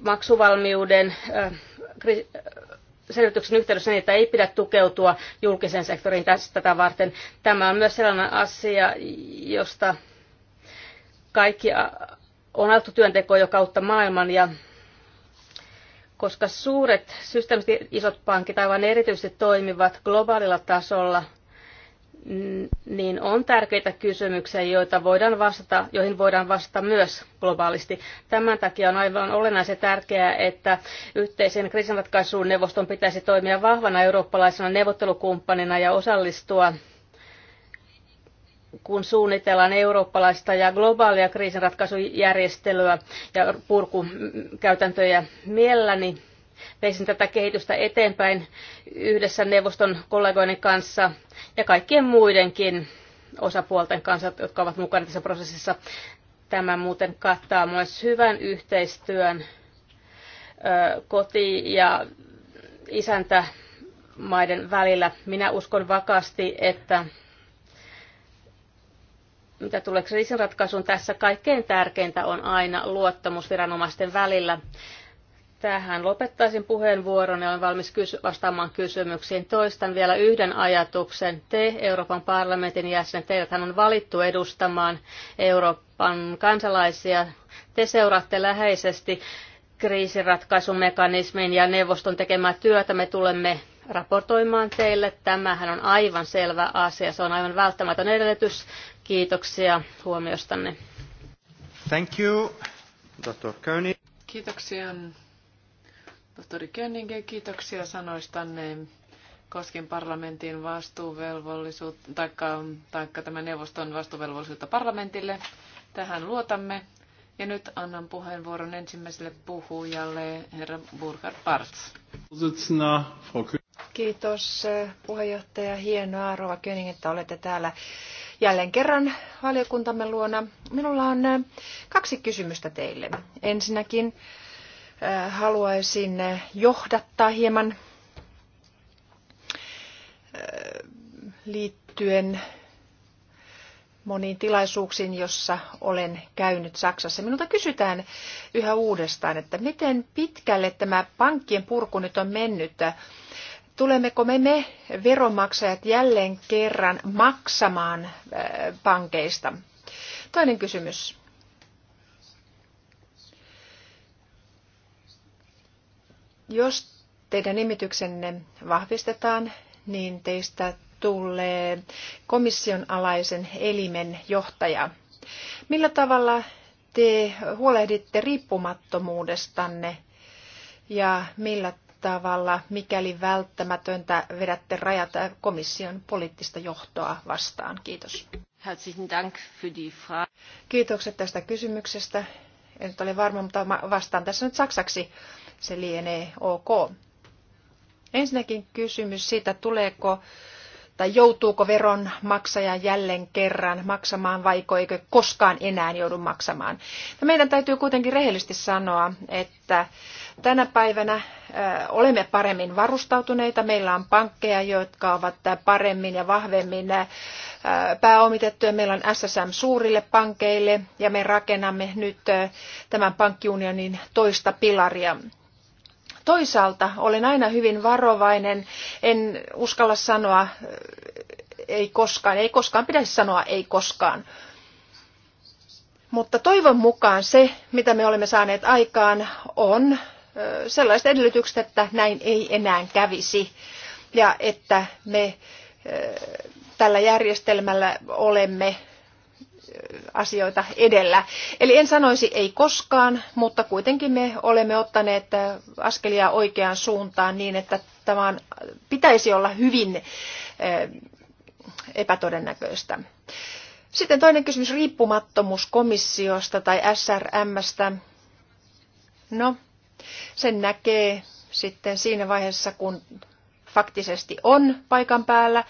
maksuvalmiuden eh, selvityksen yhteydessä niin, että ei pidä tukeutua julkisen sektorin tässä tätä varten. Tämä on myös sellainen asia, josta kaikki on alettu jo kautta maailman ja koska suuret, systeemisesti isot pankit aivan erityisesti toimivat globaalilla tasolla – niin on tärkeitä kysymyksiä, joita voidaan vastata, joihin voidaan vastata myös globaalisti. Tämän takia on aivan olennaisen tärkeää, että yhteisen kriisinratkaisuun neuvoston pitäisi toimia vahvana eurooppalaisena neuvottelukumppanina ja osallistua kun suunnitellaan eurooppalaista ja globaalia kriisinratkaisujärjestelyä ja purkukäytäntöjä. Mielelläni veisin tätä kehitystä eteenpäin yhdessä neuvoston kollegoiden kanssa ja kaikkien muidenkin osapuolten kanssa, jotka ovat mukana tässä prosessissa. Tämä muuten kattaa myös hyvän yhteistyön koti- ja isäntämaiden välillä. Minä uskon vakaasti, että mitä tulee kriisinratkaisuun tässä, kaikkein tärkeintä on aina luottamus viranomaisten välillä. Tähän lopettaisin puheenvuoron ja olen valmis kysy- vastaamaan kysymyksiin. Toistan vielä yhden ajatuksen. Te, Euroopan parlamentin jäsenet, teidäthän on valittu edustamaan Euroopan kansalaisia. Te seuraatte läheisesti kriisiratkaisumekanismin ja neuvoston tekemää työtä. Me tulemme raportoimaan teille. Tämähän on aivan selvä asia. Se on aivan välttämätön edellytys. Kiitoksia huomiostanne. Thank you, Dr. König. Kiitoksia Tohtori Könninge, kiitoksia sanoistanne Koskin parlamentin vastuuvelvollisuutta, taikka, taikka tämän neuvoston vastuuvelvollisuutta parlamentille. Tähän luotamme. Ja nyt annan puheenvuoron ensimmäiselle puhujalle, herra Burkhard Parts. Kiitos puheenjohtaja. Hienoa, Rova König, että olette täällä jälleen kerran valiokuntamme luona. Minulla on äh, kaksi kysymystä teille. Ensinnäkin, haluaisin johdattaa hieman liittyen moniin tilaisuuksiin, jossa olen käynyt Saksassa. Minulta kysytään yhä uudestaan, että miten pitkälle tämä pankkien purku nyt on mennyt. Tulemmeko me, me veronmaksajat jälleen kerran maksamaan pankeista? Toinen kysymys. Jos teidän nimityksenne vahvistetaan, niin teistä tulee komission alaisen elimen johtaja. Millä tavalla te huolehditte riippumattomuudestanne ja millä tavalla, mikäli välttämätöntä, vedätte rajat komission poliittista johtoa vastaan? Kiitos. Herzlichen Dank für die Frage. Kiitokset tästä kysymyksestä. En nyt ole varma, mutta vastaan tässä nyt saksaksi se lienee ok. Ensinnäkin kysymys siitä, tuleeko tai joutuuko veronmaksaja jälleen kerran maksamaan vaiko eikö koskaan enää joudu maksamaan. Ja meidän täytyy kuitenkin rehellisesti sanoa, että tänä päivänä olemme paremmin varustautuneita. Meillä on pankkeja, jotka ovat paremmin ja vahvemmin pääomitettuja. Meillä on SSM suurille pankeille ja me rakennamme nyt tämän pankkiunionin toista pilaria. Toisaalta olen aina hyvin varovainen, en uskalla sanoa äh, ei koskaan, ei koskaan pitäisi sanoa ei koskaan. Mutta toivon mukaan se, mitä me olemme saaneet aikaan, on äh, sellaiset edellytykset, että näin ei enää kävisi ja että me äh, tällä järjestelmällä olemme asioita edellä. Eli en sanoisi ei koskaan, mutta kuitenkin me olemme ottaneet äh, askelia oikeaan suuntaan niin, että tämän pitäisi olla hyvin äh, epätodennäköistä. Sitten toinen kysymys, riippumattomuus komissiosta tai SRMstä. No, sen näkee sitten siinä vaiheessa, kun faktisesti on paikan päällä.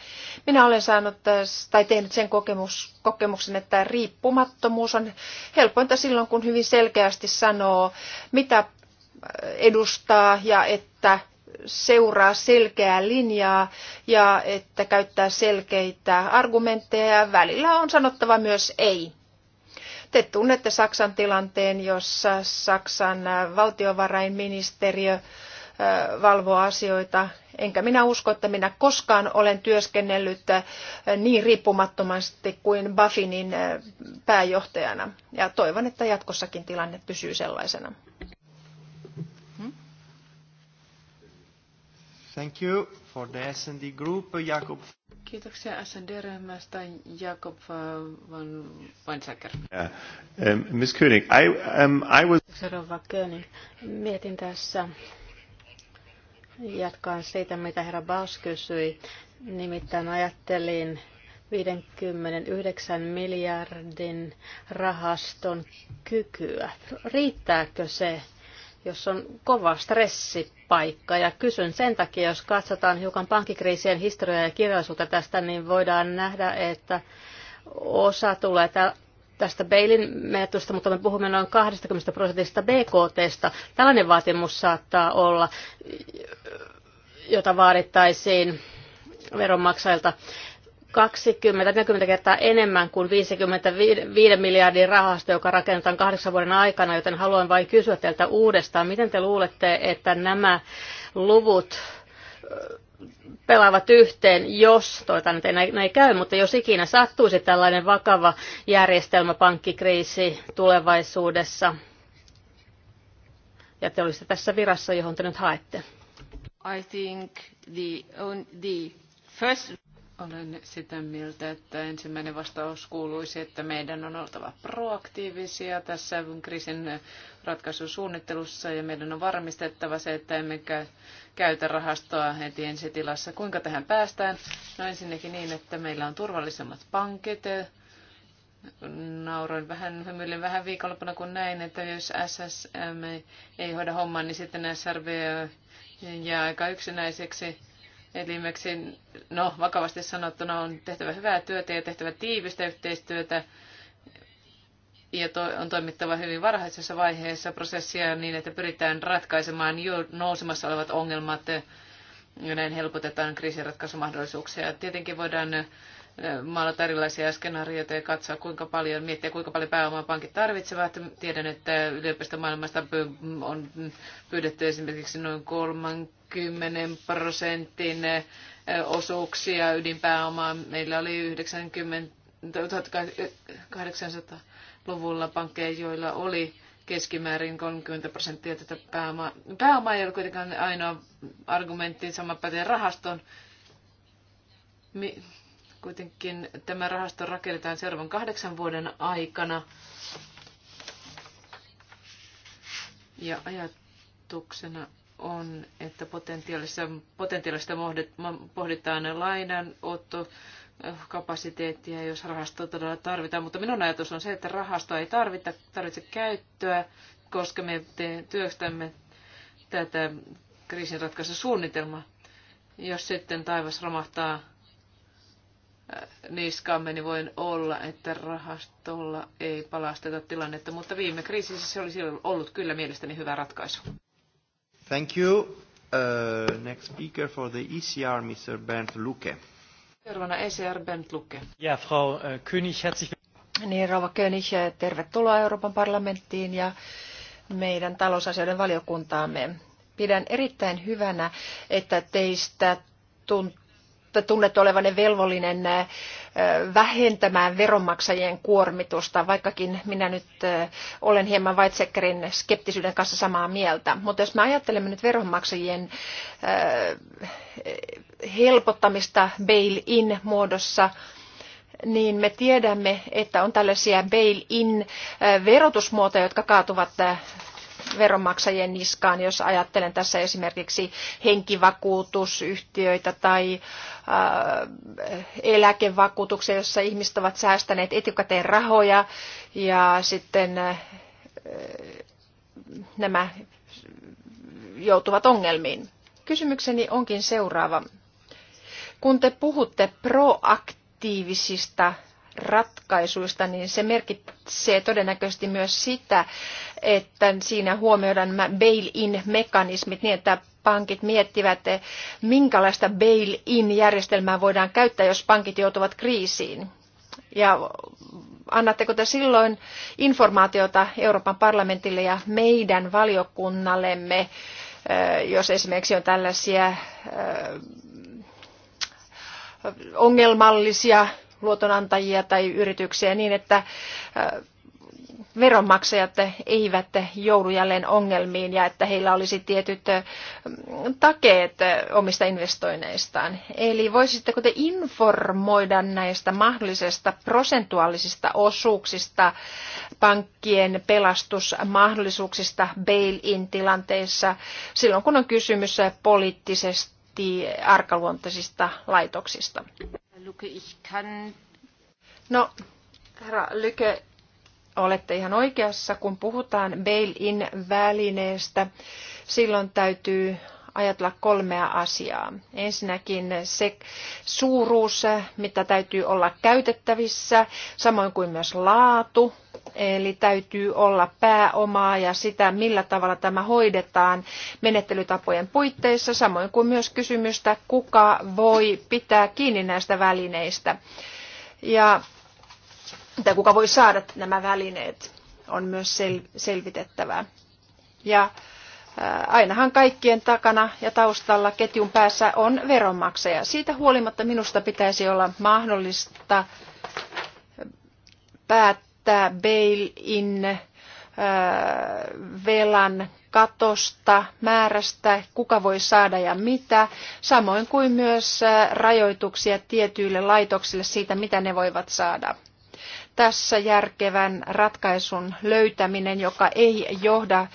Minä olen saanut äh, tai tehnyt sen kokemus, kokemuksen, että riippumattomuus on helpointa silloin, kun hyvin selkeästi sanoo, mitä äh, edustaa ja että seuraa selkeää linjaa ja että käyttää selkeitä argumentteja ja välillä on sanottava myös ei. Te tunnette Saksan tilanteen, jossa Saksan valtiovarainministeriö äh, valvoo asioita Enkä minä usko, että minä koskaan olen työskennellyt äh, niin riippumattomasti kuin Bafinin äh, pääjohtajana. Ja toivon, että jatkossakin tilanne pysyy sellaisena. Hmm? Thank you for the S&D group, Jakob. Kiitoksia SND-ryhmästä, Jakob äh, van Weinsäcker. Yeah. Um, Miss König, I, um, I was... Rova König, mietin tässä Jatkaan siitä, mitä herra Baus kysyi. Nimittäin ajattelin 59 miljardin rahaston kykyä. Riittääkö se, jos on kova stressipaikka? Ja kysyn sen takia, jos katsotaan hiukan pankkikriisien historiaa ja kirjallisuutta tästä, niin voidaan nähdä, että osa tulee tästä Beilin menetystä, mutta me puhumme noin 20 prosentista BKTstä. Tällainen vaatimus saattaa olla, jota vaadittaisiin veronmaksajilta 20-40 kertaa enemmän kuin 55 miljardin rahasta, joka rakennetaan kahdeksan vuoden aikana, joten haluan vain kysyä teiltä uudestaan, miten te luulette, että nämä luvut pelaavat yhteen, jos, toivotaan, että näin, näin käy, mutta jos ikinä sattuisi tällainen vakava pankkikriisi tulevaisuudessa, ja te olisitte tässä virassa, johon te nyt haette? I think the, on the first... Olen sitä mieltä, että ensimmäinen vastaus kuuluisi, että meidän on oltava proaktiivisia tässä kriisin ratkaisusuunnittelussa ja meidän on varmistettava se, että emme käytä rahastoa heti ensi tilassa. Kuinka tähän päästään? No ensinnäkin niin, että meillä on turvallisemmat pankit. Nauroin vähän, hymyilin vähän viikonloppuna, kun näin, että jos SSM ei hoida hommaa, niin sitten SRV jää aika yksinäiseksi elimeksi. No, vakavasti sanottuna on tehtävä hyvää työtä ja tehtävä tiivistä yhteistyötä ja to, on toimittava hyvin varhaisessa vaiheessa prosessia niin, että pyritään ratkaisemaan jo nousemassa olevat ongelmat ja näin helpotetaan kriisiratkaisumahdollisuuksia. Tietenkin voidaan maalata erilaisia skenaarioita ja katsoa, kuinka paljon, miettiä kuinka paljon pääomaa pankit tarvitsevat. Tiedän, että yliopistomaailmasta on pyydetty esimerkiksi noin kolman 10 prosentin eh, osuuksia ydinpääomaa. Meillä oli 90, 1800-luvulla pankkeja, joilla oli keskimäärin 30 prosenttia tätä pääomaa. Pääoma ei ole kuitenkaan ainoa argumentti, sama pätee rahaston. kuitenkin tämä rahasto rakennetaan seuraavan kahdeksan vuoden aikana. Ja ajatuksena on, että potentiaalista, potentiaalista pohditaan otto eh, kapasiteettia, jos rahastoa todella tarvitaan. Mutta minun ajatus on se, että rahastoa ei tarvita, tarvitse käyttöä, koska me te, työstämme tätä kriisinratkaisusuunnitelmaa. Jos sitten taivas romahtaa eh, niskaamme, niin voin olla, että rahastolla ei palasteta tilannetta, mutta viime kriisissä se olisi ollut kyllä mielestäni hyvä ratkaisu. Thank you. Uh, next speaker for the ECR, Mr. Bernd Lucke. Seuraavana ECR Bernd Lucke. Ja, Frau äh, König, herzlich niin, Rova König, tervetuloa Euroopan parlamenttiin ja meidän talousasioiden valiokuntaamme. Pidän erittäin hyvänä, että teistä tuntuu tunnet olevanne velvollinen äh, vähentämään veronmaksajien kuormitusta, vaikkakin minä nyt äh, olen hieman Weizsäckerin skeptisyyden kanssa samaa mieltä. Mutta jos me ajattelemme nyt veronmaksajien äh, helpottamista bail-in muodossa, niin me tiedämme, että on tällaisia bail-in verotusmuotoja, jotka kaatuvat veronmaksajien niskaan, jos ajattelen tässä esimerkiksi henkivakuutusyhtiöitä tai äh, eläkevakuutuksia, jossa ihmiset ovat säästäneet etukäteen rahoja ja sitten äh, nämä joutuvat ongelmiin. Kysymykseni onkin seuraava. Kun te puhutte proaktiivisista ratkaisuista, niin se merkitsee todennäköisesti myös sitä, että siinä huomioidaan nämä bail-in-mekanismit niin, että pankit miettivät, minkälaista bail-in-järjestelmää voidaan käyttää, jos pankit joutuvat kriisiin. Ja annatteko te silloin informaatiota Euroopan parlamentille ja meidän valiokunnallemme, jos esimerkiksi on tällaisia ongelmallisia luotonantajia tai yrityksiä niin, että veronmaksajat eivät joudu jälleen ongelmiin ja että heillä olisi tietyt takeet omista investoinneistaan. Eli voisitteko te informoida näistä mahdollisista prosentuaalisista osuuksista pankkien pelastusmahdollisuuksista bail-in tilanteissa silloin kun on kysymys poliittisesti arkaluontoisista laitoksista? ich kann... No, herra Lyke, olette ihan oikeassa, kun puhutaan bail-in välineestä. Silloin täytyy ajatella kolmea asiaa. Ensinnäkin se suuruus, mitä täytyy olla käytettävissä, samoin kuin myös laatu, eli täytyy olla pääomaa ja sitä, millä tavalla tämä hoidetaan menettelytapojen puitteissa, samoin kuin myös kysymystä, kuka voi pitää kiinni näistä välineistä ja tai kuka voi saada nämä välineet, on myös sel- selvitettävää. Ja Ainahan kaikkien takana ja taustalla ketjun päässä on veronmaksaja. Siitä huolimatta minusta pitäisi olla mahdollista päättää, päättää bail-in velan katosta, määrästä, kuka voi saada ja mitä, samoin kuin myös rajoituksia tietyille laitoksille siitä, mitä ne voivat saada. Tässä järkevän ratkaisun löytäminen, joka ei johda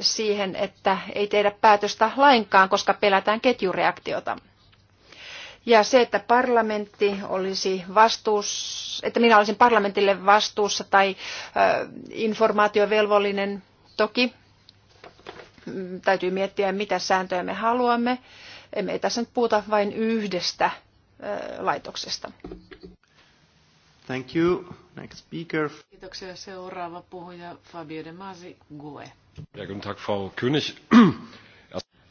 siihen, että ei tehdä päätöstä lainkaan, koska pelätään ketjureaktiota. Ja se, että parlamentti olisi vastuussa, että minä olisin parlamentille vastuussa tai äh, informaatiovelvollinen, toki mm, täytyy miettiä, mitä sääntöjä me haluamme. Emme tässä nyt puhuta vain yhdestä äh, laitoksesta. Thank you. Next speaker. Kiitoksia. Seuraava puhuja Fabio De Masi, GUE. Ja, guten Tag, Frau König.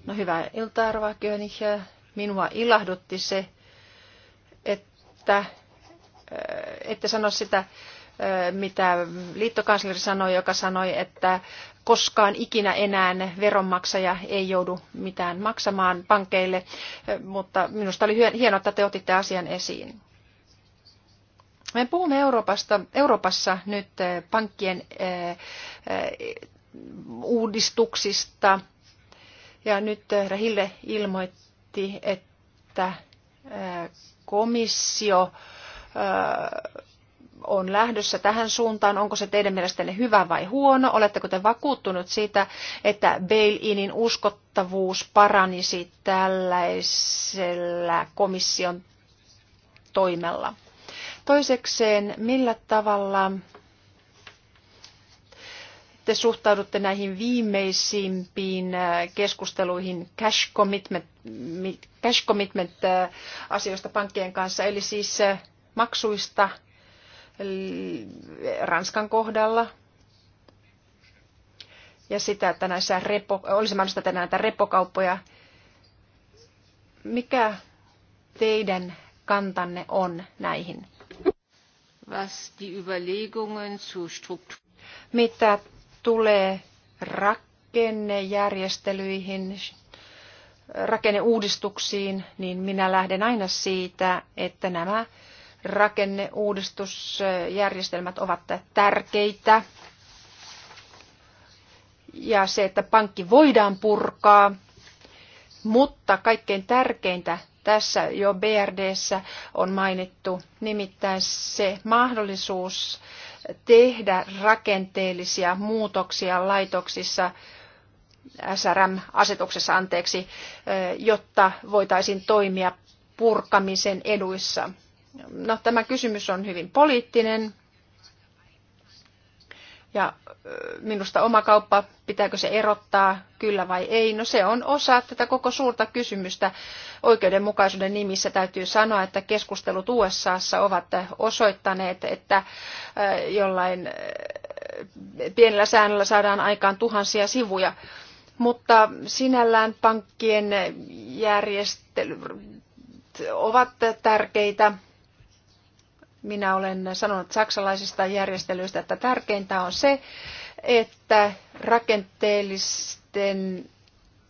No hyvää iltaa, Rova König. Minua ilahdutti se, että äh, että sano sitä, äh, mitä liittokansleri sanoi, joka sanoi, että koskaan ikinä enää veronmaksaja ei joudu mitään maksamaan pankeille, äh, mutta minusta oli hienoa, että te otitte asian esiin. Me puhumme Euroopasta, Euroopassa nyt pankkien uudistuksista ja nyt Rahille ilmoitti, esitti, että komissio on lähdössä tähän suuntaan. Onko se teidän mielestänne hyvä vai huono? Oletteko te vakuuttunut siitä, että bail-inin uskottavuus paranisi tällaisella komission toimella? Toisekseen, millä tavalla te suhtaudutte näihin viimeisimpiin äh, keskusteluihin cash commitment, cash commitment äh, asioista pankkien kanssa, eli siis äh, maksuista Ranskan kohdalla, ja sitä, että näissä repo, olisi mahdollista tehdä näitä repokauppoja. Mikä teidän kantanne on näihin? Was die Überlegungen zu Struktur- Mitä tulee rakennejärjestelyihin, rakenneuudistuksiin, niin minä lähden aina siitä, että nämä rakenneuudistusjärjestelmät ovat tärkeitä. Ja se, että pankki voidaan purkaa, mutta kaikkein tärkeintä tässä jo BRDssä on mainittu, nimittäin se mahdollisuus tehdä rakenteellisia muutoksia laitoksissa SRM-asetuksessa anteeksi, jotta voitaisiin toimia purkamisen eduissa. No, tämä kysymys on hyvin poliittinen ja minusta oma kauppa, pitääkö se erottaa, kyllä vai ei? No se on osa tätä koko suurta kysymystä. Oikeudenmukaisuuden nimissä täytyy sanoa, että keskustelut USAssa ovat osoittaneet, että jollain pienellä säännöllä saadaan aikaan tuhansia sivuja. Mutta sinällään pankkien järjestelyt ovat tärkeitä minä olen sanonut saksalaisista järjestelyistä, että tärkeintä on se, että rakenteellisten,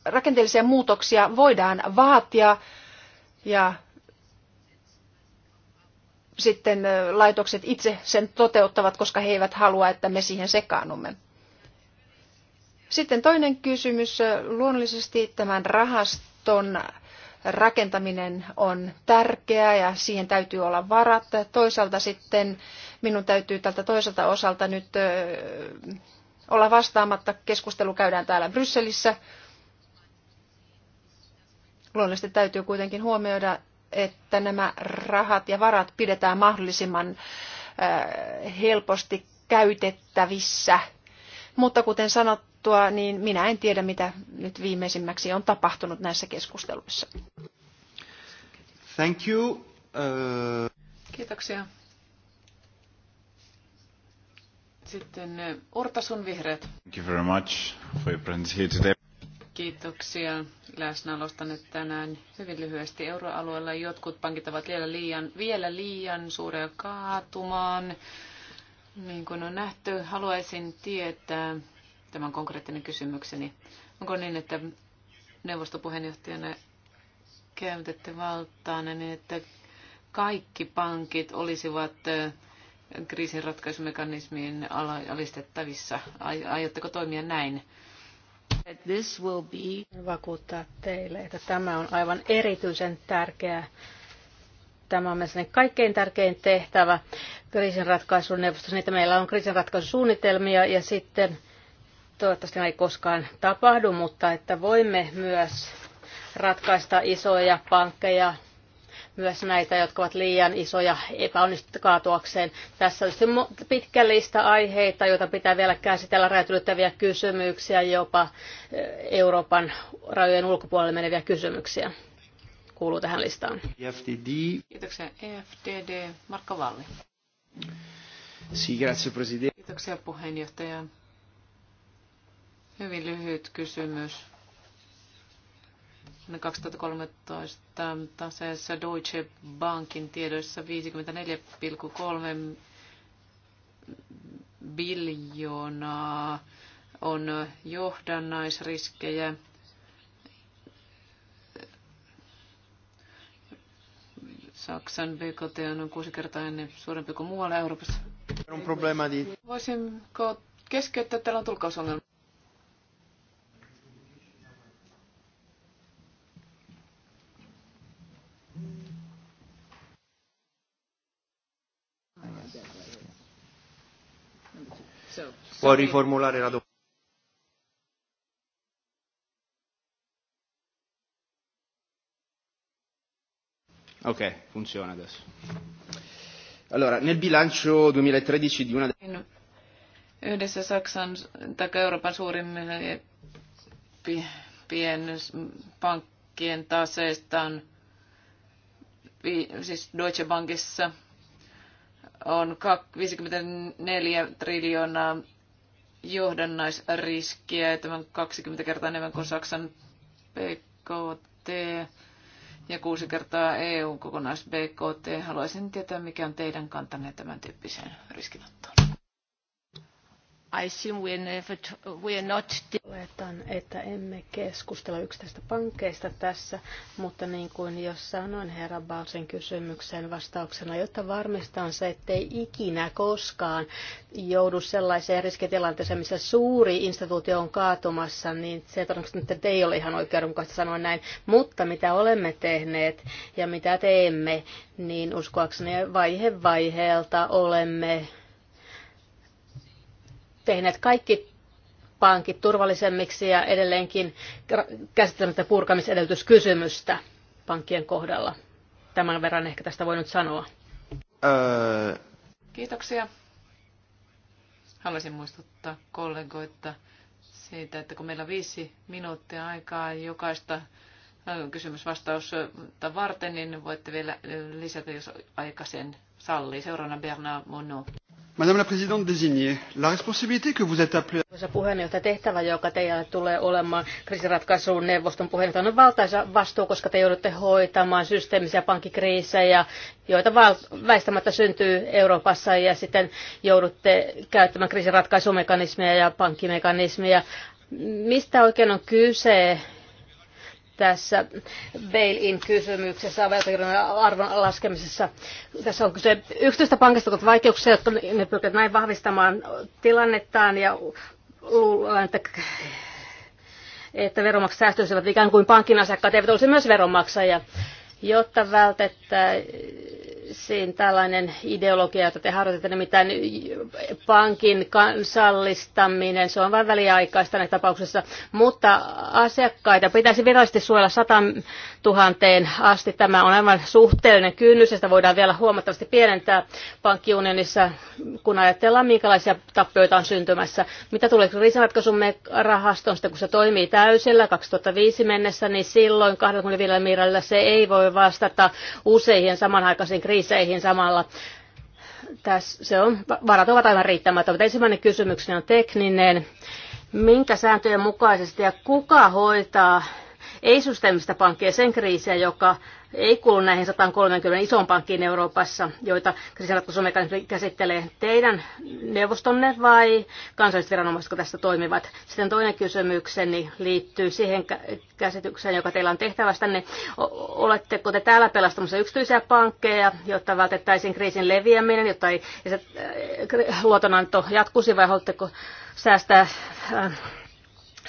rakenteellisia muutoksia voidaan vaatia ja sitten laitokset itse sen toteuttavat, koska he eivät halua, että me siihen sekaannumme. Sitten toinen kysymys, luonnollisesti tämän rahaston rakentaminen on tärkeää ja siihen täytyy olla varat. Toisaalta sitten minun täytyy tältä toiselta osalta nyt olla vastaamatta. Keskustelu käydään täällä Brysselissä. Luonnollisesti täytyy kuitenkin huomioida, että nämä rahat ja varat pidetään mahdollisimman helposti käytettävissä. Mutta kuten sanot, sanottua, niin minä en tiedä, mitä nyt viimeisimmäksi on tapahtunut näissä keskusteluissa. Thank you. Uh... Kiitoksia. Sitten eh, Ortasun vihreät. Thank you very much for your presence here today. Kiitoksia läsnäolostanne tänään. Hyvin lyhyesti euroalueella jotkut pankit ovat vielä liian, vielä liian suuria kaatumaan. Niin kuin on nähty, haluaisin tietää, tämän konkreettinen kysymykseni. Onko niin, että neuvostopuheenjohtajana käytätte valtaanne niin, että kaikki pankit olisivat kriisinratkaisumekanismiin alistettavissa? Aiotteko toimia näin? This will be... Vakuuttaa teille, että tämä on aivan erityisen tärkeää tämä on mielestäni kaikkein tärkein tehtävä kriisinratkaisun neuvostossa. Niitä meillä on kriisinratkaisusuunnitelmia ja sitten toivottavasti ei koskaan tapahdu, mutta että voimme myös ratkaista isoja pankkeja, myös näitä, jotka ovat liian isoja epäonnistukaatuakseen. Tässä on pitkä lista aiheita, joita pitää vielä käsitellä, räätylyttäviä kysymyksiä, jopa eh, Euroopan rajojen ulkopuolelle meneviä kysymyksiä kuuluu tähän listaan. E FDD. Kiitoksia EFDD. Marko Valli. grazie Kiitoksia puheenjohtaja. Hyvin lyhyt kysymys. 2013 taseessa Deutsche Bankin tiedoissa 54,3 biljoonaa on johdannaisriskejä. Saksan BKT on kuusi kertaa ennen suurempi kuin muualla Euroopassa. Voisinko keskeyttää? Täällä on tulkausongelma. Può riformulare la domanda? Ok, funziona adesso. Allora, nel bilancio 2013 di una... delle... Yhdessä Saksan tai Euroopan suurimmille eh, pienpankkien taseista on, siis Deutsche Bankissa – on 54 triljoonaa johdannaisriskiä, ja tämä on 20 kertaa enemmän kuin Saksan BKT ja kuusi kertaa EU kokonais BKT. Haluaisin tietää, mikä on teidän kantanne tämän tyyppiseen riskinottoon. I we are not... Oletan, että emme keskustella yksittäisistä pankkeista tässä, mutta niin kuin jo sanoin herra Balsen kysymykseen vastauksena, jotta varmistan se, ettei ikinä koskaan joudu sellaiseen riskitilanteeseen, missä suuri instituutio on kaatumassa, niin se todennäköisesti nyt ei ole ihan oikeudenmukaista sanoa näin, mutta mitä olemme tehneet ja mitä teemme, niin uskoakseni vaihe vaiheelta olemme tehneet kaikki pankit turvallisemmiksi ja edelleenkin käsittelemättä purkamisedellytyskysymystä pankkien kohdalla. Tämän verran ehkä tästä voi nyt sanoa. Öö. Kiitoksia. Haluaisin muistuttaa kollegoita siitä, että kun meillä on viisi minuuttia aikaa jokaista kysymysvastausta varten, niin voitte vielä lisätä, jos aika sen sallii. Seuraavana Bernard Monod. Madame la présidente désignée, la responsabilité que vous êtes appelée... Arvoisa puheenjohtaja, tehtävä, joka teillä tulee olemaan kriisiratkaisuun neuvoston puheenjohtaja, on valtaisa vastuu, koska te joudutte hoitamaan systeemisiä pankkikriisejä, joita väistämättä syntyy Euroopassa ja sitten joudutte käyttämään kriisiratkaisumekanismeja ja pankkimekanismeja. Mistä oikein on kyse tässä bail-in kysymyksessä, arvon laskemisessa. Tässä on kyse yksityistä pankista, jotka vaikeuksia, jotka ne pyrkivät näin vahvistamaan tilannettaan ja luulen, että että veronmaksajat säästyisivät ikään kuin pankin asiakkaat eivät olisi myös veronmaksajia, jotta vältettäisiin siinä tällainen ideologia, jota te harjoitatte, nimittäin pankin kansallistaminen, se on vain väliaikaista näissä tapauksissa, mutta asiakkaita pitäisi virallisesti suojella 100 000 asti. Tämä on aivan suhteellinen kynnys, ja sitä voidaan vielä huomattavasti pienentää pankkiunionissa, kun ajatellaan, minkälaisia tappioita on syntymässä. Mitä tulee kriisinratkaisun rahaston, sitten kun se toimii täysillä 2005 mennessä, niin silloin 25 miljardilla se ei voi vastata useihin samanaikaisiin kriisiin kriiseihin samalla. Tässä se on, varat ovat aivan riittämättömät. Ensimmäinen kysymykseni on tekninen. Minkä sääntöjen mukaisesti ja kuka hoitaa ei-systeemistä pankkia sen kriisiä, joka ei kuulu näihin 130 isoon pankkiin Euroopassa, joita kriisinratkaisumekanismi käsittelee teidän neuvostonne vai kansalliset viranomaiset, tässä toimivat? Sitten toinen kysymykseni liittyy siihen käsitykseen, joka teillä on ne Oletteko te täällä pelastamassa yksityisiä pankkeja, jotta vältettäisiin kriisin leviäminen, jotta ei, äh, luotonanto jatkuisi vai haluatteko säästää äh,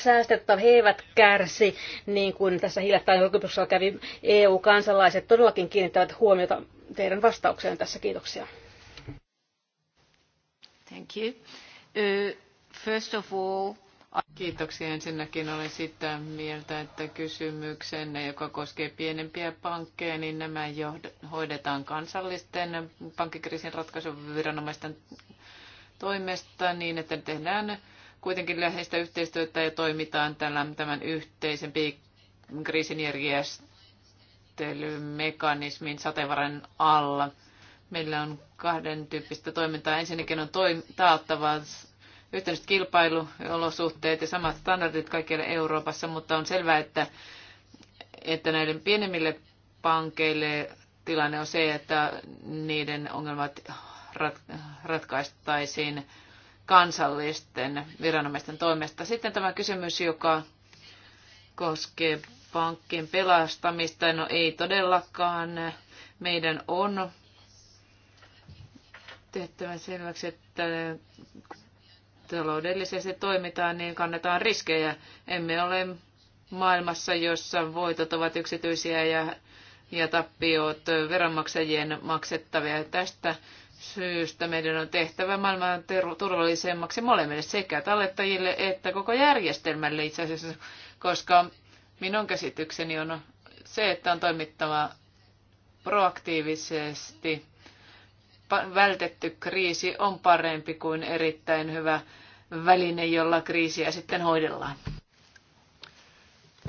säästettä he eivät kärsi, niin kuin tässä hiljattain oikeutuksella kävi EU-kansalaiset todellakin kiinnittävät huomiota teidän vastaukseen tässä. Kiitoksia. Thank you. Uh, first of all, Kiitoksia. Ensinnäkin olen sitä mieltä, että kysymyksenne, joka koskee pienempiä pankkeja, niin nämä hoidetaan kansallisten pankkikriisin ratkaisuviranomaisten toimesta niin, että tehdään kuitenkin läheistä yhteistyötä ja toimitaan tällä, tämän yhteisen kriisinjärjestelymekanismin sateenvarren alla. Meillä on kahden tyyppistä toimintaa. Ensinnäkin on toim- taattava yhteiset kilpailuolosuhteet ja samat standardit kaikkialla Euroopassa, mutta on selvää, että, että näiden pienemmille pankeille tilanne on se, että niiden ongelmat ratkaistaisiin kansallisten viranomaisten toimesta. Sitten tämä kysymys, joka koskee pankkien pelastamista. No ei todellakaan. Meidän on tehtävä selväksi, että taloudellisesti toimitaan, niin kannetaan riskejä. Emme ole maailmassa, jossa voitot ovat yksityisiä ja, ja tappiot veronmaksajien maksettavia. Tästä syystä meidän on tehtävä maailman turvallisemmaksi molemmille sekä tallettajille että koko järjestelmälle itse asiassa, koska minun käsitykseni on se, että on toimittava proaktiivisesti. Vältetty kriisi on parempi kuin erittäin hyvä väline, jolla kriisiä sitten hoidellaan.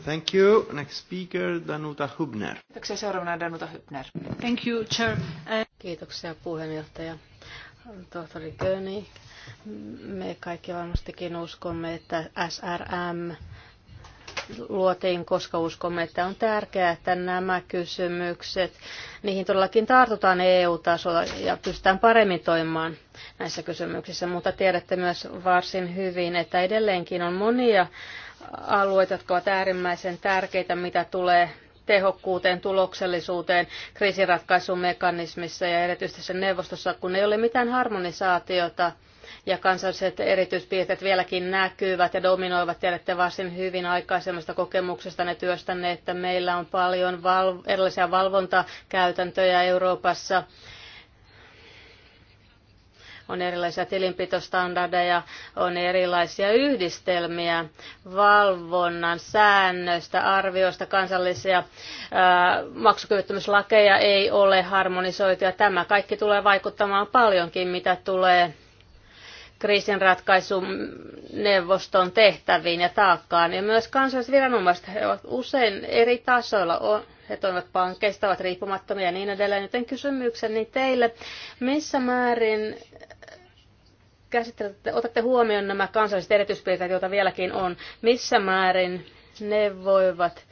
Thank you. Next speaker, Danuta Hubner. Kiitoksia seuraavana Danuta Hubner. Thank you, Chair. Uh, Kiitoksia puheenjohtaja. Tohtori Köni, me kaikki varmastikin uskomme, että SRM luotiin, koska uskomme, että on tärkeää, että nämä kysymykset, niihin todellakin tartutaan EU-tasolla ja pystytään paremmin toimimaan näissä kysymyksissä, mutta tiedätte myös varsin hyvin, että edelleenkin on monia alueita, jotka ovat äärimmäisen tärkeitä, mitä tulee tehokkuuteen, tuloksellisuuteen, kriisiratkaisumekanismissa ja erityisesti sen neuvostossa, kun ei ole mitään harmonisaatiota ja kansalliset erityispiirteet vieläkin näkyvät ja dominoivat. Tiedätte varsin hyvin aikaisemmasta kokemuksesta ne työstänne, että meillä on paljon val- erilaisia valvontakäytäntöjä Euroopassa on erilaisia tilinpitostandardeja, on erilaisia yhdistelmiä valvonnan säännöistä, arvioista, kansallisia ää, maksukyvyttömyyslakeja ei ole harmonisoitu ja tämä kaikki tulee vaikuttamaan paljonkin, mitä tulee kriisinratkaisuneuvoston tehtäviin ja taakkaan. Ja myös kansalliset viranomaiset he ovat usein eri tasoilla. On, he toimivat pankeista, ovat riippumattomia ja niin edelleen. Joten kysymykseni teille, missä määrin käsittelette, otatte huomioon nämä kansalliset erityispiirteet, joita vieläkin on, missä määrin ne voivat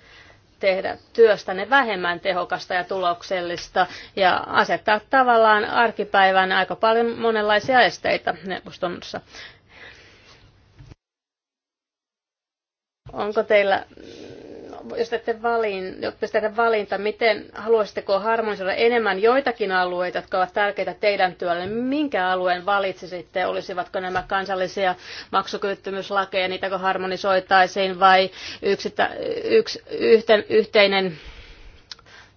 tehdä työstänne vähemmän tehokasta ja tuloksellista ja asettaa tavallaan arkipäivän aika paljon monenlaisia esteitä neuvostossa. Onko teillä jos teette, valin, jos teette valinta, miten haluaisitteko harmonisoida enemmän joitakin alueita, jotka ovat tärkeitä teidän työlle, minkä alueen valitsisitte, olisivatko nämä kansallisia maksukyvyttömyyslakeja, niitäkö harmonisoitaisiin vai yksittä, yks, yhten, yhteinen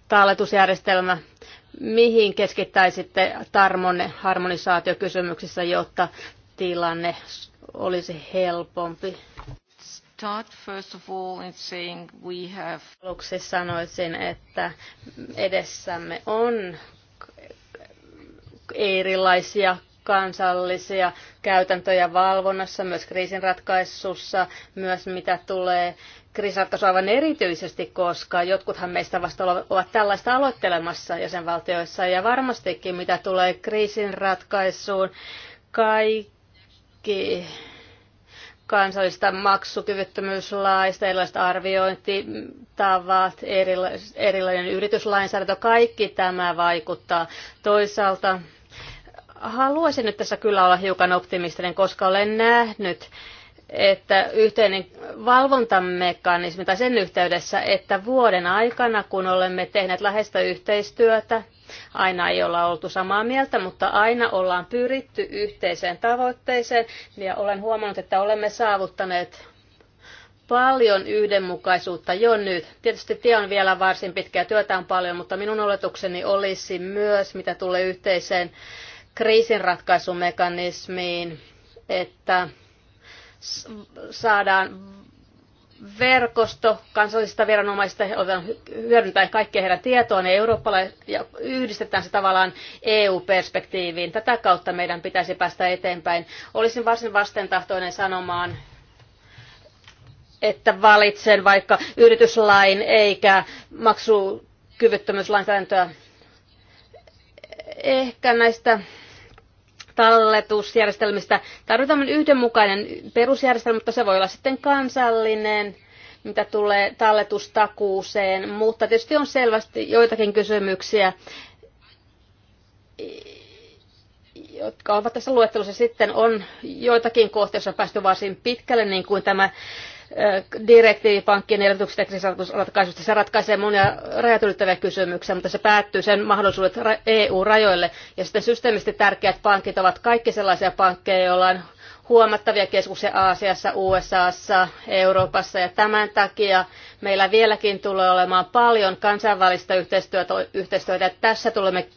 talletusjärjestelmä, mihin keskittäisitte tarmonne harmonisaatiokysymyksissä, jotta tilanne olisi helpompi? start first of all in saying we have... Aluksi sanoisin, että edessämme on erilaisia kansallisia käytäntöjä valvonnassa, myös kriisinratkaisussa, myös mitä tulee kriisinratkaisu aivan erityisesti, koska jotkuthan meistä vasta ovat tällaista aloittelemassa jäsenvaltioissa ja varmastikin mitä tulee kriisinratkaisuun, kaikki kansallista maksukyvyttömyyslaista, erilaiset arviointitavat, erilainen yrityslainsäädäntö, kaikki tämä vaikuttaa. Toisaalta haluaisin nyt tässä kyllä olla hiukan optimistinen, koska olen nähnyt, että yhteinen valvontamekanismi tai sen yhteydessä, että vuoden aikana, kun olemme tehneet läheistä yhteistyötä Aina ei olla oltu samaa mieltä, mutta aina ollaan pyritty yhteiseen tavoitteeseen ja olen huomannut, että olemme saavuttaneet paljon yhdenmukaisuutta jo nyt. Tietysti tie on vielä varsin pitkä työtä on paljon, mutta minun oletukseni olisi myös, mitä tulee yhteiseen kriisinratkaisumekanismiin, että saadaan verkosto kansallisista viranomaisista, otetaan hyödyntää kaikkia heidän tietoaan ja, ja yhdistetään se tavallaan EU-perspektiiviin. Tätä kautta meidän pitäisi päästä eteenpäin. Olisin varsin vastentahtoinen sanomaan, että valitsen vaikka yrityslain eikä maksukyvyttömyyslainsäädäntöä. Ehkä näistä talletusjärjestelmistä. Tarvitaan yhdenmukainen perusjärjestelmä, mutta se voi olla sitten kansallinen, mitä tulee talletustakuuseen, mutta tietysti on selvästi joitakin kysymyksiä, jotka ovat tässä luettelossa sitten, on joitakin kohtia, joissa on päästy varsin pitkälle, niin kuin tämä direktiivi pankkien elvytyksestä Se ratkaisee monia rajat ylittäviä kysymyksiä, mutta se päättyy sen mahdollisuudet EU-rajoille. Ja sitten systeemisesti tärkeät pankit ovat kaikki sellaisia pankkeja, joilla on huomattavia keskuksia Aasiassa, USAssa, Euroopassa ja tämän takia meillä vieläkin tulee olemaan paljon kansainvälistä yhteistyötä. yhteistyötä. Tässä tulemme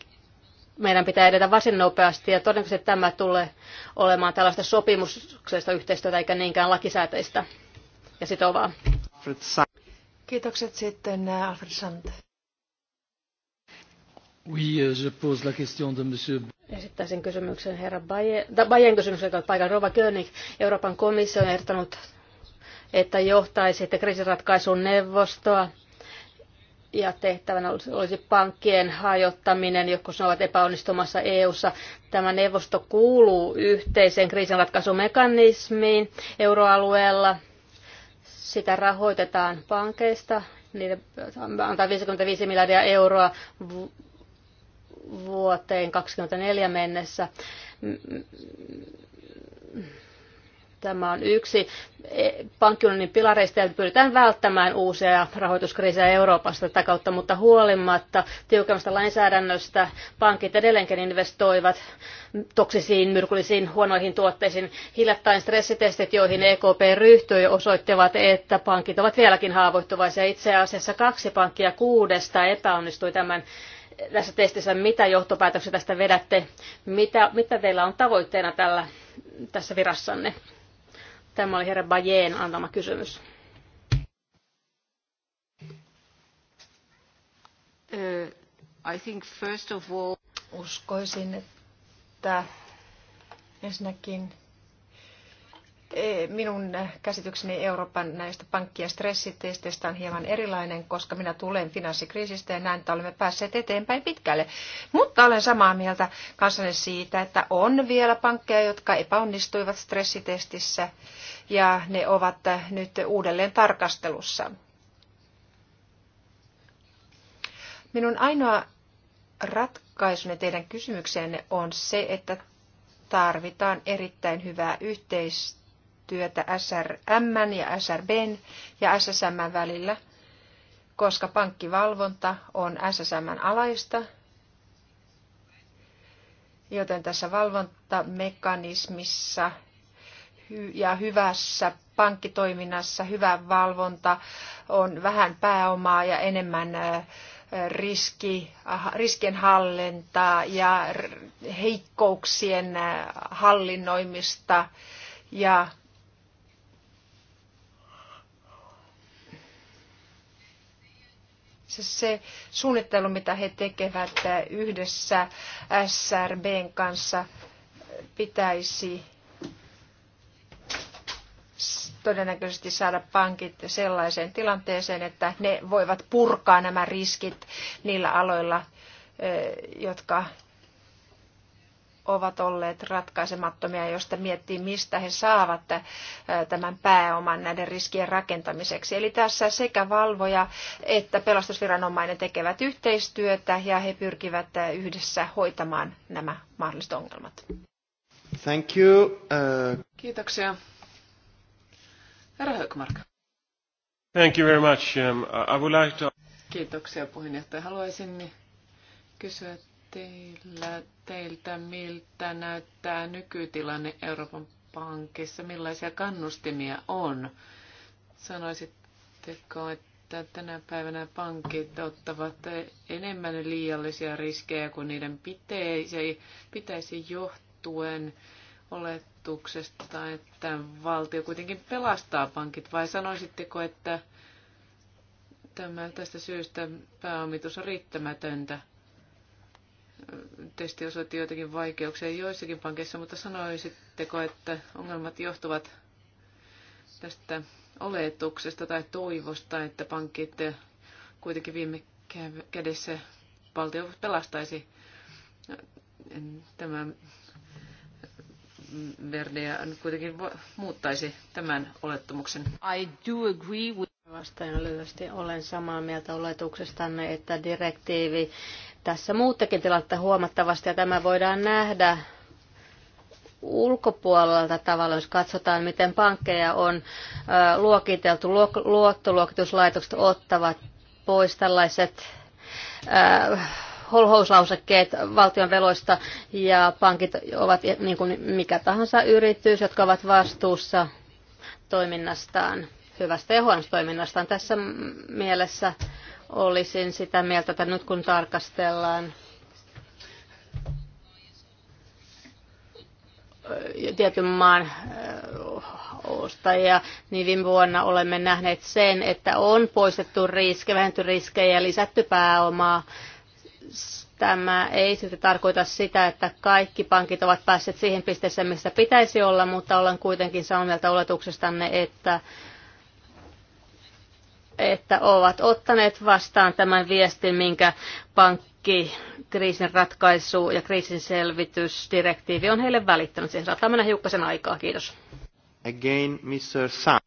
meidän pitää edetä varsin nopeasti ja todennäköisesti tämä tulee olemaan tällaista sopimuksellista yhteistyötä eikä niinkään lakisääteistä ja sitovaa. Kiitokset sitten äh, Alfred Sante. Oui, euh, je pose la question de monsieur. Esittäisin kysymyksen herra Bayen kysymyksen, joka on paikan Rova König. Euroopan komissio on ehdottanut, että että kriisiratkaisun neuvostoa ja tehtävänä olisi pankkien hajottaminen, jotka ovat epäonnistumassa EU-ssa. Tämä neuvosto kuuluu yhteiseen kriisinratkaisumekanismiin euroalueella sitä rahoitetaan pankeista, niiden antaa 55 miljardia euroa vuoteen 2024 mennessä Tämä on yksi e, pankkiunionin pilareista ja pyritään välttämään uusia rahoituskriisejä Euroopasta tätä kautta, mutta huolimatta tiukemmasta lainsäädännöstä pankit edelleenkin investoivat toksisiin, myrkyllisiin, huonoihin tuotteisiin. Hiljattain stressitestit, joihin EKP ryhtyi, osoittivat, että pankit ovat vieläkin haavoittuvaisia. Itse asiassa kaksi pankkia kuudesta epäonnistui tämän tässä testissä, mitä johtopäätöksiä tästä vedätte, mitä, mitä teillä on tavoitteena tällä, tässä virassanne? Tämä oli herra Bajeen antama kysymys. Uh, I think first of all... Uskoisin, että ensinnäkin Eh, minun käsitykseni Euroopan näistä pankkien stressitesteistä on hieman erilainen, koska minä tulen finanssikriisistä ja näen, että olemme päässeet eteenpäin pitkälle. Mutta olen samaa mieltä kanssanne siitä, että on vielä pankkeja, jotka epäonnistuivat stressitestissä ja ne ovat nyt uudelleen tarkastelussa. Minun ainoa ratkaisuni teidän kysymykseenne on se, että tarvitaan erittäin hyvää yhteistyötä yhteistyötä SRM ja SRBn ja SSM välillä, koska pankkivalvonta on SSM alaista, joten tässä valvontamekanismissa ja hyvässä pankkitoiminnassa hyvä valvonta on vähän pääomaa ja enemmän riski, riskien hallintaa ja heikkouksien hallinnoimista ja se, se suunnittelu, mitä he tekevät yhdessä SRBn kanssa, pitäisi todennäköisesti saada pankit sellaiseen tilanteeseen, että ne voivat purkaa nämä riskit niillä aloilla, eh, jotka ovat olleet ratkaisemattomia, josta miettii, mistä he saavat eh, tämän pääoman näiden riskien rakentamiseksi. Eli tässä sekä valvoja että pelastusviranomainen tekevät yhteistyötä ja he pyrkivät eh, yhdessä hoitamaan nämä mahdolliset ongelmat. Thank you. Uh... Kiitoksia. Herra Högmark. Thank you very much. Um, I would like to... Kiitoksia puheenjohtaja. Haluaisin kysyä teillä, teiltä, miltä näyttää nykytilanne Euroopan pankissa? Millaisia kannustimia on? Sanoisitteko, että tänä päivänä pankit ottavat enemmän liiallisia riskejä kuin niiden pitäisi, pitäisi johtuen oletuksesta, että valtio kuitenkin pelastaa pankit, vai sanoisitteko, että tämä tästä syystä pääomitus on riittämätöntä? testi osoitti joitakin vaikeuksia joissakin pankeissa, mutta sanoisitteko, että ongelmat johtuvat tästä oletuksesta tai toivosta, että pankit kuitenkin viime kädessä valtio pelastaisi tämän Verdea kuitenkin muuttaisi tämän olettamuksen. I do agree with... Vastaan lyhyesti. Olen samaa mieltä oletuksestanne, että direktiivi tässä muuttakin tilatta huomattavasti ja tämä voidaan nähdä ulkopuolelta tavallaan, jos katsotaan, miten pankkeja on luokiteltu, luottoluokituslaitokset ottavat pois tällaiset holhouslausekkeet valtion veloista ja pankit ovat niin kuin mikä tahansa yritys, jotka ovat vastuussa toiminnastaan, hyvästä ja huonosta toiminnastaan. Tässä mielessä olisin sitä mieltä, että nyt kun tarkastellaan tietyn maan ostajia, niin viime vuonna olemme nähneet sen, että on poistettu riske, vähenty riskejä ja lisätty pääomaa. Tämä ei silti tarkoita sitä, että kaikki pankit ovat päässeet siihen pisteeseen, missä pitäisi olla, mutta olen kuitenkin samaa mieltä oletuksestanne, että että ovat ottaneet vastaan tämän viestin, minkä pankki kriisin ratkaisu ja kriisin selvitysdirektiivi on heille välittänyt. Siihen saattaa mennä hiukkasen aikaa. Kiitos. Again, Mr. Sam.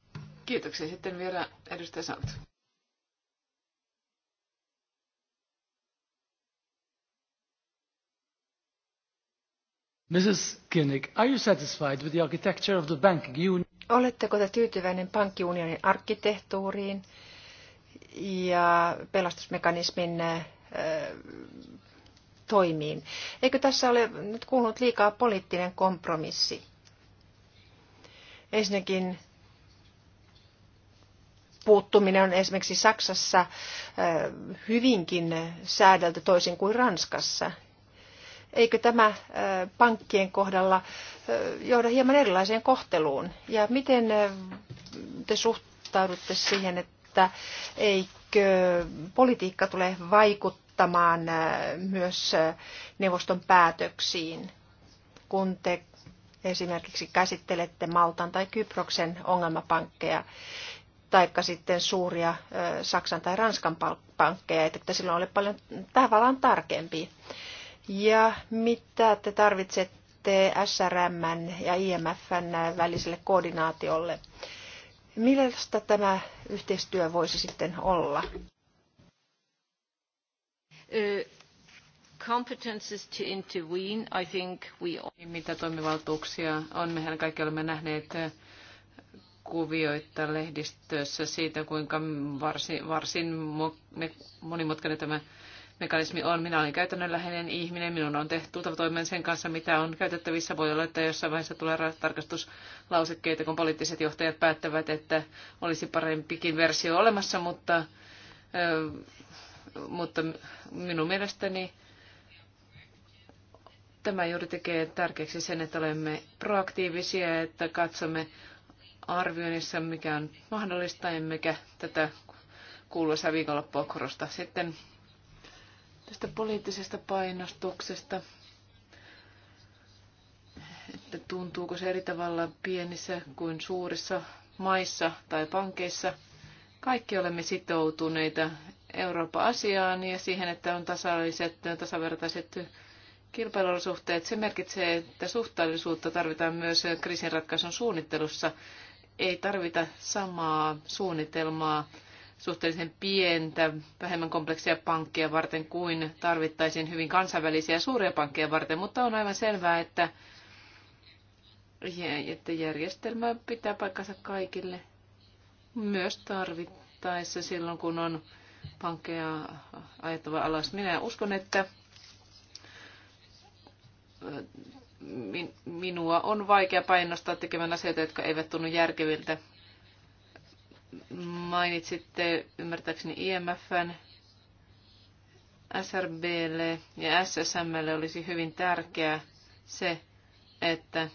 Kiitoksia. Sitten vielä edustaja Sant. Mrs. Kinnick, are you satisfied with the architecture of the banking union? Oletteko te tyytyväinen pankkiunionin arkkitehtuuriin? ja pelastusmekanismin äh, toimiin. Eikö tässä ole nyt kuulunut liikaa poliittinen kompromissi? Ensinnäkin puuttuminen on esimerkiksi Saksassa äh, hyvinkin säädeltä toisin kuin Ranskassa. Eikö tämä äh, pankkien kohdalla johda hieman erilaiseen kohteluun? Ja miten te suhtaudutte siihen, että että eikö politiikka tule vaikuttamaan äh, myös äh, neuvoston päätöksiin, kun te esimerkiksi käsittelette Maltan tai Kyproksen ongelmapankkeja, taikka sitten suuria äh, Saksan tai Ranskan pankkeja, että silloin ole paljon tavallaan tarkempi. Ja mitä te tarvitsette SRM ja IMFn väliselle koordinaatiolle? Millaista tämä yhteistyö voisi sitten olla? competences to intervene, I think we all... Niin, mitä toimivaltuuksia on? Mehän kaikki olemme nähneet kuvioita lehdistössä siitä, kuinka varsin, varsin monimutkainen tämä mekanismi on. Minä olen käytännönläheinen ihminen, minun on tultava toimeen sen kanssa, mitä on käytettävissä. Voi olla, että jossain vaiheessa tulee tarkastuslausekkeita, kun poliittiset johtajat päättävät, että olisi parempikin versio olemassa, mutta, mutta minun mielestäni tämä juuri tekee tärkeäksi sen, että olemme proaktiivisia, että katsomme arvioinnissa, mikä on mahdollista, emmekä tätä kuuluisaa viikonloppua korosta. Sitten tästä poliittisesta painostuksesta, että tuntuuko se eri tavalla pienissä kuin suurissa maissa tai pankeissa. Kaikki olemme sitoutuneita Euroopan asiaan ja siihen, että on tasaiset, tasavertaiset kilpailuolosuhteet. Se merkitsee, että suhteellisuutta tarvitaan myös kriisinratkaisun suunnittelussa. Ei tarvita samaa suunnitelmaa suhteellisen pientä, vähemmän kompleksia pankkeja varten kuin tarvittaisiin hyvin kansainvälisiä suuria pankkeja varten, mutta on aivan selvää, että, että järjestelmä pitää paikkansa kaikille myös tarvittaessa silloin, kun on pankkeja ajettava alas. Minä uskon, että äh, minua on vaikea painostaa tekemään asioita, jotka eivät tunnu järkeviltä Mainitsitte ymmärtääkseni IMFn, SRBlle ja SSMlle olisi hyvin tärkeää se, että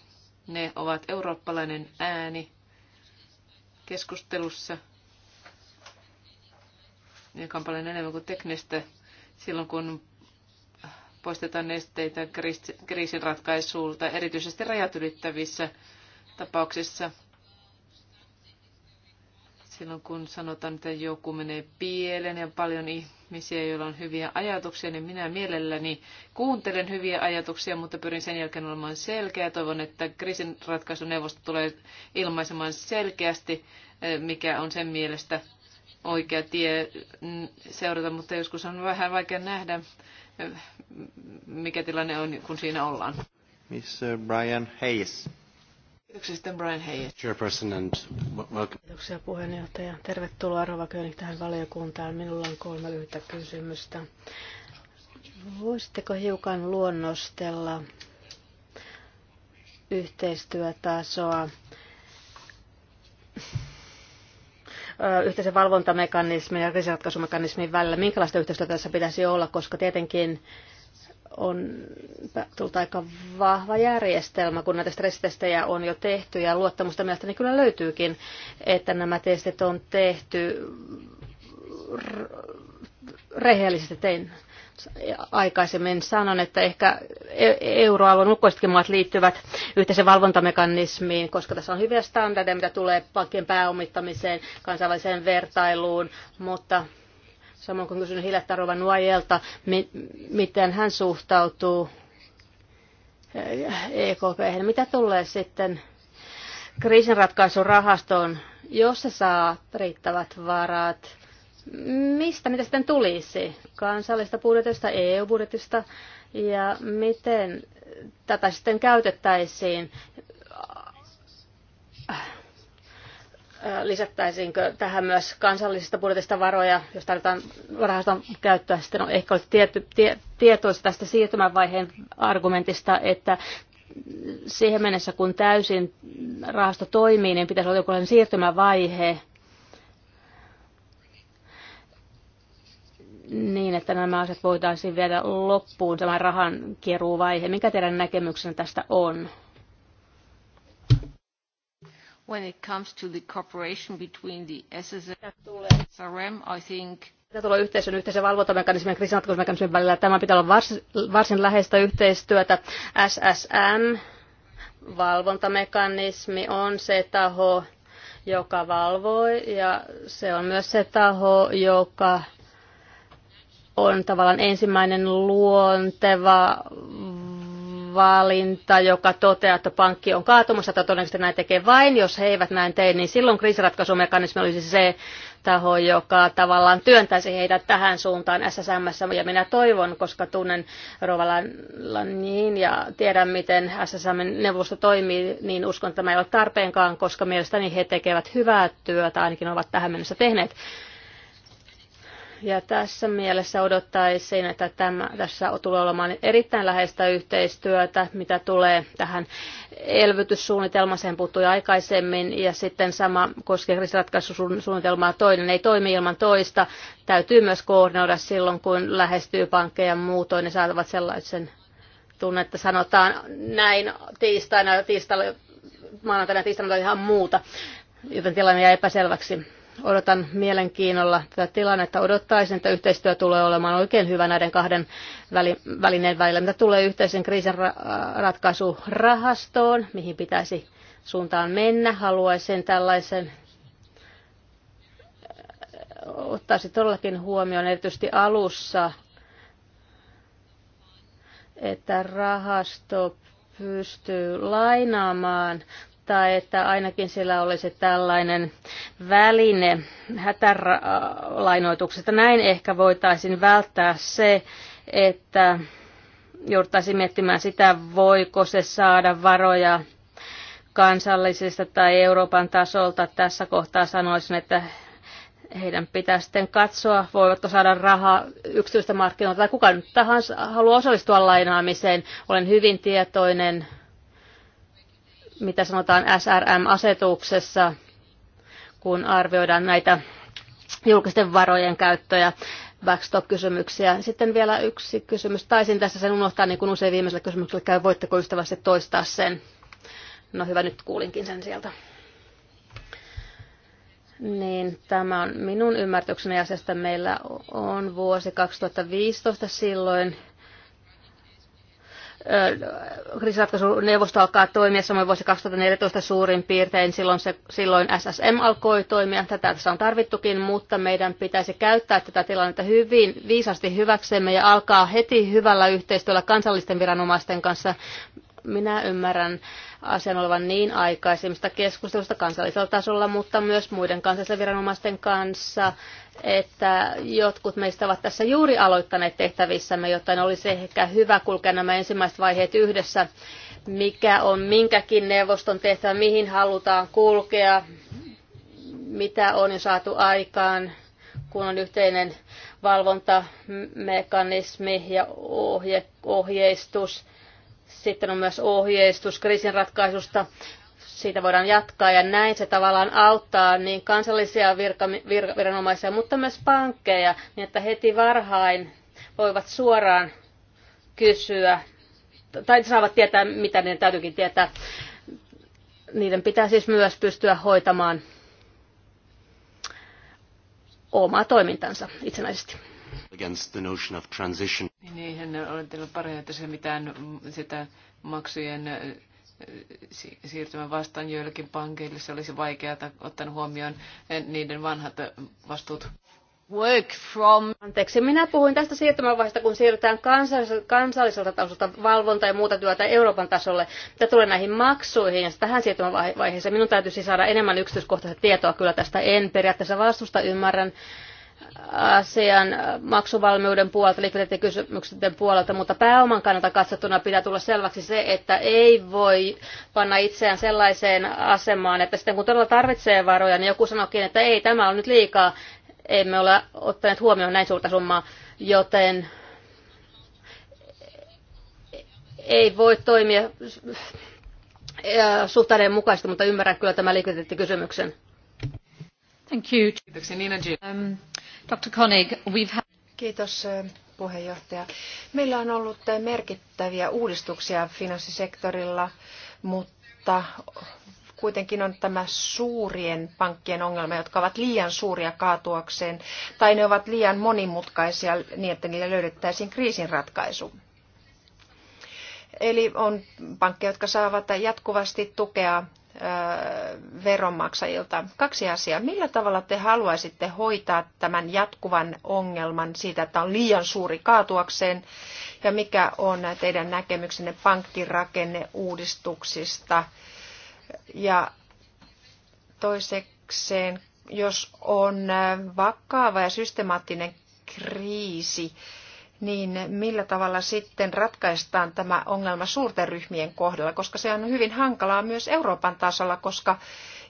ne ovat eurooppalainen ääni keskustelussa, joka on paljon enemmän kuin teknistä, silloin kun poistetaan esteitä kriisinratkaisulta, erityisesti rajat ylittävissä tapauksissa – silloin kun sanotaan, että joku menee pieleen ja paljon ihmisiä, joilla on hyviä ajatuksia, niin minä mielelläni kuuntelen hyviä ajatuksia, mutta pyrin sen jälkeen olemaan selkeä. Toivon, että kriisinratkaisuneuvosto tulee ilmaisemaan selkeästi, eh, mikä on sen mielestä oikea tie mm, seurata, mutta joskus on vähän vaikea nähdä, eh, mikä tilanne on, kun siinä ollaan. Miss eh, Brian Hayes. Yksi sitten Brian Hayes. Chairperson and welcome. Kiitoksia puheenjohtaja. Tervetuloa Rova König tähän valiokuntaan. Minulla on kolme lyhyttä kysymystä. Voisitteko hiukan luonnostella yhteistyötasoa yhteisen valvontamekanismin ja kriisiratkaisumekanismin välillä? Minkälaista yhteistyötä tässä pitäisi olla, koska tietenkin on tullut aika vahva järjestelmä, kun näitä stressitestejä on jo tehty ja luottamusta mielestäni kyllä löytyykin, että nämä testit on tehty rehellisesti tein aikaisemmin sanon, että ehkä e-, euroalueen ulkoisetkin maat liittyvät yhteisen valvontamekanismiin, koska tässä on hyviä standardeja, mitä tulee pankkien pääomittamiseen, kansainväliseen vertailuun, mutta Samoin kuin kysyn rovan Nuajelta, miten hän suhtautuu EKP. Eh, e mitä tulee sitten kriisinratkaisurahastoon, jos se saa riittävät varat, mistä niitä sitten tulisi? Kansallista budjetista, EU-budjetista ja miten tätä sitten käytettäisiin lisättäisiinkö tähän myös kansallisista budjetista varoja, jos tarvitaan rahaston käyttöä. Sitten on ehkä olisi tiety, tie, tietoista tästä siirtymävaiheen argumentista, että siihen mennessä, kun täysin rahasto toimii, niin pitäisi olla joku siirtymävaihe, niin, että nämä asiat voitaisiin viedä loppuun, tämä rahan keruuvaihe. Mikä teidän näkemyksenne tästä on? when it comes to the cooperation between the SSRM, I think mitä tulee yhteisön yhteisen valvontamekanismin ja kriisinratkaisumekanismin välillä, tämä pitää olla varsin, varsin läheistä yhteistyötä. SSM, valvontamekanismi, on se taho, joka valvoi ja se on myös se taho, joka on tavallaan ensimmäinen luonteva valinta, joka toteaa, että pankki on kaatumassa, että todennäköisesti näin tekee vain, jos he eivät näin tee, niin silloin kriisiratkaisumekanismi olisi se taho, joka tavallaan työntäisi heidät tähän suuntaan SSM, ja minä toivon, koska tunnen Rovalla niin ja tiedän, miten SSM-neuvosto toimii, niin uskon, että tämä ei ole tarpeenkaan, koska mielestäni he tekevät hyvää työtä, ainakin ovat tähän mennessä tehneet ja tässä mielessä odottaisin, että tämä, tässä tulee olemaan erittäin läheistä yhteistyötä, mitä tulee tähän elvytyssuunnitelmaan, sen puuttui aikaisemmin, ja sitten sama koskee kriisiratkaisusuunnitelmaa, toinen ei toimi ilman toista. Täytyy myös koordinoida silloin, kun lähestyy pankkeja muutoin, ne saatavat sellaisen tunne, että sanotaan näin tiistaina, tiistaina maanantaina tiistaina ihan muuta, joten tilanne jää epäselväksi Odotan mielenkiinnolla tätä tilannetta. Odottaisin, että yhteistyö tulee olemaan oikein hyvä näiden kahden välineen välillä. Mitä tulee yhteisen kriisin ratkaisurahastoon, mihin pitäisi suuntaan mennä, haluaisin tällaisen ottaisi todellakin huomioon erityisesti alussa, että rahasto pystyy lainaamaan tai että ainakin sillä olisi tällainen väline hätälainoituksesta. Näin ehkä voitaisiin välttää se, että jouduttaisiin miettimään sitä, voiko se saada varoja kansallisesta tai Euroopan tasolta. Tässä kohtaa sanoisin, että heidän pitää sitten katsoa, voivatko saada rahaa yksityistä markkinoilta tai kuka nyt tahansa haluaa osallistua lainaamiseen. Olen hyvin tietoinen mitä sanotaan SRM-asetuksessa, kun arvioidaan näitä julkisten varojen käyttöjä backstop-kysymyksiä. Sitten vielä yksi kysymys. Taisin tässä sen unohtaa, niin kuin usein viimeisellä kysymyksellä käy. Voitteko ystävästi toistaa sen? No hyvä, nyt kuulinkin sen sieltä. Niin, tämä on minun ymmärtykseni asiasta. Meillä on vuosi 2015 silloin kriisiratkaisuneuvosto alkaa toimia samoin vuosi 2014 suurin piirtein. Silloin, se, silloin SSM alkoi toimia. Tätä tässä on tarvittukin, mutta meidän pitäisi käyttää tätä tilannetta hyvin viisasti hyväksemme ja alkaa heti hyvällä yhteistyöllä kansallisten viranomaisten kanssa minä ymmärrän asian olevan niin aikaisemmista keskustelusta kansallisella tasolla, mutta myös muiden kansallisen viranomaisten kanssa, että jotkut meistä ovat tässä juuri aloittaneet tehtävissämme, joten olisi ehkä hyvä kulkea nämä ensimmäiset vaiheet yhdessä, mikä on minkäkin neuvoston tehtävä, mihin halutaan kulkea, mitä on jo saatu aikaan, kun on yhteinen valvontamekanismi ja ohje, ohjeistus sitten on myös ohjeistus kriisinratkaisusta. Siitä voidaan jatkaa ja näin se tavallaan auttaa niin kansallisia virka, virka, viranomaisia, mutta myös pankkeja, niin että heti varhain voivat suoraan kysyä tai saavat tietää, mitä niiden täytyykin tietää. Niiden pitää siis myös pystyä hoitamaan omaa toimintansa itsenäisesti. Against the notion of transition. Niinhän teillä että se mitään sitä maksujen siirtymän vastaan joillekin pankeille. Se olisi vaikeaa ottaa huomioon niiden vanhat vastuut. Work from. Anteeksi, minä puhuin tästä siirtymävaiheesta, kun siirrytään kansalliselta, kansalliselta tasolta valvonta ja muuta työtä Euroopan tasolle. Mitä tulee näihin maksuihin ja tähän siirtymävaiheeseen, minun täytyisi saada enemmän yksityiskohtaista tietoa kyllä tästä. En periaatteessa vastusta, ymmärrän asian maksuvalmiuden puolelta, likviditeettikysymyksen puolelta, mutta pääoman kannalta katsottuna pitää tulla selväksi se, että ei voi panna itseään sellaiseen asemaan, että sitten kun todella tarvitsee varoja, niin joku sanokin, että ei, tämä on nyt liikaa, emme ole ottaneet huomioon näin suurta summaa, joten ei voi toimia äh, suhteiden mukaisesti, mutta ymmärrän kyllä tämän likviditeettikysymyksen. Thank you. Kiitoksia Nina G. Um, Kiitos eh, puheenjohtaja. Meillä on ollut eh, merkittäviä uudistuksia finanssisektorilla, mutta kuitenkin on tämä suurien pankkien ongelma, jotka ovat liian suuria kaatuakseen, tai ne ovat liian monimutkaisia niin, että niille löydettäisiin kriisinratkaisu. Eli on pankkeja, jotka saavat jatkuvasti tukea veronmaksajilta. Kaksi asiaa. Millä tavalla te haluaisitte hoitaa tämän jatkuvan ongelman siitä, että on liian suuri kaatuakseen? Ja mikä on teidän näkemyksenne pankkirakenneuudistuksista? Ja toisekseen, jos on vakava ja systemaattinen kriisi, niin millä tavalla sitten ratkaistaan tämä ongelma suurten ryhmien kohdalla, koska se on hyvin hankalaa myös Euroopan tasolla, koska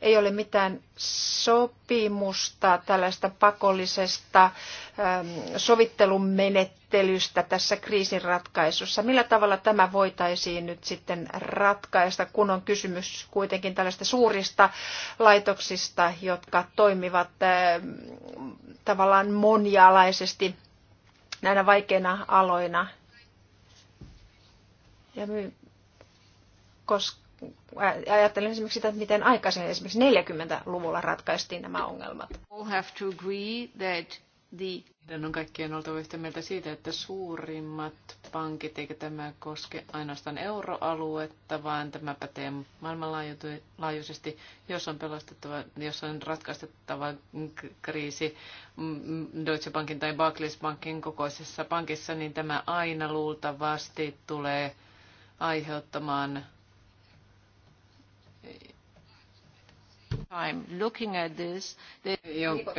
ei ole mitään sopimusta tällaista pakollisesta ähm, sovittelun menettelystä tässä kriisin ratkaisussa. Millä tavalla tämä voitaisiin nyt sitten ratkaista, kun on kysymys kuitenkin tällaista suurista laitoksista, jotka toimivat ähm, tavallaan monialaisesti näinä vaikeina aloina. Ja my, koska ajattelen esimerkiksi sitä, että miten aikaisemmin esimerkiksi 40-luvulla ratkaistiin nämä ongelmat. have to agree that the... Meidän on kaikkien oltava yhtä mieltä siitä, että suurimmat pankit, eikä tämä koske ainoastaan euroaluetta, vaan tämä pätee maailmanlaajuisesti, jos on pelastettava, jos on ratkaistettava kriisi mm, mm, Deutsche Bankin tai Barclays Bankin kokoisessa pankissa, niin tämä aina luultavasti tulee aiheuttamaan looking at this, they...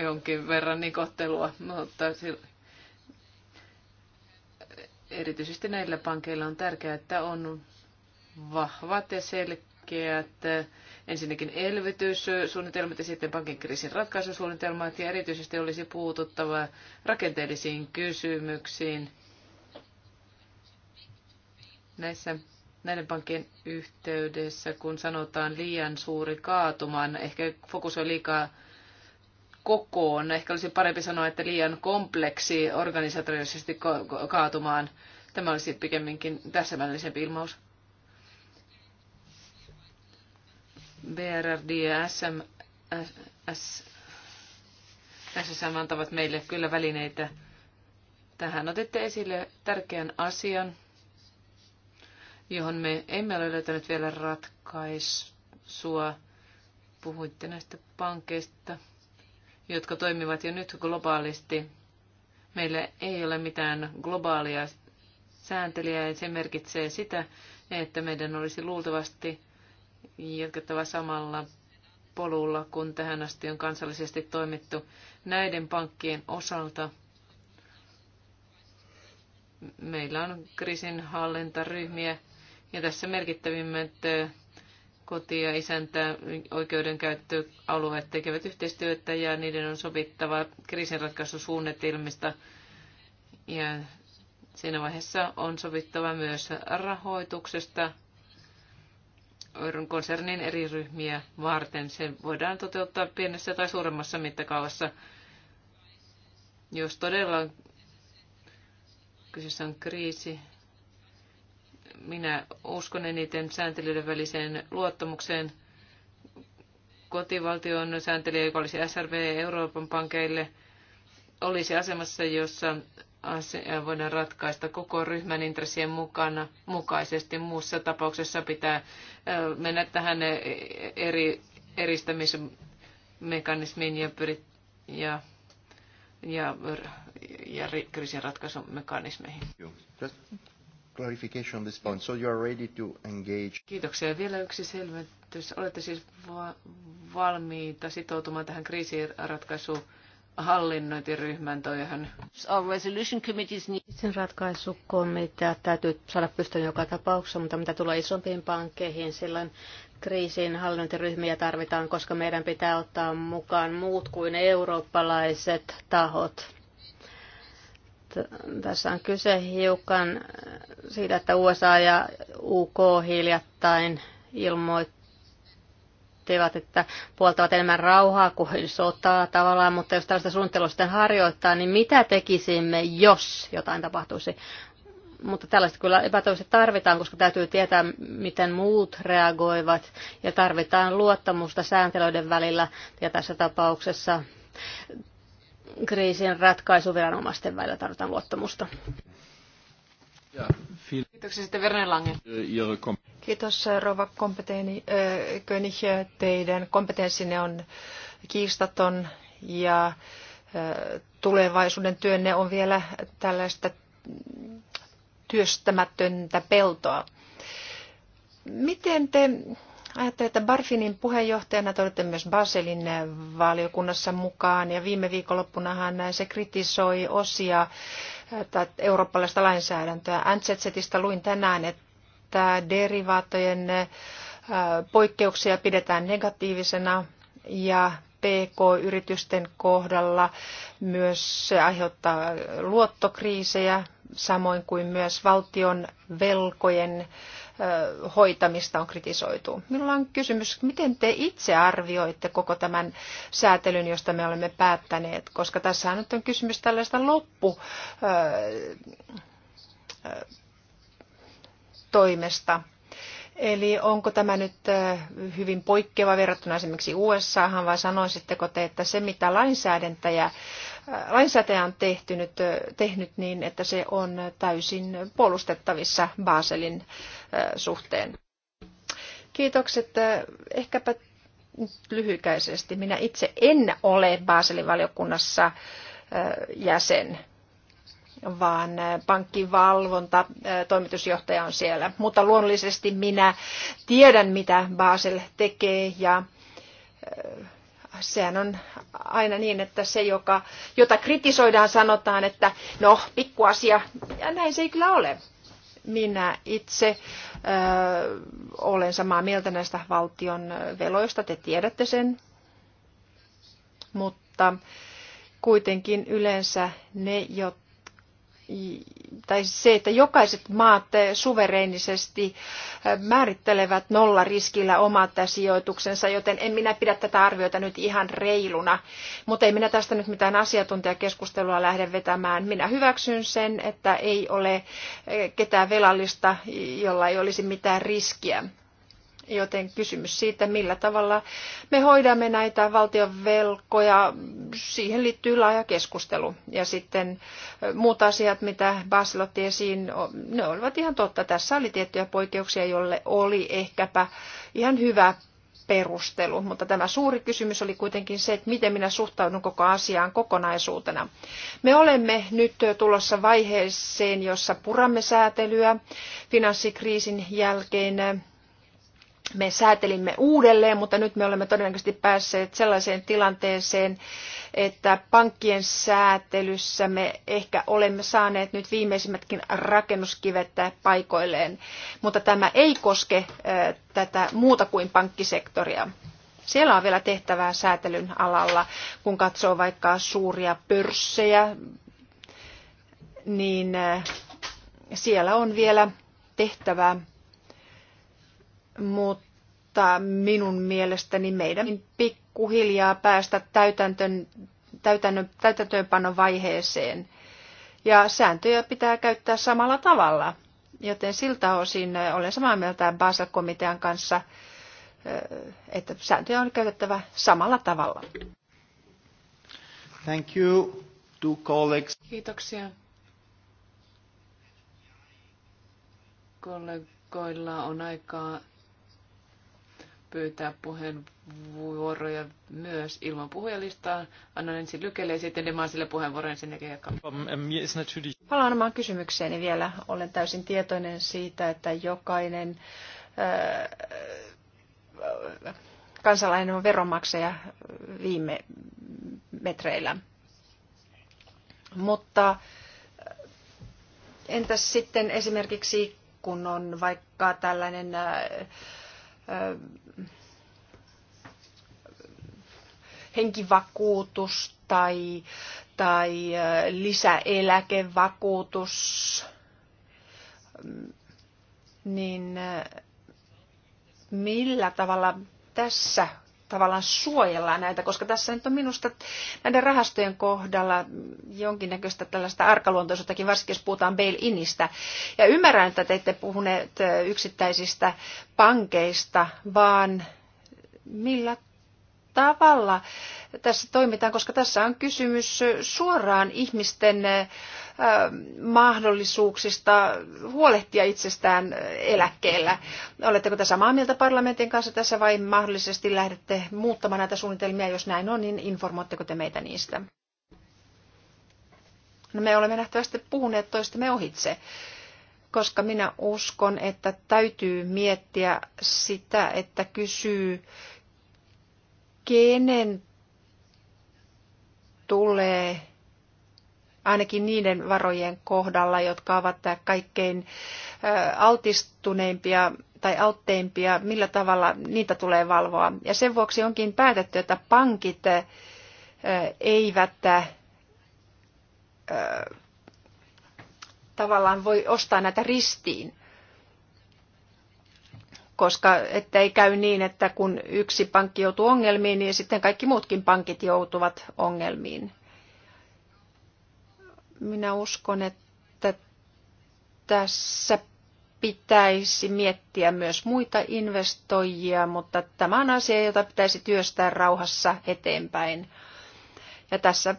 jonkin verran nikottelua, mutta erityisesti näillä pankeilla on tärkeää, että on vahvat ja selkeät ensinnäkin elvytyssuunnitelmat ja sitten pankin kriisin ratkaisusuunnitelmat ja erityisesti olisi puututtava rakenteellisiin kysymyksiin. Näissä näiden pankkien yhteydessä, kun sanotaan liian suuri kaatumaan, ehkä on liikaa kokoon. Ehkä olisi parempi sanoa, että liian kompleksi organisatorisesti kaatumaan. Tämä olisi pikemminkin täsmällisempi ilmaus. BRRD ja SM, S, SSM antavat meille kyllä välineitä. Tähän otitte esille tärkeän asian johon me emme ole löytäneet vielä ratkaisua. Puhuitte näistä pankeista, jotka toimivat jo nyt globaalisti. Meillä ei ole mitään globaalia sääntelijää ja se merkitsee sitä, että meidän olisi luultavasti jatkettava samalla polulla, kun tähän asti on kansallisesti toimittu näiden pankkien osalta. Meillä on kriisinhallintaryhmiä, ja tässä merkittävimmät koti- ja isäntä oikeudenkäyttöalueet tekevät yhteistyötä ja niiden on sovittava kriisinratkaisusuunnitelmista. Ja siinä vaiheessa on sovittava myös rahoituksesta konsernin eri ryhmiä varten. Se voidaan toteuttaa pienessä tai suuremmassa mittakaavassa. Jos todella kyseessä on kriisi, minä uskon eniten sääntelyiden väliseen luottamukseen kotivaltion sääntelijä, joka olisi SRV Euroopan pankeille, olisi asemassa, jossa asia voidaan ratkaista koko ryhmän intressien mukana, mukaisesti. Muussa tapauksessa pitää mennä tähän eri, eristämismekanismiin ja, pyrit, ja, ja, ja ratkaisumekanismeihin. Joo clarification this point. So you are ready to engage. Kiitoksia. Vielä yksi selvitys. Olette siis va- valmiita sitoutumaan tähän kriisiratkaisuun hallinnointiryhmän Our resolution-committees Sen ratkaisukomitea täytyy saada pystyä joka tapauksessa, mutta mitä tulee isompiin pankkeihin, silloin kriisin hallinnointiryhmiä tarvitaan, koska meidän pitää ottaa mukaan muut kuin eurooppalaiset tahot tässä on kyse hiukan siitä, että USA ja UK hiljattain ilmoittivat, että puoltavat enemmän rauhaa kuin sotaa tavallaan, mutta jos tällaista suunnittelua sitten harjoittaa, niin mitä tekisimme, jos jotain tapahtuisi? Mutta tällaista kyllä epätoivoisesti tarvitaan, koska täytyy tietää, miten muut reagoivat, ja tarvitaan luottamusta sääntelöiden välillä, ja tässä tapauksessa kriisin ratkaisuviranomaisten välillä tarvitaan luottamusta. Kiitoksia sitten Verne Lange. Kiitos Rova Kompeteeni, äh, König. Teidän kompetenssinne on kiistaton ja äh, tulevaisuuden työnne on vielä tällaista työstämätöntä peltoa. Miten te Ajattelin, että Barfinin puheenjohtajana te olette myös Baselin eh, valiokunnassa mukaan ja viime viikonloppunahan eh, se kritisoi osia eh, eurooppalaista lainsäädäntöä. NZZistä luin tänään, että derivaattojen poikkeuksia pidetään negatiivisena ja PK-yritysten kohdalla myös se aiheuttaa luottokriisejä, samoin kuin myös valtion velkojen äh, hoitamista on kritisoitu. Minulla on kysymys, miten te itse arvioitte koko tämän säätelyn, josta me olemme päättäneet, koska tässä nyt on kysymys tällaista loppu toimesta. Eli onko tämä nyt hyvin poikkeava verrattuna esimerkiksi USAhan vai sanoisitteko te, että se mitä lainsäädäntäjä, lainsäätäjä on tehty nyt, tehnyt niin, että se on täysin puolustettavissa Baselin suhteen. Kiitokset. Ehkäpä lyhykäisesti. Minä itse en ole Baselin valiokunnassa jäsen, vaan pankkivalvonta, toimitusjohtaja on siellä. Mutta luonnollisesti minä tiedän, mitä Basel tekee ja sehän on aina niin, että se, joka, jota kritisoidaan, sanotaan, että no, pikkuasia. Ja näin se ei kyllä ole. Minä itse ö, olen samaa mieltä näistä valtion veloista, te tiedätte sen, mutta kuitenkin yleensä ne, jotka tai se, että jokaiset maat suvereenisesti eh, määrittelevät nollariskillä omat sijoituksensa, joten en minä pidä tätä arviota nyt ihan reiluna. Mutta ei minä tästä nyt mitään asiantuntijakeskustelua lähde vetämään. Minä hyväksyn sen, että ei ole eh, ketään velallista, jolla ei olisi mitään riskiä. Joten kysymys siitä, millä tavalla me hoidamme näitä valtion velkoja, siihen liittyy laaja keskustelu. Ja sitten muut asiat, mitä Basel otti esiin, ne olivat ihan totta. Tässä oli tiettyjä poikkeuksia, jolle oli ehkäpä ihan hyvä perustelu, mutta tämä suuri kysymys oli kuitenkin se, että miten minä suhtaudun koko asiaan kokonaisuutena. Me olemme nyt tulossa vaiheeseen, jossa puramme säätelyä finanssikriisin jälkeen me säätelimme uudelleen, mutta nyt me olemme todennäköisesti päässeet sellaiseen tilanteeseen, että pankkien säätelyssä me ehkä olemme saaneet nyt viimeisimmätkin rakennuskivettä paikoilleen, mutta tämä ei koske tätä muuta kuin pankkisektoria. Siellä on vielä tehtävää säätelyn alalla, kun katsoo vaikka suuria pörssejä, niin siellä on vielä tehtävää mutta minun mielestäni meidän pikkuhiljaa päästä täytäntöön täytäntöönpanon vaiheeseen. Ja sääntöjä pitää käyttää samalla tavalla. Joten siltä osin olen samaa mieltä Basel-komitean kanssa, eh, että sääntöjä on käytettävä samalla tavalla. Thank you to colleagues. Kiitoksia. Kollegoilla on aikaa pyytää puheenvuoroja myös ilman puhujalistaa. Annan ensin Lykelle ja sitten sille puheenvuoron sen jälkeen um, Palaan omaan kysymykseeni vielä. Olen täysin tietoinen siitä, että jokainen ää, äh, kansalainen on veronmaksaja viime metreillä. Mutta äh, entäs sitten esimerkiksi kun on vaikka tällainen äh, henkivakuutus tai, tai lisäeläkevakuutus, niin millä tavalla tässä tavallaan suojella näitä, koska tässä nyt on minusta näiden rahastojen kohdalla jonkinnäköistä tällaista arkaluontoisuuttakin, varsinkin jos puhutaan bail-inistä. Ja ymmärrän, että te ette puhuneet yksittäisistä pankeista, vaan millä tavalla tässä toimitaan, koska tässä on kysymys suoraan ihmisten mahdollisuuksista huolehtia itsestään eläkkeellä. Oletteko te samaa mieltä parlamentin kanssa tässä vai mahdollisesti lähdette muuttamaan näitä suunnitelmia? Jos näin on, niin informoitteko te meitä niistä? No me olemme nähtävästi puhuneet toistemme ohitse, koska minä uskon, että täytyy miettiä sitä, että kysyy kenen tulee ainakin niiden varojen kohdalla, jotka ovat kaikkein altistuneimpia tai altteimpia, millä tavalla niitä tulee valvoa. Ja sen vuoksi onkin päätetty, että pankit eivät tavallaan voi ostaa näitä ristiin koska ettei käy niin, että kun yksi pankki joutuu ongelmiin, niin sitten kaikki muutkin pankit joutuvat ongelmiin. Minä uskon, että tässä pitäisi miettiä myös muita investoijia, mutta tämä on asia, jota pitäisi työstää rauhassa eteenpäin. Ja tässä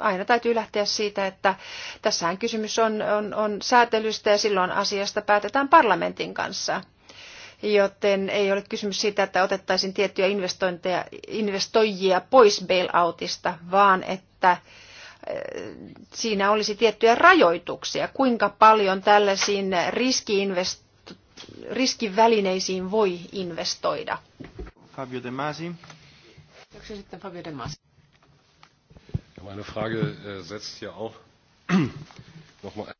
aina täytyy lähteä siitä, että tässähän kysymys on, on, on säätelystä ja silloin asiasta päätetään parlamentin kanssa. Joten ei ole kysymys siitä, että otettaisiin tiettyjä investointeja, investoijia pois bailoutista, vaan että eh, siinä olisi tiettyjä rajoituksia, kuinka paljon tällaisiin riskivälineisiin voi investoida. Fabio De Masi. Onko sitten Fabio De Masi? meine Frage äh, setzt ja auch (clears throat) nochmal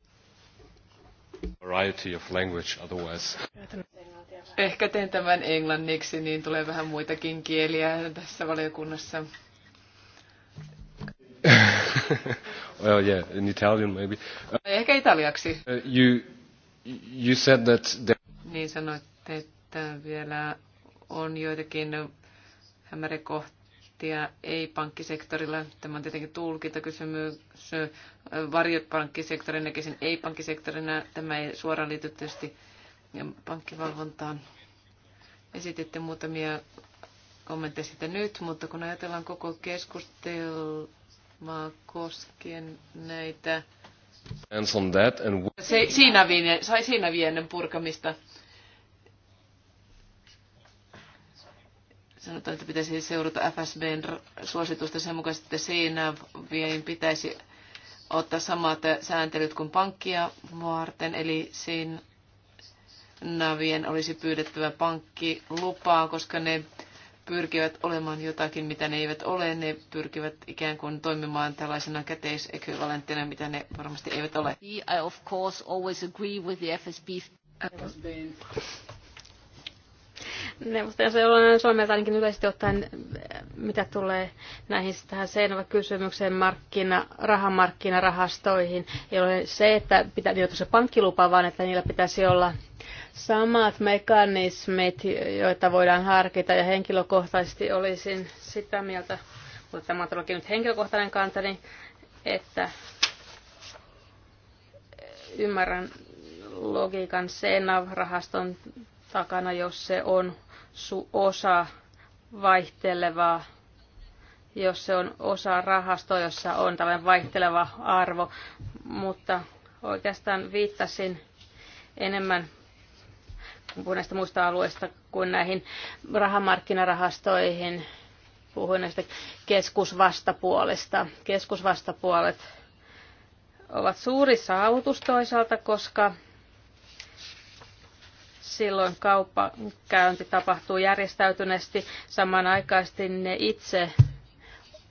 variety of language otherwise. Ehkä teen tämän englanniksi, niin tulee vähän muitakin kieliä tässä valiokunnassa. (laughs) well, yeah, in Italian maybe. Ehkä italiaksi. Uh, you, you said that there... Niin sanoitte, että vielä on joitakin hämäriä prosenttia ei-pankkisektorilla. Tämä on tietenkin tulkintakysymys. Varjot pankkisektorin näkisin ei-pankkisektorina. Tämä ei suoraan liity tietysti pankkivalvontaan. Esititte muutamia kommentteja sitten nyt, mutta kun ajatellaan koko keskustelmaa koskien näitä that and... Se, siinä, vien, sai siinä viennen purkamista Sanotaan, että pitäisi seurata FSBn suositusta sen mukaisesti, että CNAVien pitäisi ottaa samat sääntelyt kuin pankkia varten, eli siinä navien olisi pyydettävä pankkilupaa, koska ne pyrkivät olemaan jotakin, mitä ne eivät ole. Ne pyrkivät ikään kuin toimimaan tällaisena käteisekvivalenttina, mitä ne varmasti eivät ole. I of course always agree with the FSB neuvostossa, jolloin Suomessa ainakin yleisesti ottaen, mitä tulee näihin tähän seinävä kysymykseen markkina, rahamarkkinarahastoihin, ei ole se, että pitää niillä se pankkilupa, vaan että niillä pitäisi olla samat mekanismit, joita voidaan harkita ja henkilökohtaisesti olisin sitä mieltä, mutta tämä on todellakin nyt henkilökohtainen kantani, että ymmärrän logiikan senav rahaston takana, jos se on su osa vaihtelevaa, jos se on osa rahastoa, jossa on tällainen vaihteleva arvo, mutta oikeastaan viittasin enemmän kun puhun näistä muista alueista kuin näihin rahamarkkinarahastoihin. Puhuin näistä keskusvastapuolista. Keskusvastapuolet ovat suuri saavutus toisaalta, koska Silloin kauppakäynti tapahtuu järjestäytyneesti. Samanaikaisesti ne itse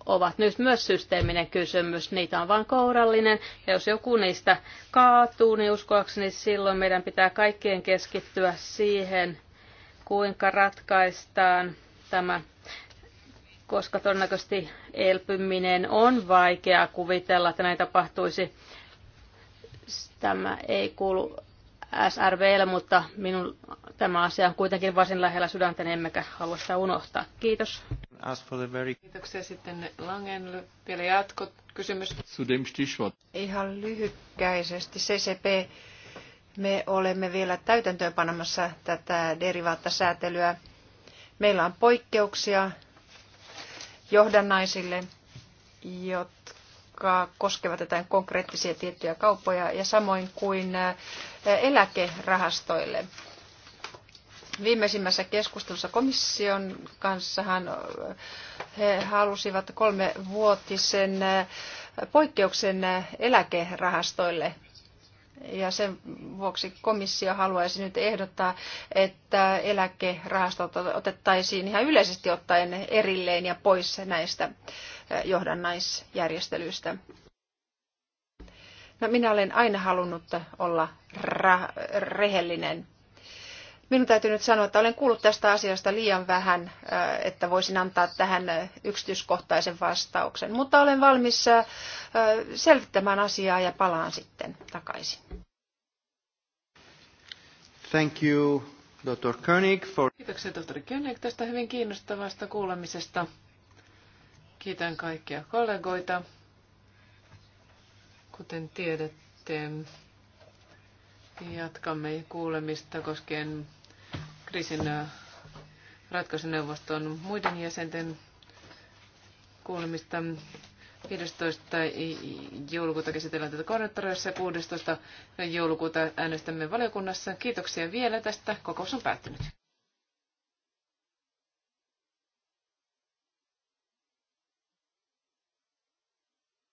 ovat nyt myös systeeminen kysymys. Niitä on vain kourallinen. Ja jos joku niistä kaatuu, niin uskoakseni silloin meidän pitää kaikkien keskittyä siihen, kuinka ratkaistaan tämä koska todennäköisesti elpyminen on vaikeaa kuvitella, että näin tapahtuisi. Tämä ei kuulu SRVlle, mutta minun tämä asia on kuitenkin varsin lähellä sydäntäni, emmekä halua sitä unohtaa. Kiitos. Very... Kiitoksia sitten Langen. Vielä Sudem Ihan lyhykkäisesti. CCP, me olemme vielä täytäntöönpanemassa tätä derivaattasäätelyä. Meillä on poikkeuksia johdannaisille, jotka koskevat jotain konkreettisia tiettyjä kauppoja ja samoin kuin eläkerahastoille. Viimeisimmässä keskustelussa komission kanssa he halusivat kolmevuotisen poikkeuksen eläkerahastoille. Ja sen vuoksi komissio haluaisi nyt ehdottaa, että eläkerahastot otettaisiin ihan yleisesti ottaen erilleen ja pois näistä johdannaisjärjestelyistä. No minä olen aina halunnut olla rehellinen. Minun täytyy nyt sanoa, että olen kuullut tästä asiasta liian vähän, äh, että voisin antaa tähän äh, yksityiskohtaisen vastauksen. Mutta olen valmis äh, selvittämään asiaa ja palaan sitten takaisin. Thank you, Dr. Koenig, for... Kiitoksia, dr Koenig, tästä hyvin kiinnostavasta kuulemisesta. Kiitän kaikkia kollegoita. Kuten tiedätte, jatkamme kuulemista koskien kriisin äh, ratkaisuneuvoston muiden jäsenten kuulemista. 15. joulukuuta käsitellään tätä koordinaattorissa ja 16. joulukuuta äänestämme valiokunnassa. Kiitoksia vielä tästä. Kokous on päättynyt.